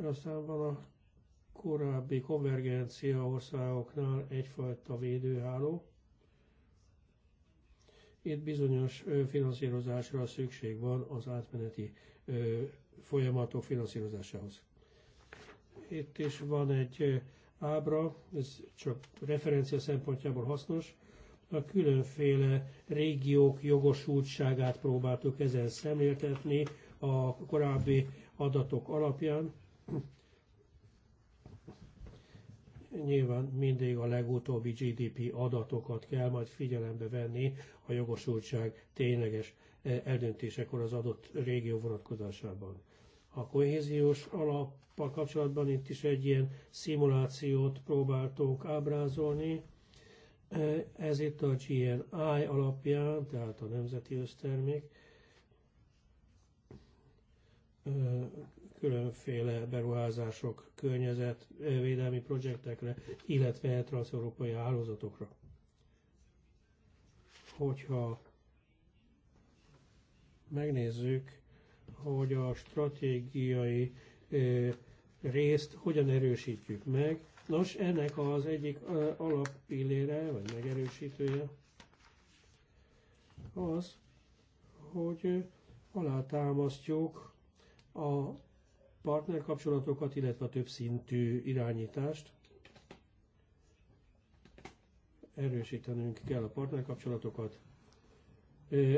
Aztán van a korábbi konvergencia országoknál egyfajta védőháló. Itt bizonyos finanszírozásra szükség van az átmeneti folyamatok finanszírozásához. Itt is van egy ábra, ez csak referencia szempontjából hasznos, a különféle régiók jogosultságát próbáltuk ezen szemléltetni a korábbi adatok alapján. Nyilván mindig a legutóbbi GDP adatokat kell majd figyelembe venni a jogosultság tényleges eh, eldöntésekor az adott régió vonatkozásában. A kohéziós alappal kapcsolatban itt is egy ilyen szimulációt próbáltunk ábrázolni. Ez itt a GNI alapján, tehát a Nemzeti Össztermék, különféle beruházások, környezetvédelmi projektekre, illetve transzeurópai hálózatokra. Hogyha megnézzük hogy a stratégiai részt hogyan erősítjük meg. Nos, ennek az egyik alappillére, vagy megerősítője az, hogy alátámasztjuk a partnerkapcsolatokat, illetve a többszintű irányítást. Erősítenünk kell a partnerkapcsolatokat,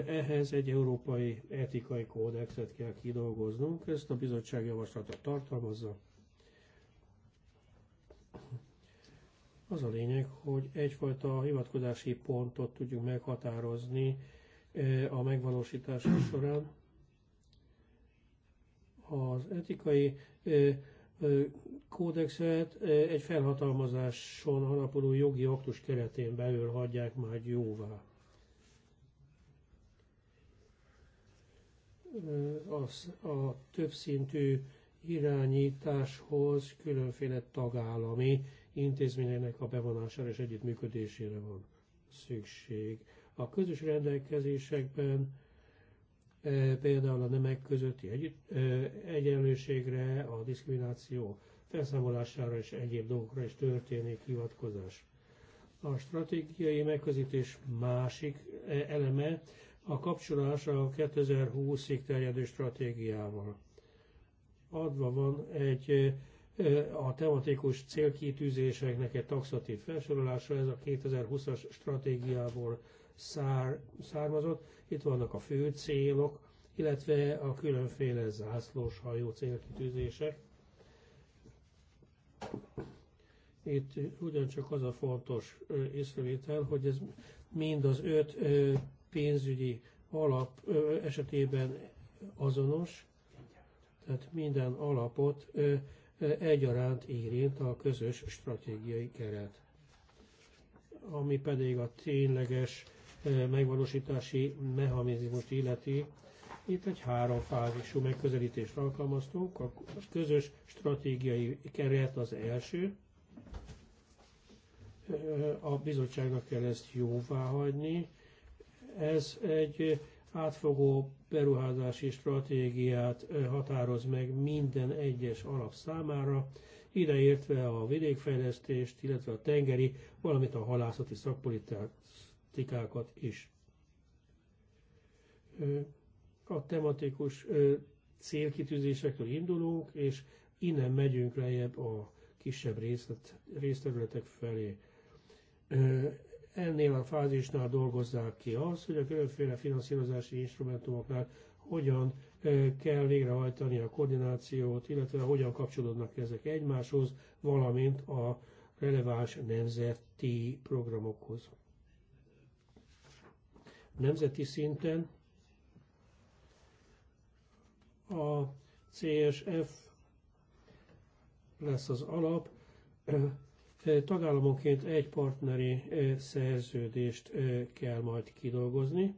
ehhez egy európai etikai kódexet kell kidolgoznunk, ezt a bizottság javaslata tartalmazza. Az a lényeg, hogy egyfajta hivatkozási pontot tudjuk meghatározni a megvalósítása során. Az etikai kódexet egy felhatalmazáson alapuló jogi aktus keretén belül hagyják majd jóvá. az, a többszintű irányításhoz különféle tagállami intézményeknek a bevonására és együttműködésére van szükség. A közös rendelkezésekben e, például a nemek közötti együtt, e, egyenlőségre, a diszkrimináció felszámolására és egyéb dolgokra is történik hivatkozás. A stratégiai megközítés másik eleme a kapcsolás a 2020-ig terjedő stratégiával. Adva van egy a tematikus célkitűzéseknek egy taxatív felsorolása, ez a 2020-as stratégiából szár, származott. Itt vannak a fő célok, illetve a különféle zászlós hajó célkitűzések. Itt ugyancsak az a fontos észrevétel, hogy ez mind az öt pénzügyi alap esetében azonos, tehát minden alapot egyaránt érint a közös stratégiai keret. Ami pedig a tényleges megvalósítási mechanizmust illeti, itt egy három fázisú megközelítést alkalmaztunk. A közös stratégiai keret az első. A bizottságnak kell ezt jóvá hagyni, ez egy átfogó beruházási stratégiát határoz meg minden egyes alap számára, ideértve a vidékfejlesztést, illetve a tengeri, valamint a halászati szakpolitikákat is. A tematikus célkitűzésekről indulunk, és innen megyünk lejjebb a kisebb részlet, részterületek felé ennél a fázisnál dolgozzák ki azt, hogy a különféle finanszírozási instrumentumoknál hogyan kell végrehajtani a koordinációt, illetve hogyan kapcsolódnak ezek egymáshoz, valamint a releváns nemzeti programokhoz. Nemzeti szinten a CSF lesz az alap, Tagállamonként egy partneri szerződést kell majd kidolgozni.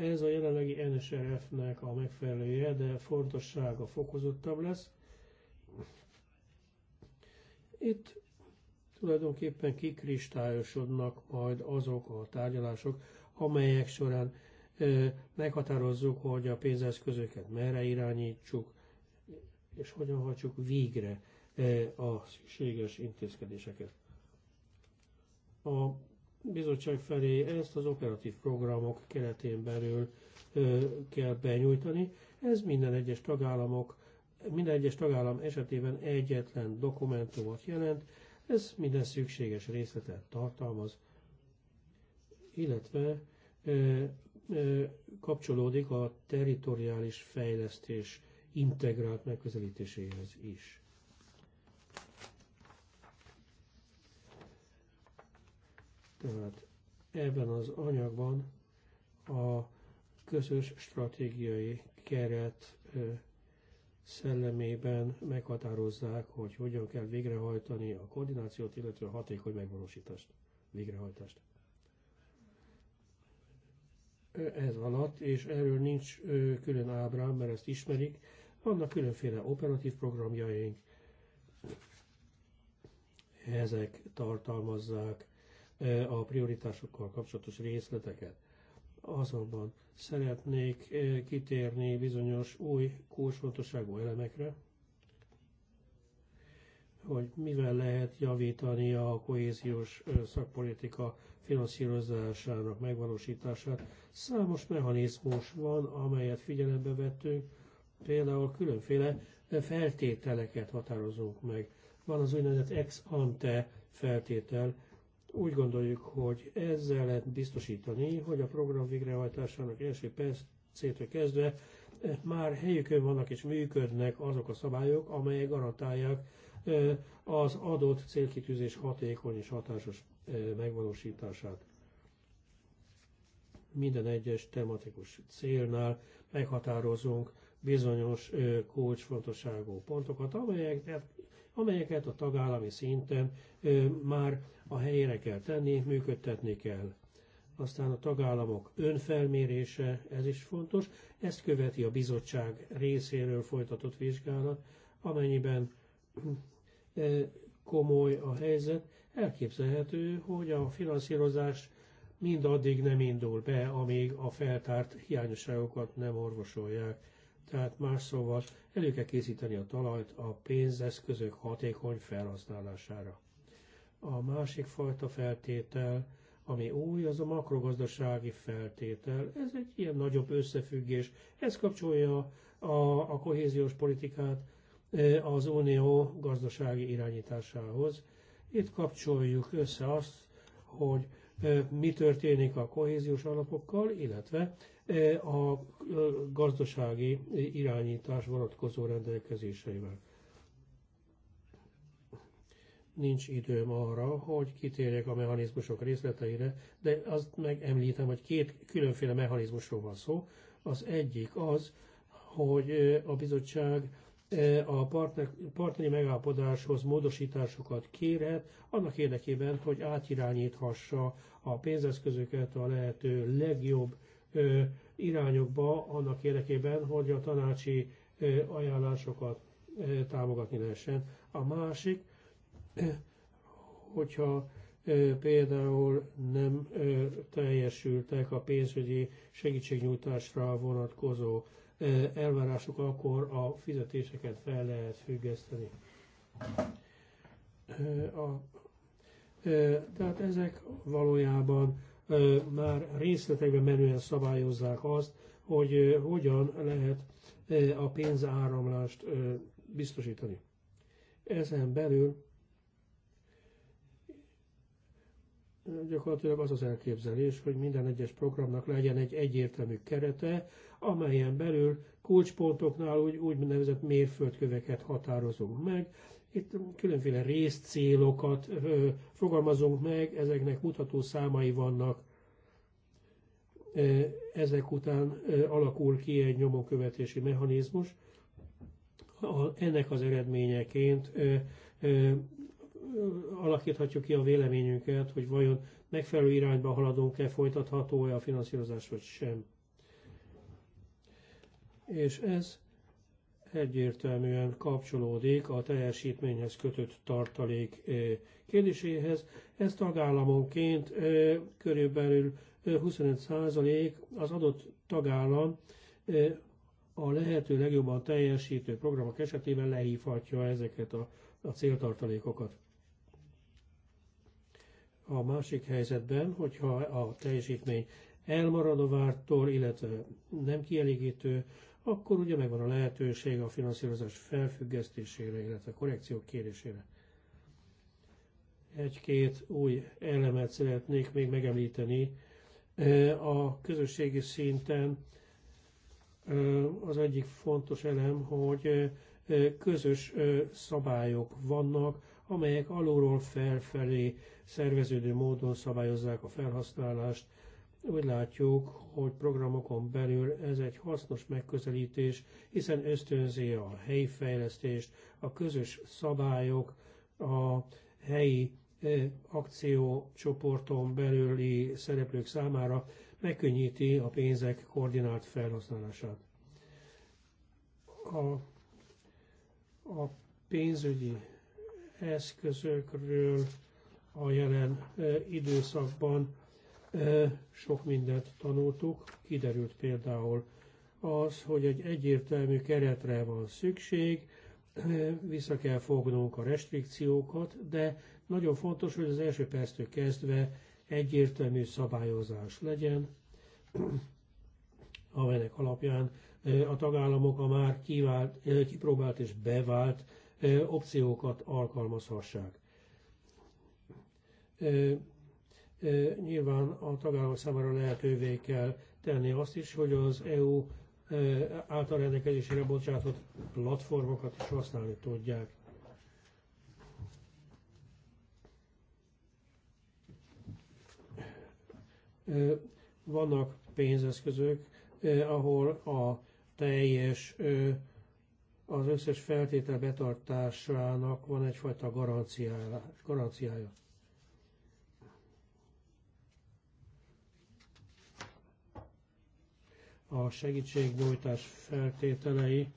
Ez a jelenlegi NSRF-nek a megfelelője, de fontossága fokozottabb lesz. Itt tulajdonképpen kikristályosodnak majd azok a tárgyalások, amelyek során meghatározzuk, hogy a pénzeszközöket merre irányítsuk, és hogyan hagyjuk végre E, a szükséges intézkedéseket. A bizottság felé ezt az operatív programok keretén belül e, kell benyújtani. Ez minden egyes tagállamok, minden egyes tagállam esetében egyetlen dokumentumot jelent, ez minden szükséges részletet tartalmaz, illetve e, kapcsolódik a territoriális fejlesztés integrált megközelítéséhez is. Tehát ebben az anyagban a közös stratégiai keret szellemében meghatározzák, hogy hogyan kell végrehajtani a koordinációt, illetve a hatékony megvalósítást, végrehajtást. Ez alatt, és erről nincs külön ábrám, mert ezt ismerik, vannak különféle operatív programjaink, ezek tartalmazzák a prioritásokkal kapcsolatos részleteket. Azonban szeretnék kitérni bizonyos új kulcsfontosságú elemekre, hogy mivel lehet javítani a kohéziós szakpolitika finanszírozásának megvalósítását. Számos mechanizmus van, amelyet figyelembe vettünk, például különféle feltételeket határozunk meg. Van az úgynevezett ex ante feltétel, úgy gondoljuk, hogy ezzel lehet biztosítani, hogy a program végrehajtásának első percétől kezdve eh, már helyükön vannak és működnek azok a szabályok, amelyek garantálják eh, az adott célkitűzés hatékony és hatásos eh, megvalósítását. Minden egyes tematikus célnál meghatározunk bizonyos kulcsfontosságú pontokat, amelyeket amelyeket a tagállami szinten már a helyére kell tenni, működtetni kell. Aztán a tagállamok önfelmérése, ez is fontos, ezt követi a bizottság részéről folytatott vizsgálat, amennyiben komoly a helyzet, elképzelhető, hogy a finanszírozás mindaddig nem indul be, amíg a feltárt hiányosságokat nem orvosolják. Tehát más szóval elő kell készíteni a talajt a pénzeszközök hatékony felhasználására. A másik fajta feltétel, ami új, az a makrogazdasági feltétel. Ez egy ilyen nagyobb összefüggés. Ez kapcsolja a, a kohéziós politikát e, az unió gazdasági irányításához. Itt kapcsoljuk össze azt, hogy mi történik a kohéziós alapokkal, illetve a gazdasági irányítás vonatkozó rendelkezéseivel. Nincs időm arra, hogy kitérjek a mechanizmusok részleteire, de azt megemlítem, hogy két különféle mechanizmusról van szó. Az egyik az, hogy a bizottság E, a partneri megállapodáshoz módosításokat kérhet, annak érdekében, hogy átirányíthassa a pénzeszközöket a lehető legjobb e, irányokba, annak érdekében, hogy a tanácsi e, ajánlásokat támogatni lehessen. A másik, hogyha például nem teljesültek a pénzügyi segítségnyújtásra vonatkozó elvárásuk, akkor a fizetéseket fel lehet függeszteni. A, tehát ezek valójában már részletekben menően szabályozzák azt, hogy hogyan lehet a pénzáramlást biztosítani. Ezen belül gyakorlatilag az az elképzelés, hogy minden egyes programnak legyen egy egyértelmű kerete, amelyen belül kulcspontoknál úgy, úgynevezett mérföldköveket határozunk meg. Itt különféle részcélokat ö, fogalmazunk meg, ezeknek mutató számai vannak. Ezek után alakul ki egy nyomonkövetési mechanizmus. ennek az eredményeként alakíthatjuk ki a véleményünket, hogy vajon megfelelő irányba haladunk-e, folytatható-e a finanszírozás, vagy sem. És ez egyértelműen kapcsolódik a teljesítményhez kötött tartalék kérdéséhez. Ez tagállamonként körülbelül 25% az adott tagállam a lehető legjobban teljesítő programok esetében lehívhatja ezeket a, a céltartalékokat. A másik helyzetben, hogyha a teljesítmény elmarad a vártól, illetve nem kielégítő, akkor ugye megvan a lehetőség a finanszírozás felfüggesztésére, illetve korrekciók kérésére. Egy-két új elemet szeretnék még megemlíteni. A közösségi szinten az egyik fontos elem, hogy közös szabályok vannak amelyek alulról felfelé szerveződő módon szabályozzák a felhasználást. Úgy látjuk, hogy programokon belül ez egy hasznos megközelítés, hiszen ösztönzi a helyi fejlesztést, a közös szabályok, a helyi akciócsoporton belüli szereplők számára megkönnyíti a pénzek koordinált felhasználását. A, a pénzügyi eszközökről a jelen időszakban sok mindent tanultuk. Kiderült például az, hogy egy egyértelmű keretre van szükség, vissza kell fognunk a restrikciókat, de nagyon fontos, hogy az első perctől kezdve egyértelmű szabályozás legyen, amelynek alapján a tagállamok a már kivált, kipróbált és bevált opciókat alkalmazhassák. Nyilván a tagállamok számára lehetővé kell tenni azt is, hogy az EU által rendelkezésére bocsátott platformokat is használni tudják. Vannak pénzeszközök, ahol a teljes az összes feltétel betartásának van egyfajta garanciája. A segítségnyújtás feltételei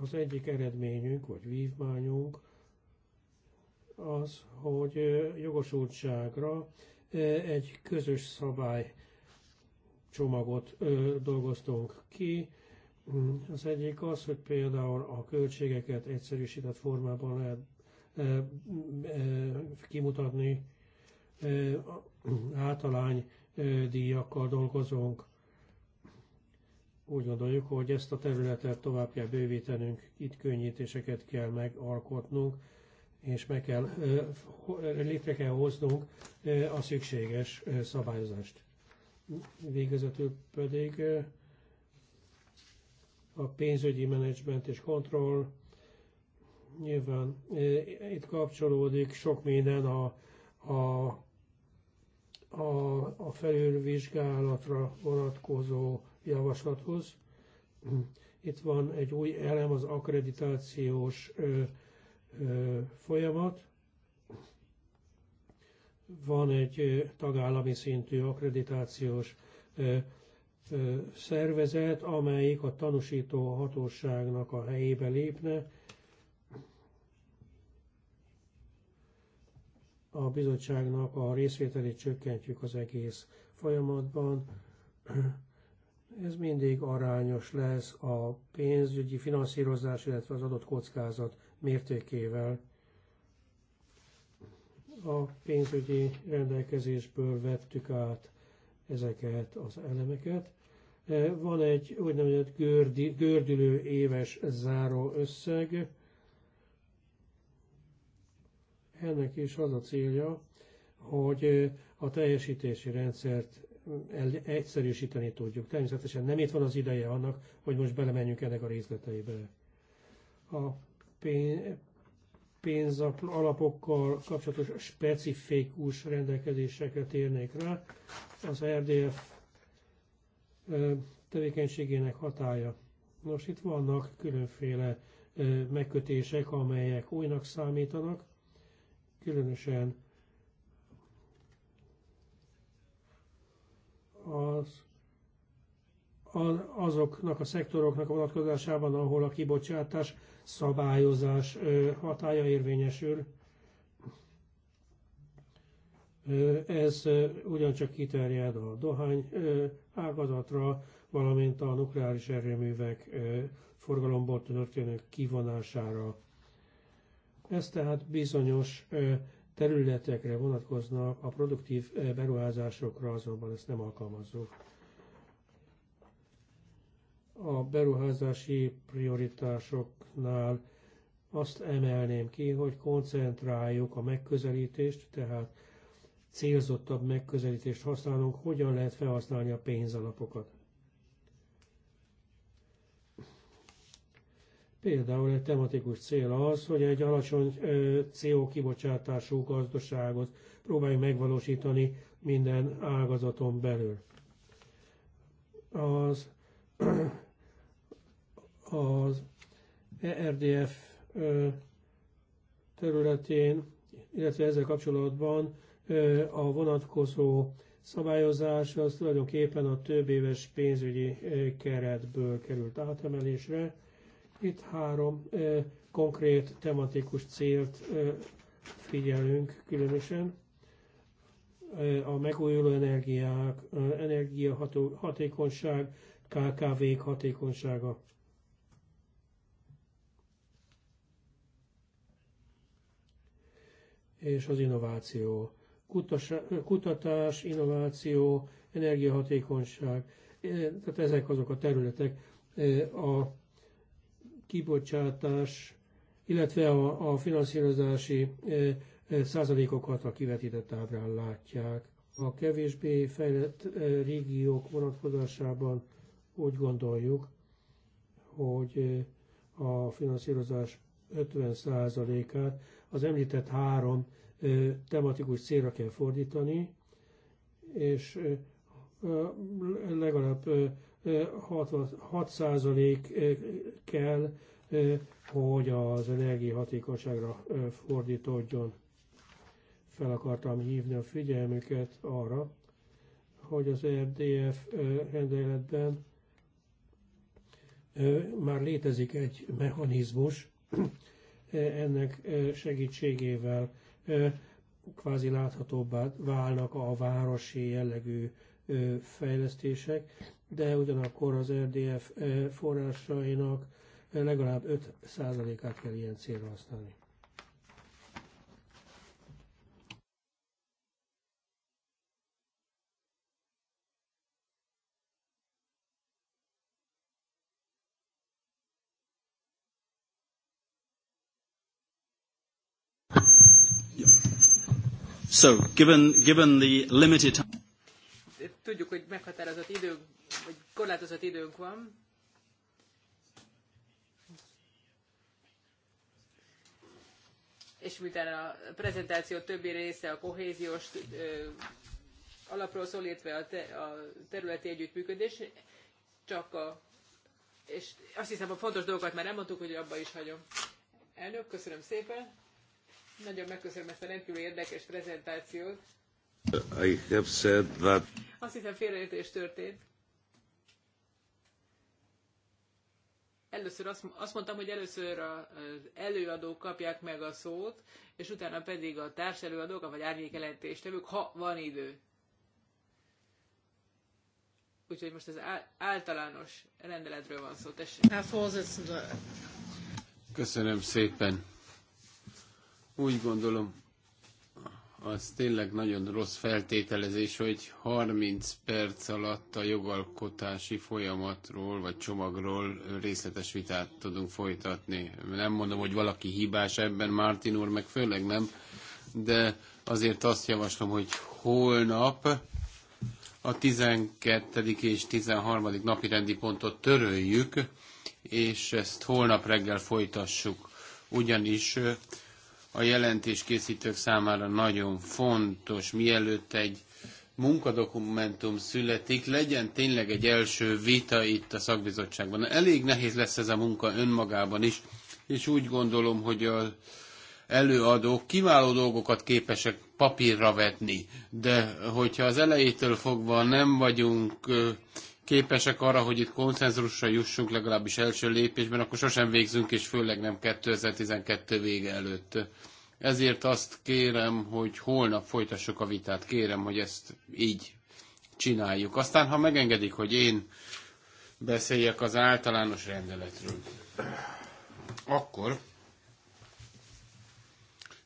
az egyik eredményünk, vagy vívmányunk az, hogy jogosultságra egy közös szabály csomagot dolgoztunk ki, az egyik az, hogy például a költségeket egyszerűsített formában lehet e, e, kimutatni, e, általány díjakkal dolgozunk. Úgy gondoljuk, hogy ezt a területet tovább kell bővítenünk, itt könnyítéseket kell megalkotnunk, és meg kell, létre kell hoznunk a szükséges szabályozást. Végezetül pedig a pénzügyi menedzsment és kontroll. Nyilván e, itt kapcsolódik sok minden a, a, a, a felülvizsgálatra vonatkozó javaslathoz. Itt van egy új elem, az akkreditációs ö, ö, folyamat. Van egy tagállami szintű akkreditációs ö, szervezet, amelyik a tanúsító hatóságnak a helyébe lépne. A bizottságnak a részvételét csökkentjük az egész folyamatban. Ez mindig arányos lesz a pénzügyi finanszírozás, illetve az adott kockázat mértékével. A pénzügyi rendelkezésből vettük át ezeket az elemeket. E, van egy úgynevezett gördülő éves záró összeg. Ennek is az a célja, hogy a teljesítési rendszert egyszerűsíteni tudjuk. Természetesen nem itt van az ideje annak, hogy most belemenjünk ennek a részleteibe. A pénz alapokkal kapcsolatos specifikus rendelkezésekre térnék rá. Az RDF tevékenységének hatája. Nos, itt vannak különféle megkötések, amelyek újnak számítanak, különösen az azoknak a szektoroknak a vonatkozásában, ahol a kibocsátás szabályozás hatája érvényesül. Ez ugyancsak kiterjed a dohány ágazatra, valamint a nukleáris erőművek forgalomból történő kivonására. Ez tehát bizonyos területekre vonatkoznak, a produktív beruházásokra azonban ezt nem alkalmazzuk a beruházási prioritásoknál azt emelném ki, hogy koncentráljuk a megközelítést, tehát célzottabb megközelítést használunk, hogyan lehet felhasználni a pénzalapokat. Például egy tematikus cél az, hogy egy alacsony CO kibocsátású gazdaságot próbáljuk megvalósítani minden ágazaton belül. Az az ERDF területén, illetve ezzel kapcsolatban a vonatkozó szabályozás az tulajdonképpen a több éves pénzügyi keretből került átemelésre. Itt három konkrét tematikus célt figyelünk különösen. A megújuló energiák, energiahatékonyság, KKV-k hatékonysága. és az innováció. Kutatás, innováció, energiahatékonyság, e, tehát ezek azok a területek, e, a kibocsátás, illetve a, a finanszírozási e, százalékokat a kivetített ábrán látják. A kevésbé fejlett régiók vonatkozásában úgy gondoljuk, hogy a finanszírozás 50%-át az említett három tematikus célra kell fordítani, és legalább 6% kell, hogy az energiahatékonyságra fordítódjon. Fel akartam hívni a figyelmüket arra, hogy az RDF e rendeletben már létezik egy mechanizmus, E, ennek e, segítségével e, kvázi láthatóbbá válnak a városi jellegű fejlesztések, de ugyanakkor az RDF forrásainak legalább 5%-át kell ilyen célra használni. So, given, given the limited time... Tudjuk, hogy meghatározott időnk, vagy korlátozott időnk van. És miután a prezentáció többi része a kohéziós ö, alapról szól, illetve a, te, a területi együttműködés, csak a... És azt hiszem, a fontos dolgokat már elmondtuk, hogy abba is hagyom. Elnök, köszönöm szépen! Nagyon megköszönöm ezt a rendkívül érdekes prezentációt. I have said that... Azt hiszem félreértés történt. Először azt, azt mondtam, hogy először az előadók kapják meg a szót, és utána pedig a társelőadók, vagy árnyékelentéstevők, ha van idő. Úgyhogy most az általános rendeletről van szó. Tessék. Köszönöm szépen. Úgy gondolom, az tényleg nagyon rossz feltételezés, hogy 30 perc alatt a jogalkotási folyamatról vagy csomagról részletes vitát tudunk folytatni. Nem mondom, hogy valaki hibás ebben, Martin úr, meg főleg nem, de azért azt javaslom, hogy holnap a 12. és 13. napi rendi pontot töröljük, és ezt holnap reggel folytassuk. Ugyanis a jelentéskészítők számára nagyon fontos, mielőtt egy munkadokumentum születik, legyen tényleg egy első vita itt a szakbizottságban. Elég nehéz lesz ez a munka önmagában is, és úgy gondolom, hogy a előadók kiváló dolgokat képesek papírra vetni, de hogyha az elejétől fogva nem vagyunk képesek arra, hogy itt konszenzusra jussunk legalábbis első lépésben, akkor sosem végzünk, és főleg nem 2012 vége előtt. Ezért azt kérem, hogy holnap folytassuk a vitát. Kérem, hogy ezt így csináljuk. Aztán, ha megengedik, hogy én beszéljek az általános rendeletről, akkor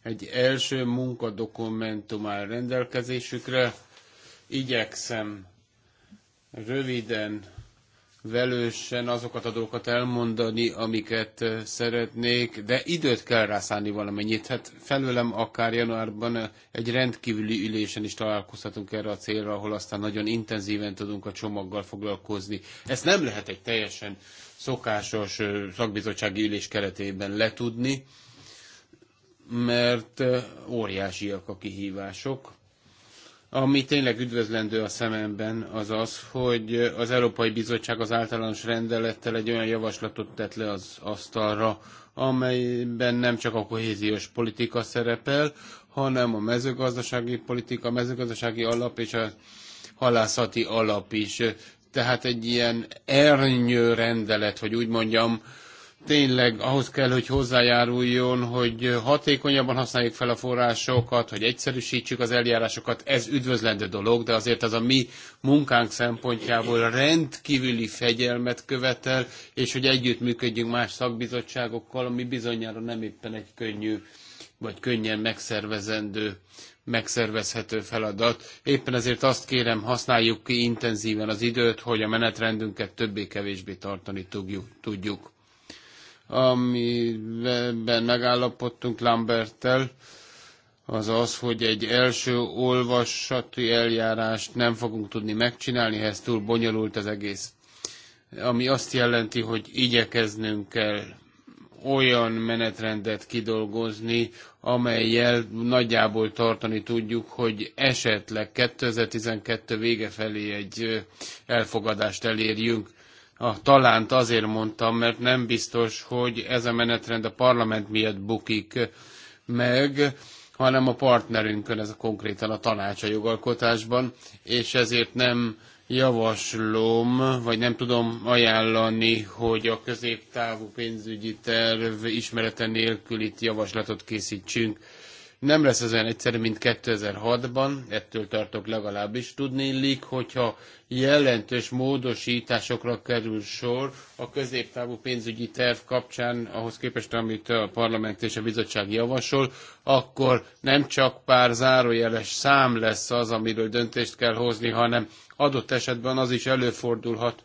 egy első munkadokumentum áll rendelkezésükre. Igyekszem röviden, velősen azokat a dolgokat elmondani, amiket eh, szeretnék, de időt kell rászállni valamennyit. Hát felőlem akár januárban eh, egy rendkívüli ülésen is találkozhatunk erre a célra, ahol aztán nagyon intenzíven tudunk a csomaggal foglalkozni. Ezt nem lehet egy teljesen szokásos eh, szakbizottsági ülés keretében letudni, mert óriásiak a kihívások ami tényleg üdvözlendő a szememben az az, hogy az Európai Bizottság az általános rendelettel egy olyan javaslatot tett le az asztalra, amelyben nem csak a kohéziós politika szerepel, hanem a mezőgazdasági politika, a mezőgazdasági alap és a halászati alap is. Tehát egy ilyen ernyő rendelet, hogy úgy mondjam, tényleg ahhoz kell, hogy hozzájáruljon, hogy hatékonyabban használjuk fel a forrásokat, hogy egyszerűsítsük az eljárásokat, ez üdvözlendő dolog, de azért az a mi munkánk szempontjából rendkívüli fegyelmet követel, és hogy együttműködjünk más szakbizottságokkal, ami bizonyára nem éppen egy könnyű vagy könnyen megszervezendő megszervezhető feladat. Éppen ezért azt kérem, használjuk ki intenzíven az időt, hogy a menetrendünket többé-kevésbé tartani tudjuk amiben megállapodtunk Lamberttel, az az, hogy egy első olvasati eljárást nem fogunk tudni megcsinálni, ez túl bonyolult az egész. Ami azt jelenti, hogy igyekeznünk kell olyan menetrendet kidolgozni, amelyel nagyjából tartani tudjuk, hogy esetleg 2012 vége felé egy elfogadást elérjünk. A, talánt azért mondtam, mert nem biztos, hogy ez a menetrend a parlament miatt bukik meg, hanem a partnerünkön, ez a konkrétan a tanács a jogalkotásban, és ezért nem javaslom, vagy nem tudom ajánlani, hogy a középtávú pénzügyi terv ismerete nélkül itt javaslatot készítsünk. Nem lesz ez olyan egyszerű, mint 2006-ban, ettől tartok legalábbis. Tudni illik, hogyha jelentős módosításokra kerül sor a középtávú pénzügyi terv kapcsán, ahhoz képest, amit a parlament és a bizottság javasol, akkor nem csak pár zárójeles szám lesz az, amiről döntést kell hozni, hanem adott esetben az is előfordulhat,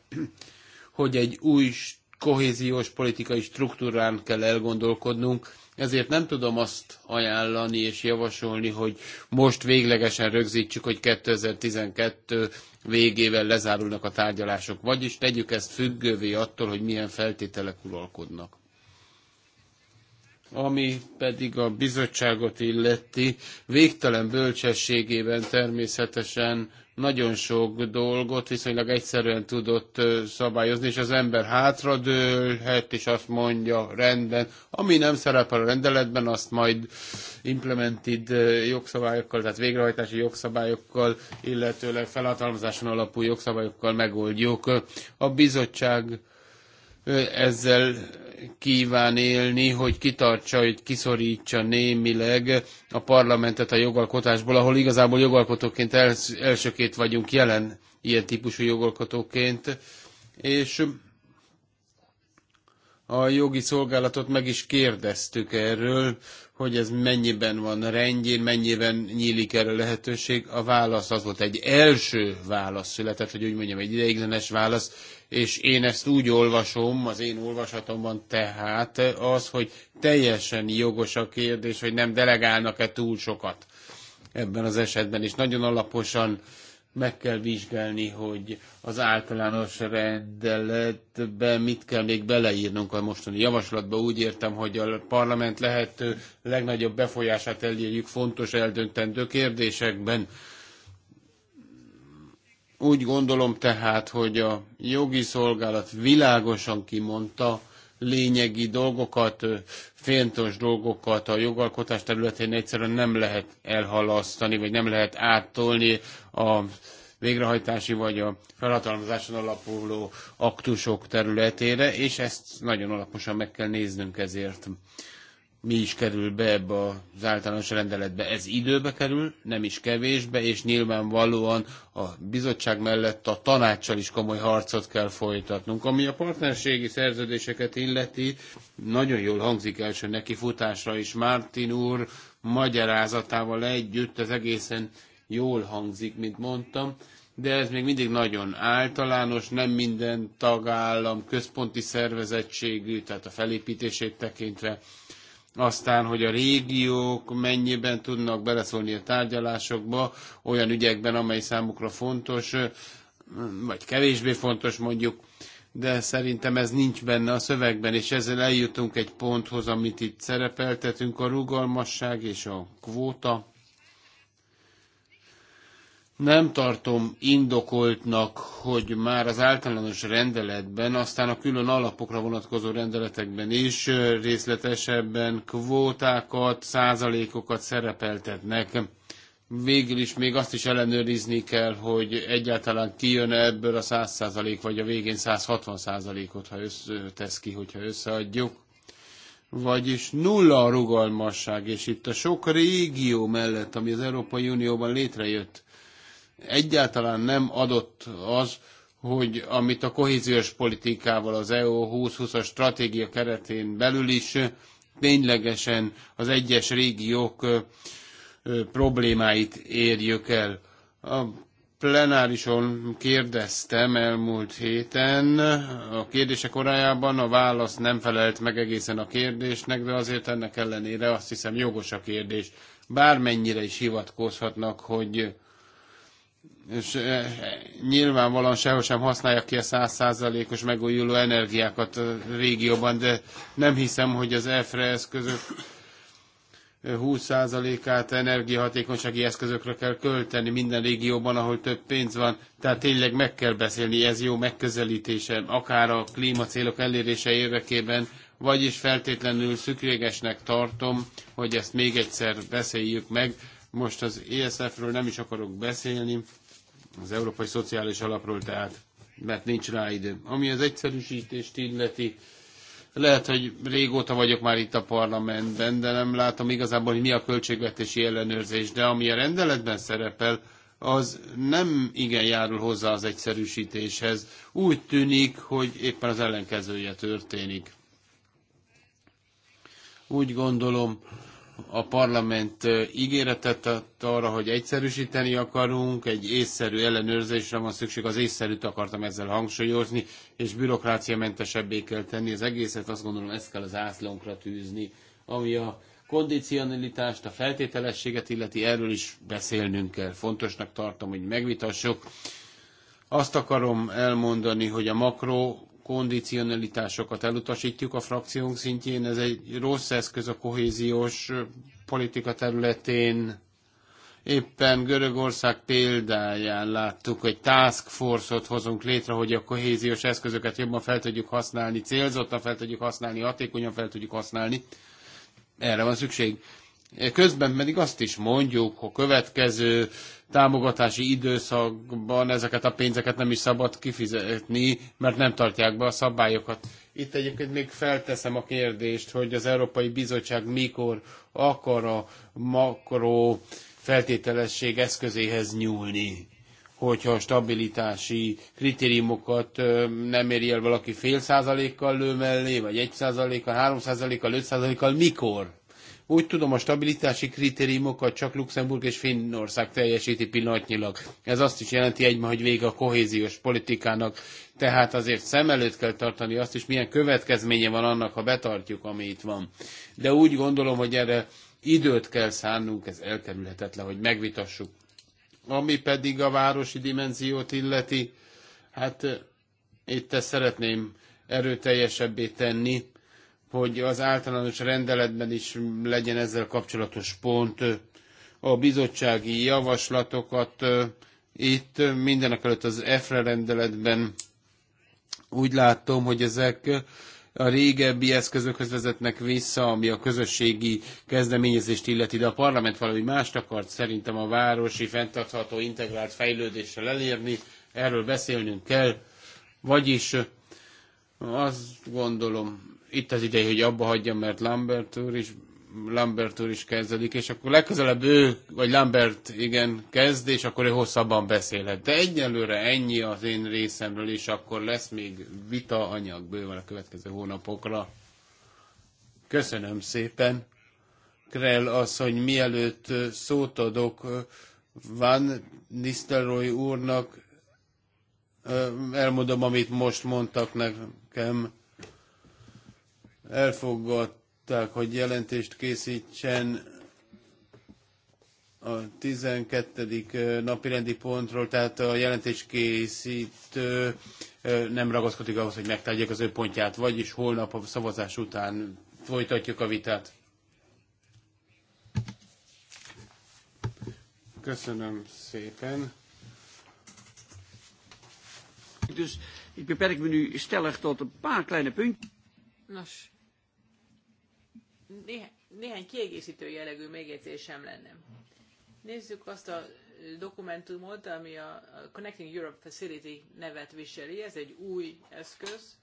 hogy egy új kohéziós politikai struktúrán kell elgondolkodnunk, ezért nem tudom azt ajánlani és javasolni, hogy most véglegesen rögzítsük, hogy 2012 végével lezárulnak a tárgyalások, vagyis tegyük ezt függővé attól, hogy milyen feltételek uralkodnak. Ami pedig a bizottságot illeti, végtelen bölcsességében természetesen nagyon sok dolgot viszonylag egyszerűen tudott szabályozni, és az ember hátradőlhet, és azt mondja rendben, ami nem szerepel a rendeletben, azt majd implemented jogszabályokkal, tehát végrehajtási jogszabályokkal, illetőleg felhatalmazáson alapú jogszabályokkal megoldjuk. A bizottság ezzel kíván élni, hogy kitartsa, hogy kiszorítsa némileg a parlamentet a jogalkotásból, ahol igazából jogalkotóként els, elsőkét vagyunk jelen, ilyen típusú jogalkotóként, és a jogi szolgálatot meg is kérdeztük erről, hogy ez mennyiben van rendjén, mennyiben nyílik erre lehetőség. A válasz az volt egy első válasz született, hogy úgy mondjam, egy ideiglenes válasz, és én ezt úgy olvasom, az én olvasatomban tehát az, hogy teljesen jogos a kérdés, hogy nem delegálnak-e túl sokat ebben az esetben, és nagyon alaposan meg kell vizsgálni, hogy az általános rendeletbe mit kell még beleírnunk a mostani javaslatba. Úgy értem, hogy a parlament lehető legnagyobb befolyását elérjük fontos eldöntendő kérdésekben. Úgy gondolom tehát, hogy a jogi szolgálat világosan kimondta lényegi dolgokat, fontos dolgokat a jogalkotás területén egyszerűen nem lehet elhalasztani, vagy nem lehet áttolni a végrehajtási vagy a felhatalmazáson alapuló aktusok területére, és ezt nagyon alaposan meg kell néznünk ezért mi is kerül be ebbe az általános rendeletbe. Ez időbe kerül, nem is kevésbe, és nyilvánvalóan a bizottság mellett a tanácssal is komoly harcot kell folytatnunk. Ami a partnerségi szerződéseket illeti, nagyon jól hangzik első nekifutásra is. Mártin úr magyarázatával együtt ez egészen jól hangzik, mint mondtam de ez még mindig nagyon általános, nem minden tagállam központi szervezettségű, tehát a felépítését tekintve aztán, hogy a régiók mennyiben tudnak beleszólni a tárgyalásokba, olyan ügyekben, amely számukra fontos, vagy kevésbé fontos mondjuk, de szerintem ez nincs benne a szövegben, és ezzel eljutunk egy ponthoz, amit itt szerepeltetünk, a rugalmasság és a kvóta nem tartom indokoltnak, hogy már az általános rendeletben, aztán a külön alapokra vonatkozó rendeletekben is részletesebben kvótákat, százalékokat szerepeltetnek. Végül is még azt is ellenőrizni kell, hogy egyáltalán kijön -e ebből a 100 százalék, vagy a végén 160 százalékot, ha tesz ki, hogyha összeadjuk. Vagyis nulla a rugalmasság, és itt a sok régió mellett, ami az Európai Unióban létrejött, egyáltalán nem adott az, hogy amit a kohéziós politikával az EU 2020-as stratégia keretén belül is ténylegesen az egyes régiók problémáit érjük el. A plenárison kérdeztem elmúlt héten, a kérdések órájában a válasz nem felelt meg egészen a kérdésnek, de azért ennek ellenére azt hiszem jogos a kérdés. Bármennyire is hivatkozhatnak, hogy és eh, nyilvánvalóan sehol sem használják ki a százszázalékos megújuló energiákat a eh, régióban, de nem hiszem, hogy az EFRE eszközök 20%-át eh, energiahatékonysági eszközökre kell költeni minden régióban, ahol több pénz van. Tehát tényleg meg kell beszélni, ez jó megközelítése, akár a klímacélok elérése érdekében, vagyis feltétlenül szükségesnek tartom, hogy ezt még egyszer beszéljük meg, most az ESF-ről nem is akarok beszélni, az Európai Szociális Alapról tehát, mert nincs rá idő. Ami az egyszerűsítést illeti, lehet, hogy régóta vagyok már itt a parlamentben, de nem látom igazából, hogy mi a költségvetési ellenőrzés, de ami a rendeletben szerepel, az nem igen járul hozzá az egyszerűsítéshez. Úgy tűnik, hogy éppen az ellenkezője történik. Úgy gondolom, a parlament ígéretet tett arra, hogy egyszerűsíteni akarunk, egy észszerű ellenőrzésre van szükség, az észszerűt akartam ezzel hangsúlyozni, és bürokráciamentesebbé kell tenni az egészet, azt gondolom ezt kell az ászlónkra tűzni, ami a kondicionalitást, a feltételességet illeti, erről is beszélnünk kell. Fontosnak tartom, hogy megvitassuk. Azt akarom elmondani, hogy a makro kondicionalitásokat elutasítjuk a frakciónk szintjén. Ez egy rossz eszköz a kohéziós politika területén. Éppen Görögország példáján láttuk, hogy task force-ot hozunk létre, hogy a kohéziós eszközöket jobban fel tudjuk használni, célzottan fel tudjuk használni, hatékonyan fel tudjuk használni. Erre van szükség. Közben pedig azt is mondjuk a következő támogatási időszakban ezeket a pénzeket nem is szabad kifizetni, mert nem tartják be a szabályokat. Itt egyébként még felteszem a kérdést, hogy az Európai Bizottság mikor akar a makro feltételesség eszközéhez nyúlni hogyha a stabilitási kritériumokat nem éri el valaki fél százalékkal lő mellé, vagy egy százalékkal, három százalékkal, öt százalékkal, mikor? Úgy tudom, a stabilitási kritériumokat csak Luxemburg és Finnország teljesíti pillanatnyilag. Ez azt is jelenti egyben, hogy vége a kohéziós politikának. Tehát azért szem előtt kell tartani azt is, milyen következménye van annak, ha betartjuk, ami itt van. De úgy gondolom, hogy erre időt kell szánnunk, ez elkerülhetetlen, hogy megvitassuk. Ami pedig a városi dimenziót illeti, hát eh, itt ezt szeretném erőteljesebbé tenni, hogy az általános rendeletben is legyen ezzel kapcsolatos pont. A bizottsági javaslatokat itt mindenek előtt az EFRE rendeletben úgy látom, hogy ezek a régebbi eszközökhöz vezetnek vissza, ami a közösségi kezdeményezést illeti, de a parlament valami mást akart szerintem a városi fenntartható integrált fejlődéssel elérni, erről beszélnünk kell, vagyis azt gondolom, itt az ideje, hogy abba hagyjam, mert Lambert úr is, Lambert úr is kezdedik, és akkor legközelebb ő, vagy Lambert, igen, kezd, és akkor ő hosszabban beszélhet. De egyelőre ennyi az én részemről, és akkor lesz még vita anyag bőven a következő hónapokra. Köszönöm szépen. Krell az, hogy mielőtt szót adok Van Nistelrooy úrnak, elmondom, amit most mondtak nekem elfogadták, hogy jelentést készítsen a 12. napirendi pontról, tehát a jelentéskészítő nem ragaszkodik ahhoz, hogy megtárgyak az ő pontját, vagyis holnap a szavazás után folytatjuk a vitát. Köszönöm szépen. Dus ik beperk me nu stellig tot een paar kleine punten. Nos, Néh- néhány kiegészítő jellegű megjegyzésem lenne. Nézzük azt a dokumentumot, ami a Connecting Europe Facility nevet viseli. Ez egy új eszköz,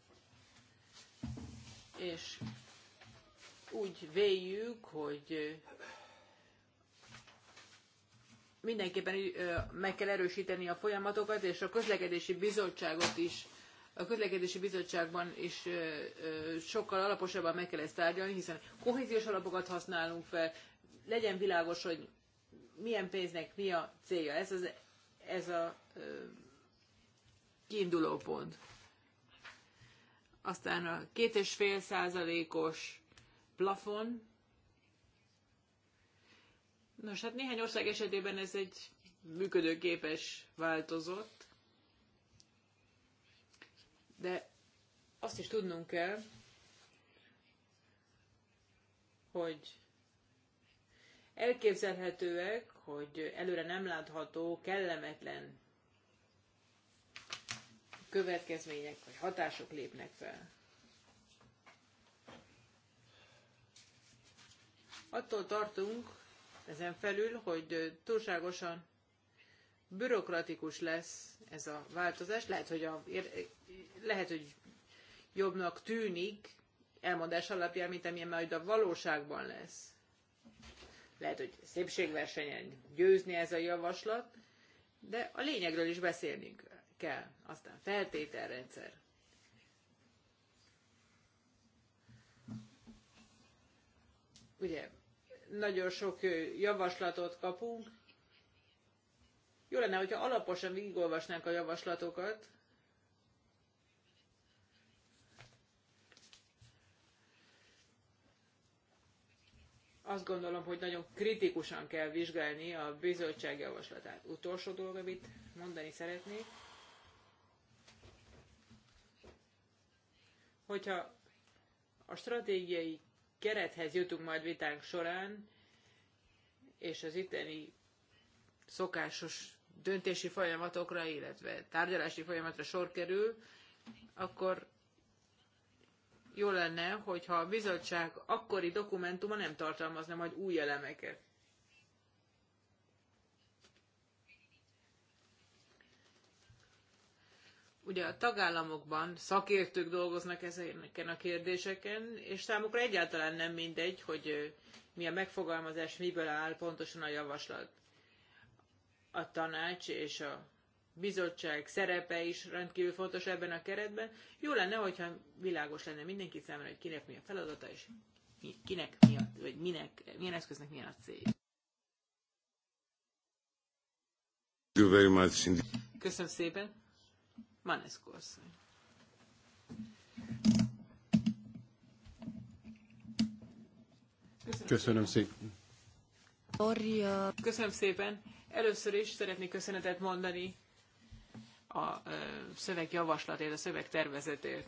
és úgy véljük, hogy mindenképpen meg kell erősíteni a folyamatokat, és a közlekedési bizottságot is a közlekedési bizottságban is sokkal alaposabban meg kell ezt tárgyalni, hiszen kohéziós alapokat használunk fel, legyen világos, hogy milyen pénznek mi a célja. Ez, az, ez a kiinduló pont. Aztán a két és fél százalékos plafon. Nos, hát néhány ország esetében ez egy működőképes változat de azt is tudnunk kell, hogy elképzelhetőek, hogy előre nem látható, kellemetlen következmények vagy hatások lépnek fel. Attól tartunk ezen felül, hogy túlságosan bürokratikus lesz ez a változás. Lehet, hogy, a, lehet, hogy jobbnak tűnik elmondás alapján, mint amilyen majd a valóságban lesz. Lehet, hogy szépségversenyen győzni ez a javaslat, de a lényegről is beszélnünk kell. Aztán feltételrendszer. Ugye, nagyon sok javaslatot kapunk, jó lenne, hogyha alaposan végigolvasnánk a javaslatokat, azt gondolom, hogy nagyon kritikusan kell vizsgálni a bizottság javaslatát. Utolsó dolog, amit mondani szeretnék, hogyha a stratégiai kerethez jutunk majd vitánk során, és az itteni szokásos döntési folyamatokra, illetve tárgyalási folyamatra sor kerül, akkor jó lenne, hogyha a bizottság akkori dokumentuma nem tartalmazna majd új elemeket. Ugye a tagállamokban szakértők dolgoznak ezeken a kérdéseken, és számukra egyáltalán nem mindegy, hogy mi a megfogalmazás, miből áll pontosan a javaslat a tanács és a bizottság szerepe is rendkívül fontos ebben a keretben. Jó lenne, hogyha világos lenne mindenki számára, hogy kinek mi a feladata, és kinek mi a, vagy minek, milyen eszköznek milyen a cél. Köszönöm szépen. Manesko asszony. Köszönöm szépen. Köszönöm szépen. Először is szeretnék köszönetet mondani a szövegjavaslatért, a szövegtervezetért.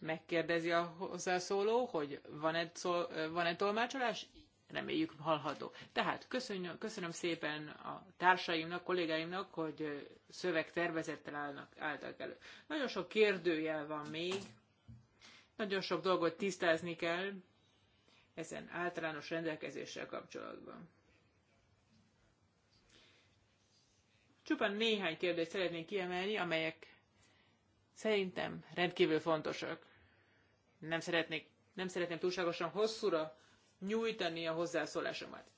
Megkérdezi a hozzászóló, hogy van-e, szol, van-e tolmácsolás? Reméljük hallható. Tehát köszönöm, köszönöm szépen a társaimnak, kollégáimnak, hogy szövegtervezettel állnak, álltak elő. Nagyon sok kérdőjel van még, nagyon sok dolgot tisztázni kell ezen általános rendelkezéssel kapcsolatban. Csupán néhány kérdést szeretnék kiemelni, amelyek szerintem rendkívül fontosak. Nem, szeretnék, nem szeretném túlságosan hosszúra nyújtani a hozzászólásomat.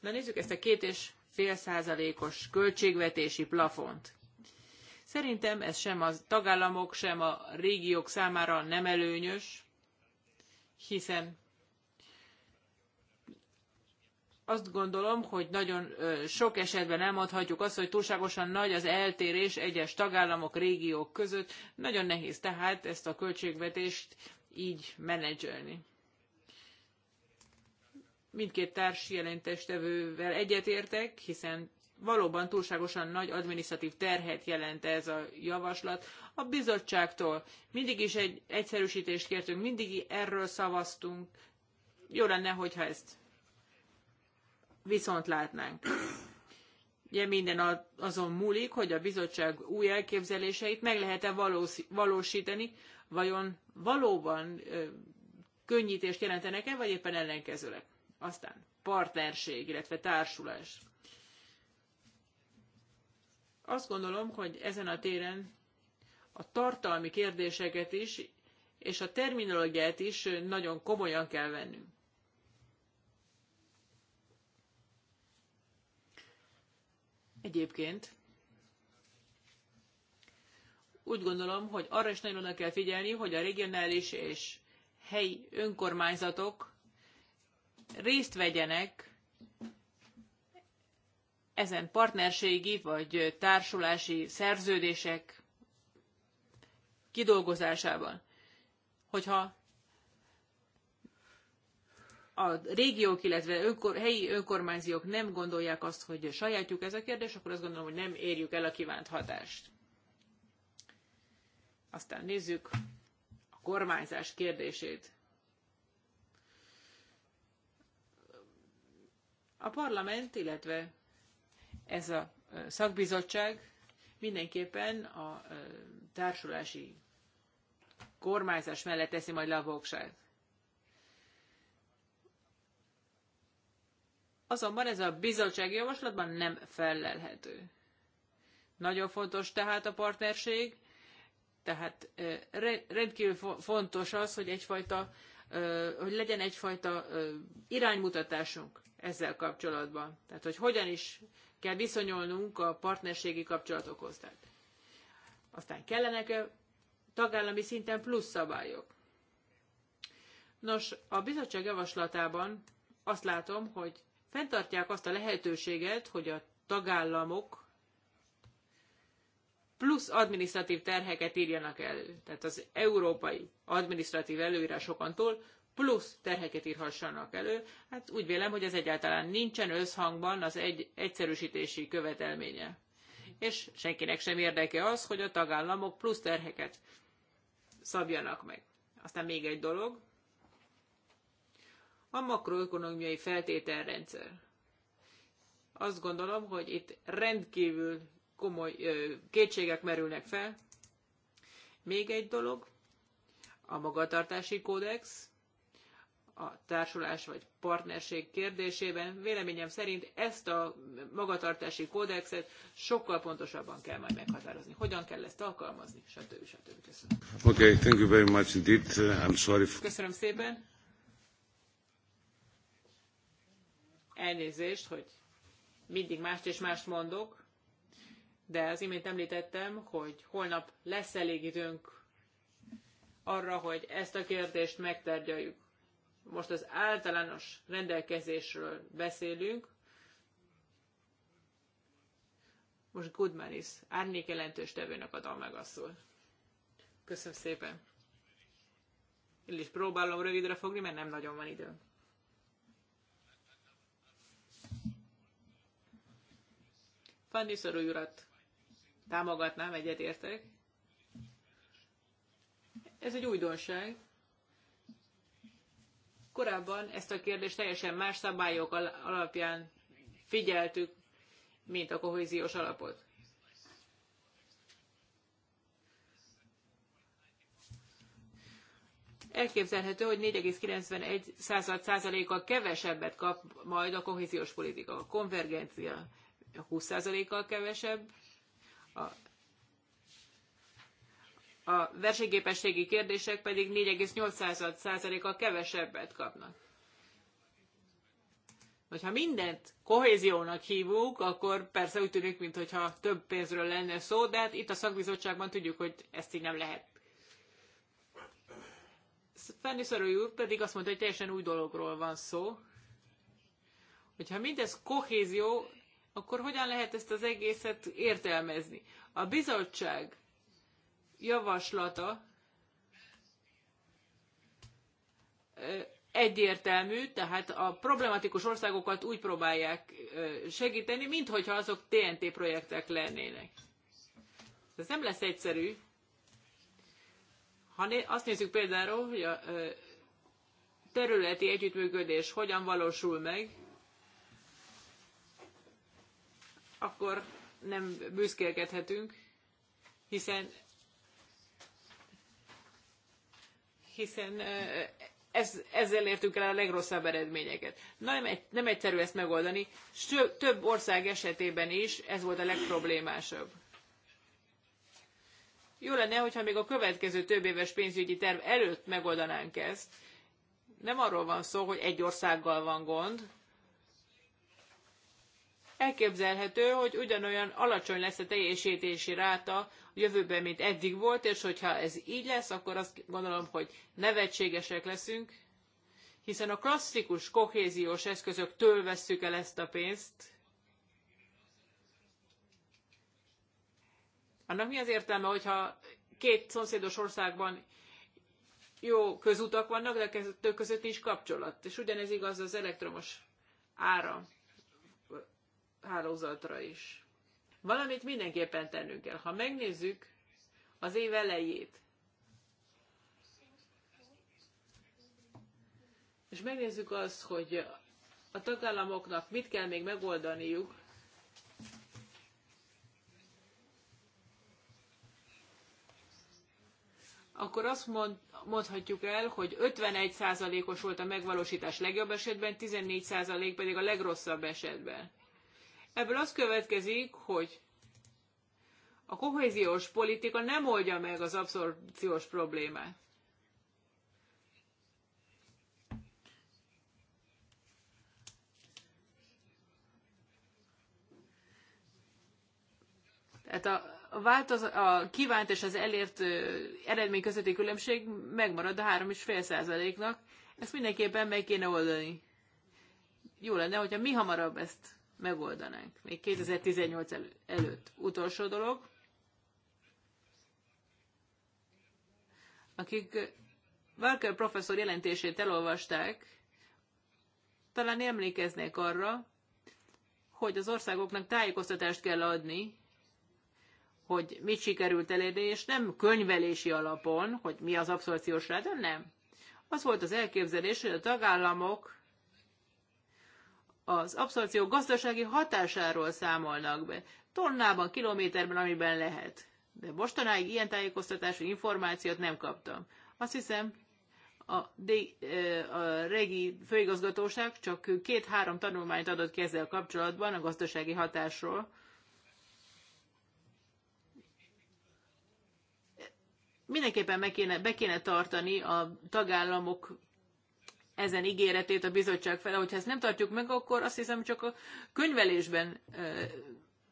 Na nézzük ezt a két és fél százalékos költségvetési plafont. Szerintem ez sem a tagállamok, sem a régiók számára nem előnyös, hiszen azt gondolom, hogy nagyon sok esetben elmondhatjuk azt, hogy túlságosan nagy az eltérés egyes tagállamok, régiók között. Nagyon nehéz tehát ezt a költségvetést így menedzselni. Mindkét társ jelentéstevővel egyetértek, hiszen valóban túlságosan nagy adminisztratív terhet jelent ez a javaslat. A bizottságtól mindig is egy egyszerűsítést kértünk, mindig erről szavaztunk. Jó lenne, hogyha ezt viszont látnánk. Ugye minden azon múlik, hogy a bizottság új elképzeléseit meg lehet-e valósítani, vajon valóban könnyítést jelentenek-e, vagy éppen ellenkezőleg. Aztán partnerség, illetve társulás. Azt gondolom, hogy ezen a téren a tartalmi kérdéseket is, és a terminológiát is nagyon komolyan kell vennünk. Egyébként úgy gondolom, hogy arra is nagyon oda kell figyelni, hogy a regionális és helyi önkormányzatok részt vegyenek ezen partnerségi vagy társulási szerződések kidolgozásában. Hogyha a régiók, illetve önkor, helyi önkormányzók nem gondolják azt, hogy sajátjuk ez a kérdés, akkor azt gondolom, hogy nem érjük el a kívánt hatást. Aztán nézzük a kormányzás kérdését. A parlament, illetve ez a szakbizottság mindenképpen a társulási kormányzás mellett teszi majd le a voksát. Azonban ez a bizottsági javaslatban nem felelhető. Nagyon fontos tehát a partnerség, tehát rendkívül fontos az, hogy egyfajta, hogy legyen egyfajta iránymutatásunk ezzel kapcsolatban. Tehát, hogy hogyan is kell viszonyulnunk a partnerségi kapcsolatokhoz. Tehát. Aztán kellenek -e tagállami szinten plusz szabályok. Nos, a bizottság javaslatában azt látom, hogy fenntartják azt a lehetőséget, hogy a tagállamok plusz adminisztratív terheket írjanak elő. Tehát az európai adminisztratív előírásokantól plusz terheket írhassanak elő. Hát úgy vélem, hogy ez egyáltalán nincsen összhangban az egy egyszerűsítési követelménye. És senkinek sem érdeke az, hogy a tagállamok plusz terheket szabjanak meg. Aztán még egy dolog, a makroökonomiai feltételrendszer. Azt gondolom, hogy itt rendkívül komoly ö, kétségek merülnek fel. Még egy dolog, a magatartási kódex, a társulás vagy partnerség kérdésében. Véleményem szerint ezt a magatartási kódexet sokkal pontosabban kell majd meghatározni. Hogyan kell ezt alkalmazni, stb. stb. Köszönöm. Okay, thank you very much indeed. I'm sorry Köszönöm szépen. Elnézést, hogy mindig mást és mást mondok, de az imént említettem, hogy holnap lesz elég időnk arra, hogy ezt a kérdést megtárgyaljuk. Most az általános rendelkezésről beszélünk. Most is, árnyék jelentős tevőnek adom meg a szól. Köszönöm szépen. Én is próbálom rövidre fogni, mert nem nagyon van időm. Fanny Niszorú urat támogatnám, egyetértek. Ez egy újdonság. Korábban ezt a kérdést teljesen más szabályok alapján figyeltük, mint a kohéziós alapot. elképzelhető, hogy 4,91 százalékkal kevesebbet kap majd a kohéziós politika, a konvergencia 20%-kal kevesebb. A, a versenyképességi kérdések pedig 4,8%-kal kevesebbet kapnak. Hogyha mindent kohéziónak hívunk, akkor persze úgy tűnik, mintha több pénzről lenne szó, de hát itt a szakbizottságban tudjuk, hogy ezt így nem lehet. Fanny Szarói úr pedig azt mondta, hogy teljesen új dologról van szó, hogyha mindez kohézió, akkor hogyan lehet ezt az egészet értelmezni? A bizottság javaslata egyértelmű, tehát a problematikus országokat úgy próbálják segíteni, minthogyha azok TNT projektek lennének. Ez nem lesz egyszerű. Ha azt nézzük például, hogy a területi együttműködés hogyan valósul meg, akkor nem büszkélkedhetünk, hiszen hiszen ez, ezzel értünk el a legrosszabb eredményeket. Na, nem, egy, nem egyszerű ezt megoldani, több ország esetében is ez volt a legproblémásabb. Jó lenne, hogyha még a következő több éves pénzügyi terv előtt megoldanánk ezt. Nem arról van szó, hogy egy országgal van gond, elképzelhető, hogy ugyanolyan alacsony lesz a teljesítési ráta a jövőben, mint eddig volt, és hogyha ez így lesz, akkor azt gondolom, hogy nevetségesek leszünk, hiszen a klasszikus kohéziós eszközöktől vesszük el ezt a pénzt. Annak mi az értelme, hogyha két szomszédos országban jó közutak vannak, de között nincs kapcsolat. És ugyanez igaz az elektromos áram hálózatra is. Valamit mindenképpen tennünk kell. Ha megnézzük az év elejét, és megnézzük azt, hogy a tagállamoknak mit kell még megoldaniuk, akkor azt mond, mondhatjuk el, hogy 51%-os volt a megvalósítás legjobb esetben, 14% pedig a legrosszabb esetben. Ebből az következik, hogy a kohéziós politika nem oldja meg az abszorpciós problémát. Tehát a, változ, a kívánt és az elért eredmény közötti különbség megmarad a 3,5%-nak. Ezt mindenképpen meg kéne oldani. Jó lenne, hogyha mi hamarabb ezt megoldanánk, még 2018 elő, előtt. Utolsó dolog, akik Walker professzor jelentését elolvasták, talán emlékeznek arra, hogy az országoknak tájékoztatást kell adni, hogy mit sikerült elérni, és nem könyvelési alapon, hogy mi az abszorciós ráta, nem. Az volt az elképzelés, hogy a tagállamok az abszorció gazdasági hatásáról számolnak be, tonnában, kilométerben, amiben lehet. De mostanáig ilyen tájékoztatású információt nem kaptam. Azt hiszem, a, de, a regi főigazgatóság csak két-három tanulmányt adott ki ezzel kapcsolatban a gazdasági hatásról. Mindenképpen meg kéne, be kéne tartani a tagállamok ezen ígéretét a bizottság fele, hogyha ezt nem tartjuk meg, akkor azt hiszem csak a könyvelésben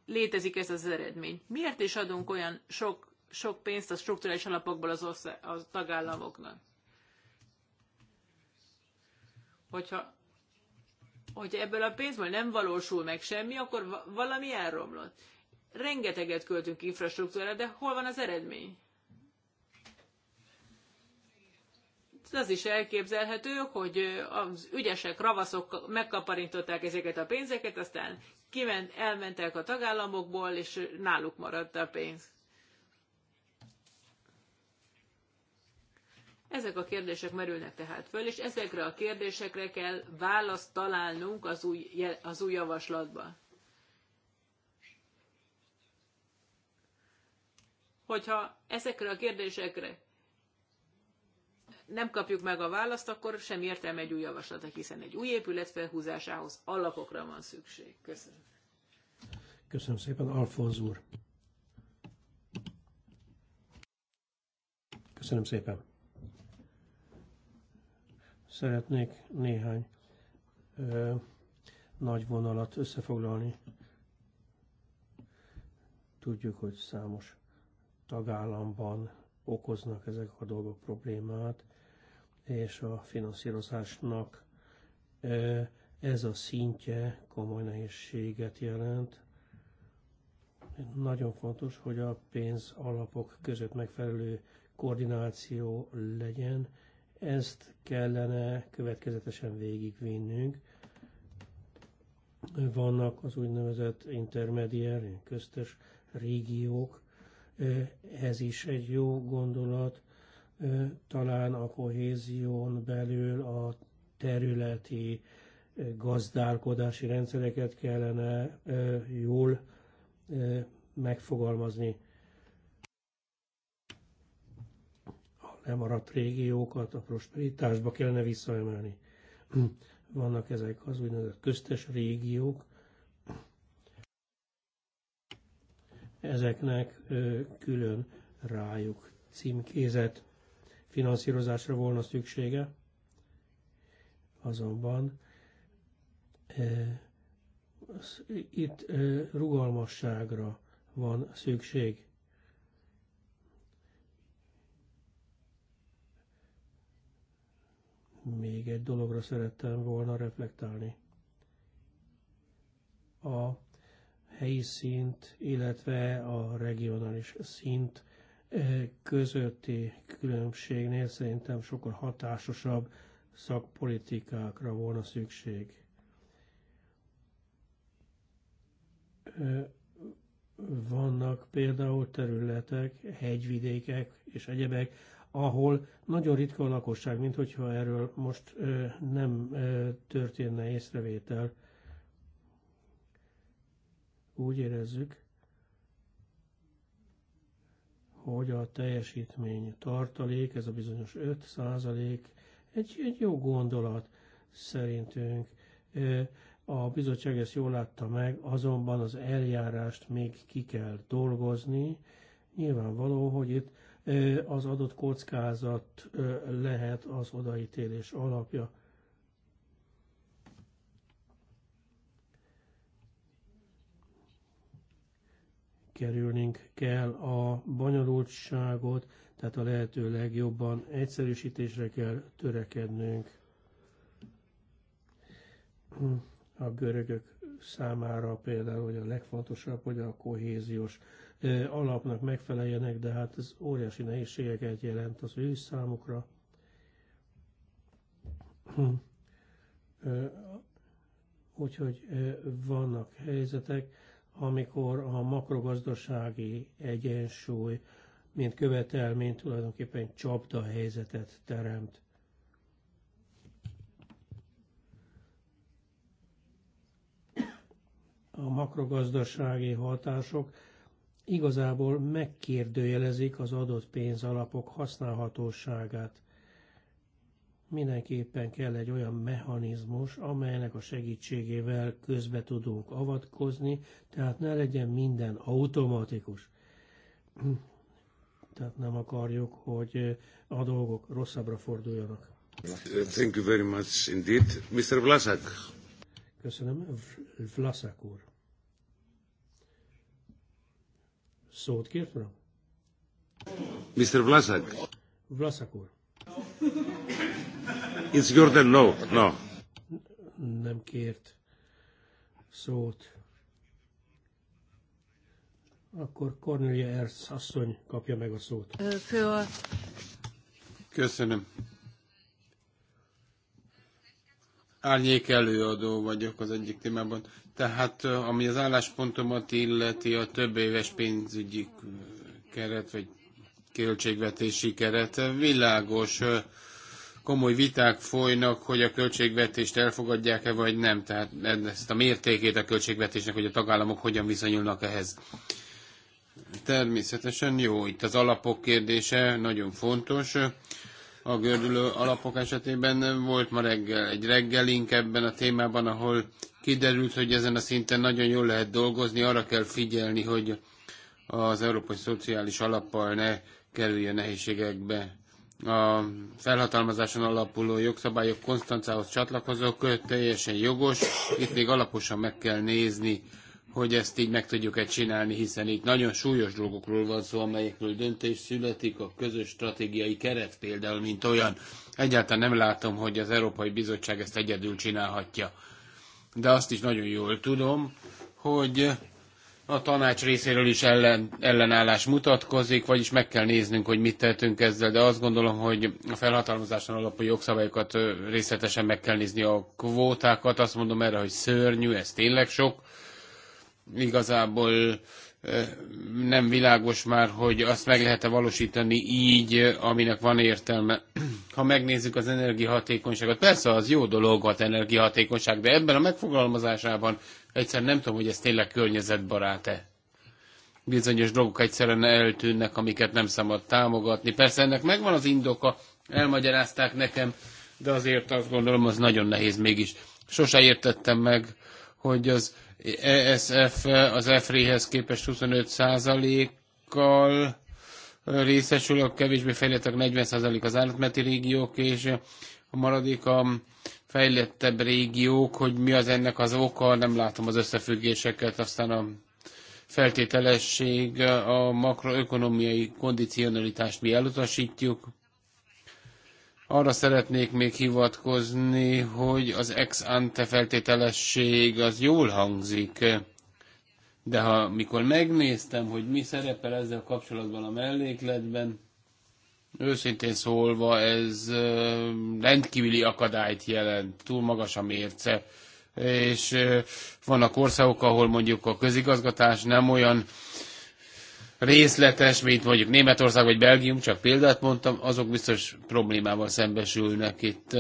létezik ez az eredmény. Miért is adunk olyan sok, sok pénzt a strukturális alapokból az, osz, az tagállamoknak? Hogyha hogyha ebből a pénzből nem valósul meg semmi, akkor valami elromlott. Rengeteget költünk infrastruktúrára, de hol van az eredmény? az is elképzelhető, hogy az ügyesek, ravaszok megkaparintották ezeket a pénzeket, aztán kiment, elmentek a tagállamokból, és náluk maradt a pénz. Ezek a kérdések merülnek tehát föl, és ezekre a kérdésekre kell választ találnunk az új, az új javaslatban. Hogyha ezekre a kérdésekre nem kapjuk meg a választ, akkor sem értem egy új javaslata, hiszen egy új épület felhúzásához alapokra van szükség. Köszönöm. Köszönöm szépen, Alfonz úr. Köszönöm szépen. Szeretnék néhány ö, nagy vonalat összefoglalni. Tudjuk, hogy számos tagállamban okoznak ezek a dolgok problémát és a finanszírozásnak ez a szintje komoly nehézséget jelent. Nagyon fontos, hogy a pénz alapok között megfelelő koordináció legyen. Ezt kellene következetesen végigvinnünk. Vannak az úgynevezett intermediár, köztes régiók. Ez is egy jó gondolat talán a kohézión belül a területi gazdálkodási rendszereket kellene jól megfogalmazni. A lemaradt régiókat a prosperitásba kellene visszaemelni. Vannak ezek az úgynevezett köztes régiók, ezeknek külön rájuk címkézet finanszírozásra volna szüksége, azonban e, itt e, rugalmasságra van szükség. Még egy dologra szerettem volna reflektálni. A helyi szint, illetve a regionális szint E, közötti különbségnél szerintem sokkal hatásosabb szakpolitikákra volna szükség. E, vannak például területek, hegyvidékek és egyebek, ahol nagyon ritka a lakosság, mint hogyha erről most e, nem történne észrevétel. Úgy érezzük, hogy a teljesítmény tartalék, ez a bizonyos 5 százalék, egy, egy jó gondolat szerintünk. A bizottság ezt jól látta meg, azonban az eljárást még ki kell dolgozni. Nyilvánvaló, hogy itt az adott kockázat lehet az odaítélés alapja. kerülnünk kell a bonyolultságot, tehát a lehető legjobban egyszerűsítésre kell törekednünk. A görögök számára például, hogy a legfontosabb, hogy a kohéziós alapnak megfeleljenek, de hát ez óriási nehézségeket jelent az ő számukra. Úgyhogy vannak helyzetek, amikor a makrogazdasági egyensúly, mint követelmény tulajdonképpen csapda helyzetet teremt. A makrogazdasági hatások igazából megkérdőjelezik az adott pénzalapok használhatóságát. Mindenképpen kell egy olyan mechanizmus, amelynek a segítségével közbe tudunk avatkozni, tehát ne legyen minden automatikus. tehát nem akarjuk, hogy eh, a dolgok rosszabbra forduljanak. Thank you very much indeed. Mr. Vlasak. Köszönöm. Vlasak úr. Szót kért Mr. Vlasak. Vlasak úr. It's your turn, no, no. Nem kért szót. Akkor Cornelia Ersz asszony kapja meg a szót. Köszönöm. Árnyék előadó vagyok az egyik témában. Tehát ami az álláspontomat illeti a több éves pénzügyi keret vagy költségvetési keret. Világos, komoly viták folynak, hogy a költségvetést elfogadják-e vagy nem. Tehát ezt a mértékét a költségvetésnek, hogy a tagállamok hogyan viszonyulnak ehhez. Természetesen jó, itt az alapok kérdése nagyon fontos. A gördülő alapok esetében volt ma reggel egy reggelink ebben a témában, ahol kiderült, hogy ezen a szinten nagyon jól lehet dolgozni, arra kell figyelni, hogy az Európai Szociális Alappal ne kerüljön nehézségekbe. A felhatalmazáson alapuló jogszabályok Konstancához csatlakozók teljesen jogos. Itt még alaposan meg kell nézni, hogy ezt így meg tudjuk-e csinálni, hiszen itt nagyon súlyos dolgokról van szó, amelyekről döntés születik, a közös stratégiai keret például, mint olyan. Egyáltalán nem látom, hogy az Európai Bizottság ezt egyedül csinálhatja. De azt is nagyon jól tudom, hogy a tanács részéről is ellen, ellenállás mutatkozik, vagyis meg kell néznünk, hogy mit tehetünk ezzel, de azt gondolom, hogy a felhatalmazáson alapú jogszabályokat részletesen meg kell nézni a kvótákat. Azt mondom erre, hogy szörnyű, ez tényleg sok. Igazából nem világos már, hogy azt meg lehet-e valósítani így, aminek van értelme. Ha megnézzük az energiahatékonyságot, persze az jó dolog az energiahatékonyság, de ebben a megfogalmazásában egyszer nem tudom, hogy ez tényleg környezetbarát-e. Bizonyos dolgok egyszerűen eltűnnek, amiket nem szabad támogatni. Persze ennek megvan az indoka, elmagyarázták nekem, de azért azt gondolom, az nagyon nehéz mégis. Sose értettem meg, hogy az ESF az EFRI-hez képest 25%-kal részesül, a kevésbé fejlettek 40% az állatmeti régiók, és a maradék a fejlettebb régiók, hogy mi az ennek az oka, nem látom az összefüggéseket, aztán a feltételesség, a makroökonomiai kondicionalitást mi elutasítjuk. Arra szeretnék még hivatkozni, hogy az ex ante feltételesség az jól hangzik, de ha mikor megnéztem, hogy mi szerepel ezzel kapcsolatban a mellékletben, Őszintén szólva ez rendkívüli akadályt jelent, túl magas a mérce, és vannak országok, ahol mondjuk a közigazgatás nem olyan részletes, mint mondjuk Németország vagy Belgium, csak példát mondtam, azok biztos problémával szembesülnek itt.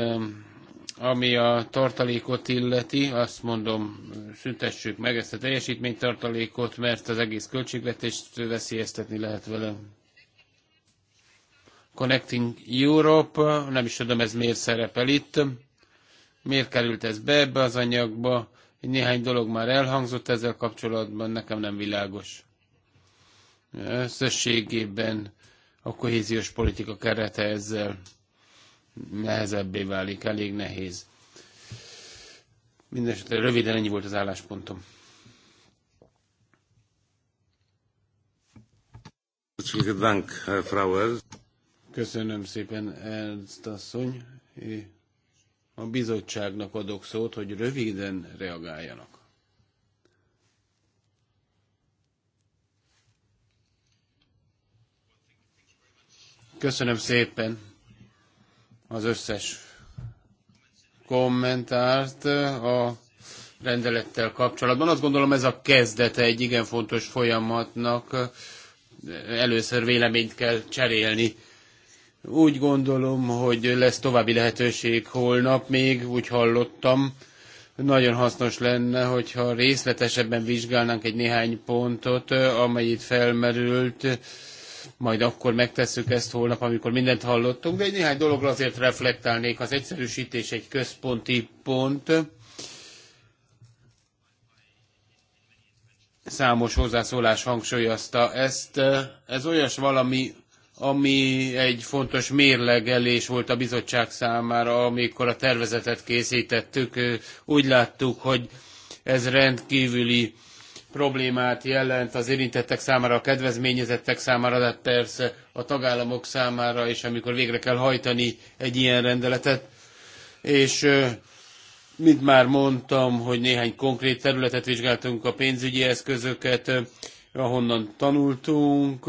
Ami a tartalékot illeti, azt mondom, szüntessük meg ezt a teljesítménytartalékot, mert az egész költségvetést veszélyeztetni lehet vele. Connecting Europe, nem is tudom ez miért szerepel itt, miért került ez be ebbe az anyagba, néhány dolog már elhangzott ezzel kapcsolatban, nekem nem világos. Összességében a kohéziós politika kerete ezzel nehezebbé válik, elég nehéz. Mindenesetre röviden ennyi volt az álláspontom. Herzlichen Dank, Frau Köszönöm szépen, Ernst asszony. A bizottságnak adok szót, hogy röviden reagáljanak. Köszönöm szépen az összes kommentárt a rendelettel kapcsolatban. Azt gondolom ez a kezdete egy igen fontos folyamatnak. Először véleményt kell cserélni úgy gondolom, hogy lesz további lehetőség holnap még, úgy hallottam. Nagyon hasznos lenne, hogyha részletesebben vizsgálnánk egy néhány pontot, amely itt felmerült. Majd akkor megtesszük ezt holnap, amikor mindent hallottunk, de egy néhány dologra azért reflektálnék. Az egyszerűsítés egy központi pont. számos hozzászólás hangsúlyozta ezt. Ez olyas valami, ami egy fontos mérlegelés volt a bizottság számára, amikor a tervezetet készítettük. Úgy láttuk, hogy ez rendkívüli problémát jelent az érintettek számára, a kedvezményezettek számára, de persze a tagállamok számára is, amikor végre kell hajtani egy ilyen rendeletet. És mint már mondtam, hogy néhány konkrét területet vizsgáltunk, a pénzügyi eszközöket, ahonnan tanultunk,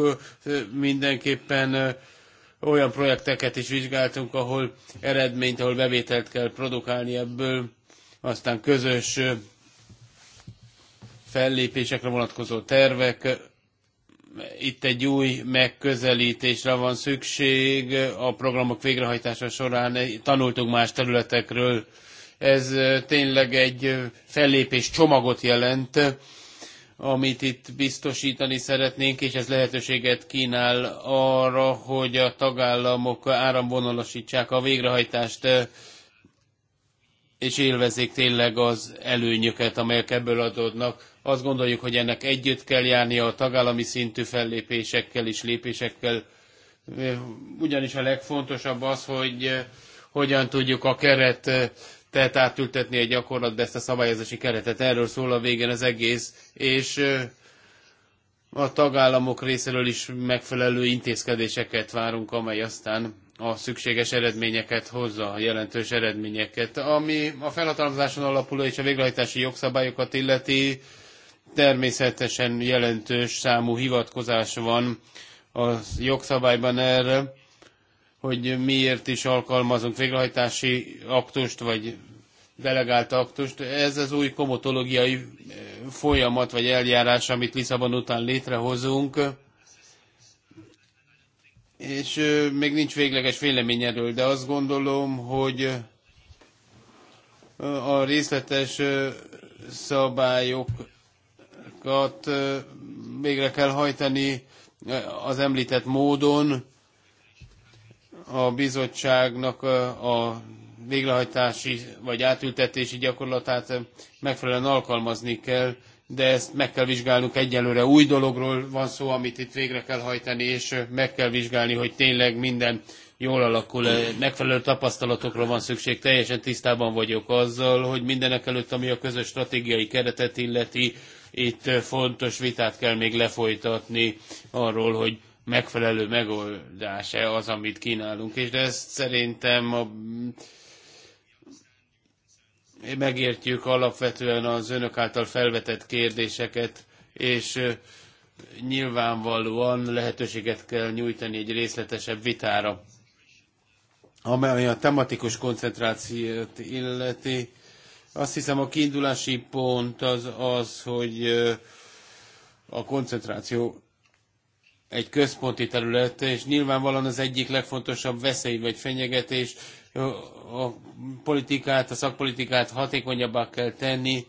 mindenképpen olyan projekteket is vizsgáltunk, ahol eredményt, ahol bevételt kell produkálni ebből, aztán közös fellépésekre vonatkozó tervek. Itt egy új megközelítésre van szükség a programok végrehajtása során. Tanultunk más területekről. Ez tényleg egy fellépés csomagot jelent amit itt biztosítani szeretnénk, és ez lehetőséget kínál arra, hogy a tagállamok áramvonalasítsák a végrehajtást, eh, és élvezzék tényleg az előnyöket, amelyek ebből adódnak. Azt gondoljuk, hogy ennek együtt kell járnia a tagállami szintű fellépésekkel és lépésekkel, eh, ugyanis a legfontosabb az, hogy eh, hogyan tudjuk a keret tehet átültetni egy gyakorlatba ezt a szabályozási keretet. Erről szól a végén az egész, és a tagállamok részéről is megfelelő intézkedéseket várunk, amely aztán a szükséges eredményeket hozza, a jelentős eredményeket. Ami a felhatalmazáson alapuló és a végrehajtási jogszabályokat illeti, természetesen jelentős számú hivatkozás van a jogszabályban erre hogy miért is alkalmazunk végrehajtási aktust, vagy delegált aktust. Ez az új komotológiai eh, folyamat, vagy eljárás, amit Lisszabon után létrehozunk, és eh, még nincs végleges vélemény erről, de azt gondolom, hogy eh, a részletes szabályokat végre kell hajtani az említett módon, a bizottságnak a végrehajtási vagy átültetési gyakorlatát megfelelően alkalmazni kell, de ezt meg kell vizsgálnunk egyelőre. Új dologról van szó, amit itt végre kell hajtani, és meg kell vizsgálni, hogy tényleg minden jól alakul, megfelelő tapasztalatokról van szükség. Teljesen tisztában vagyok azzal, hogy mindenek előtt, ami a közös stratégiai keretet illeti, itt fontos vitát kell még lefolytatni arról, hogy megfelelő megoldás-e az, amit kínálunk, és de ezt szerintem a, megértjük alapvetően az önök által felvetett kérdéseket, és nyilvánvalóan lehetőséget kell nyújtani egy részletesebb vitára. Ami a tematikus koncentrációt illeti, azt hiszem a kiindulási pont az az, hogy a koncentráció egy központi terület, és nyilvánvalóan az egyik legfontosabb veszély vagy fenyegetés a politikát, a szakpolitikát hatékonyabbá kell tenni,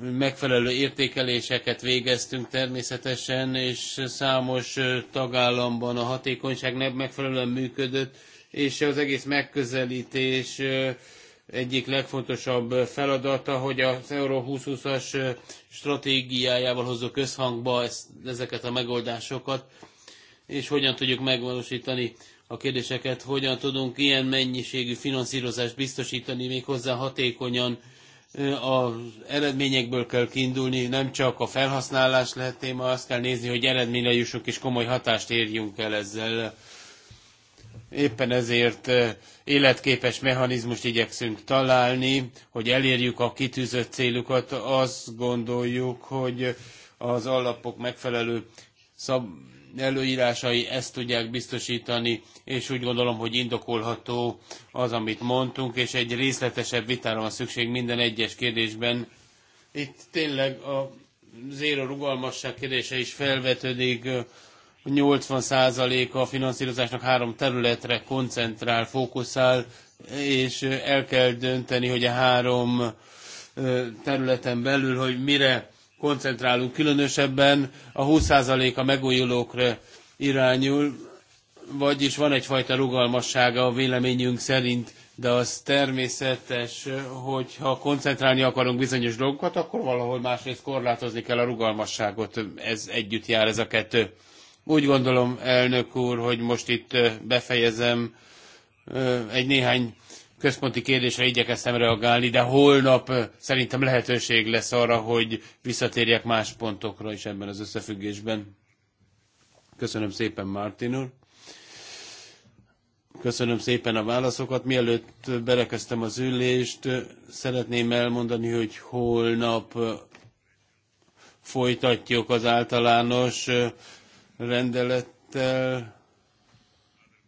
megfelelő értékeléseket végeztünk természetesen, és számos tagállamban a hatékonyság nem megfelelően működött, és az egész megközelítés egyik legfontosabb feladata, hogy az Euró 2020-as stratégiájával hozzuk összhangba ezeket a megoldásokat, és hogyan tudjuk megvalósítani a kérdéseket, hogyan tudunk ilyen mennyiségű finanszírozást biztosítani méghozzá hatékonyan, az eredményekből kell kiindulni, nem csak a felhasználás lehet téma, azt kell nézni, hogy eredményre jussunk és komoly hatást érjünk el ezzel. Éppen ezért eh, életképes mechanizmust igyekszünk találni, hogy elérjük a kitűzött célukat. Azt gondoljuk, hogy az alapok megfelelő szab előírásai ezt tudják biztosítani, és úgy gondolom, hogy indokolható az, amit mondtunk, és egy részletesebb vitára van szükség minden egyes kérdésben. Itt tényleg a zéro rugalmasság kérdése is felvetődik, 80%-a a finanszírozásnak három területre koncentrál, fókuszál, és el kell dönteni, hogy a három területen belül, hogy mire koncentrálunk különösebben, a 20% a megújulókra irányul, vagyis van egyfajta rugalmassága a véleményünk szerint, de az természetes, hogy ha koncentrálni akarunk bizonyos dolgokat, akkor valahol másrészt korlátozni kell a rugalmasságot, ez együtt jár ez a kettő. Úgy gondolom, elnök úr, hogy most itt befejezem egy néhány központi kérdésre igyekeztem reagálni, de holnap szerintem lehetőség lesz arra, hogy visszatérjek más pontokra is ebben az összefüggésben. Köszönöm szépen, Martin úr. Köszönöm szépen a válaszokat. Mielőtt belekezdtem az ülést, szeretném elmondani, hogy holnap folytatjuk az általános rendelettel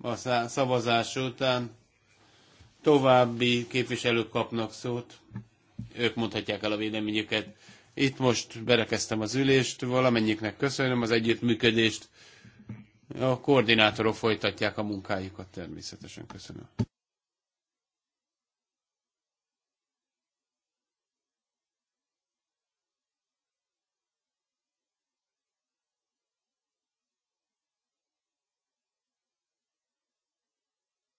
a szavazás után további képviselők kapnak szót. Ők mondhatják el a véleményüket. Itt most berekeztem az ülést, valamennyiknek köszönöm az együttműködést. A koordinátorok folytatják a munkájukat természetesen. Köszönöm.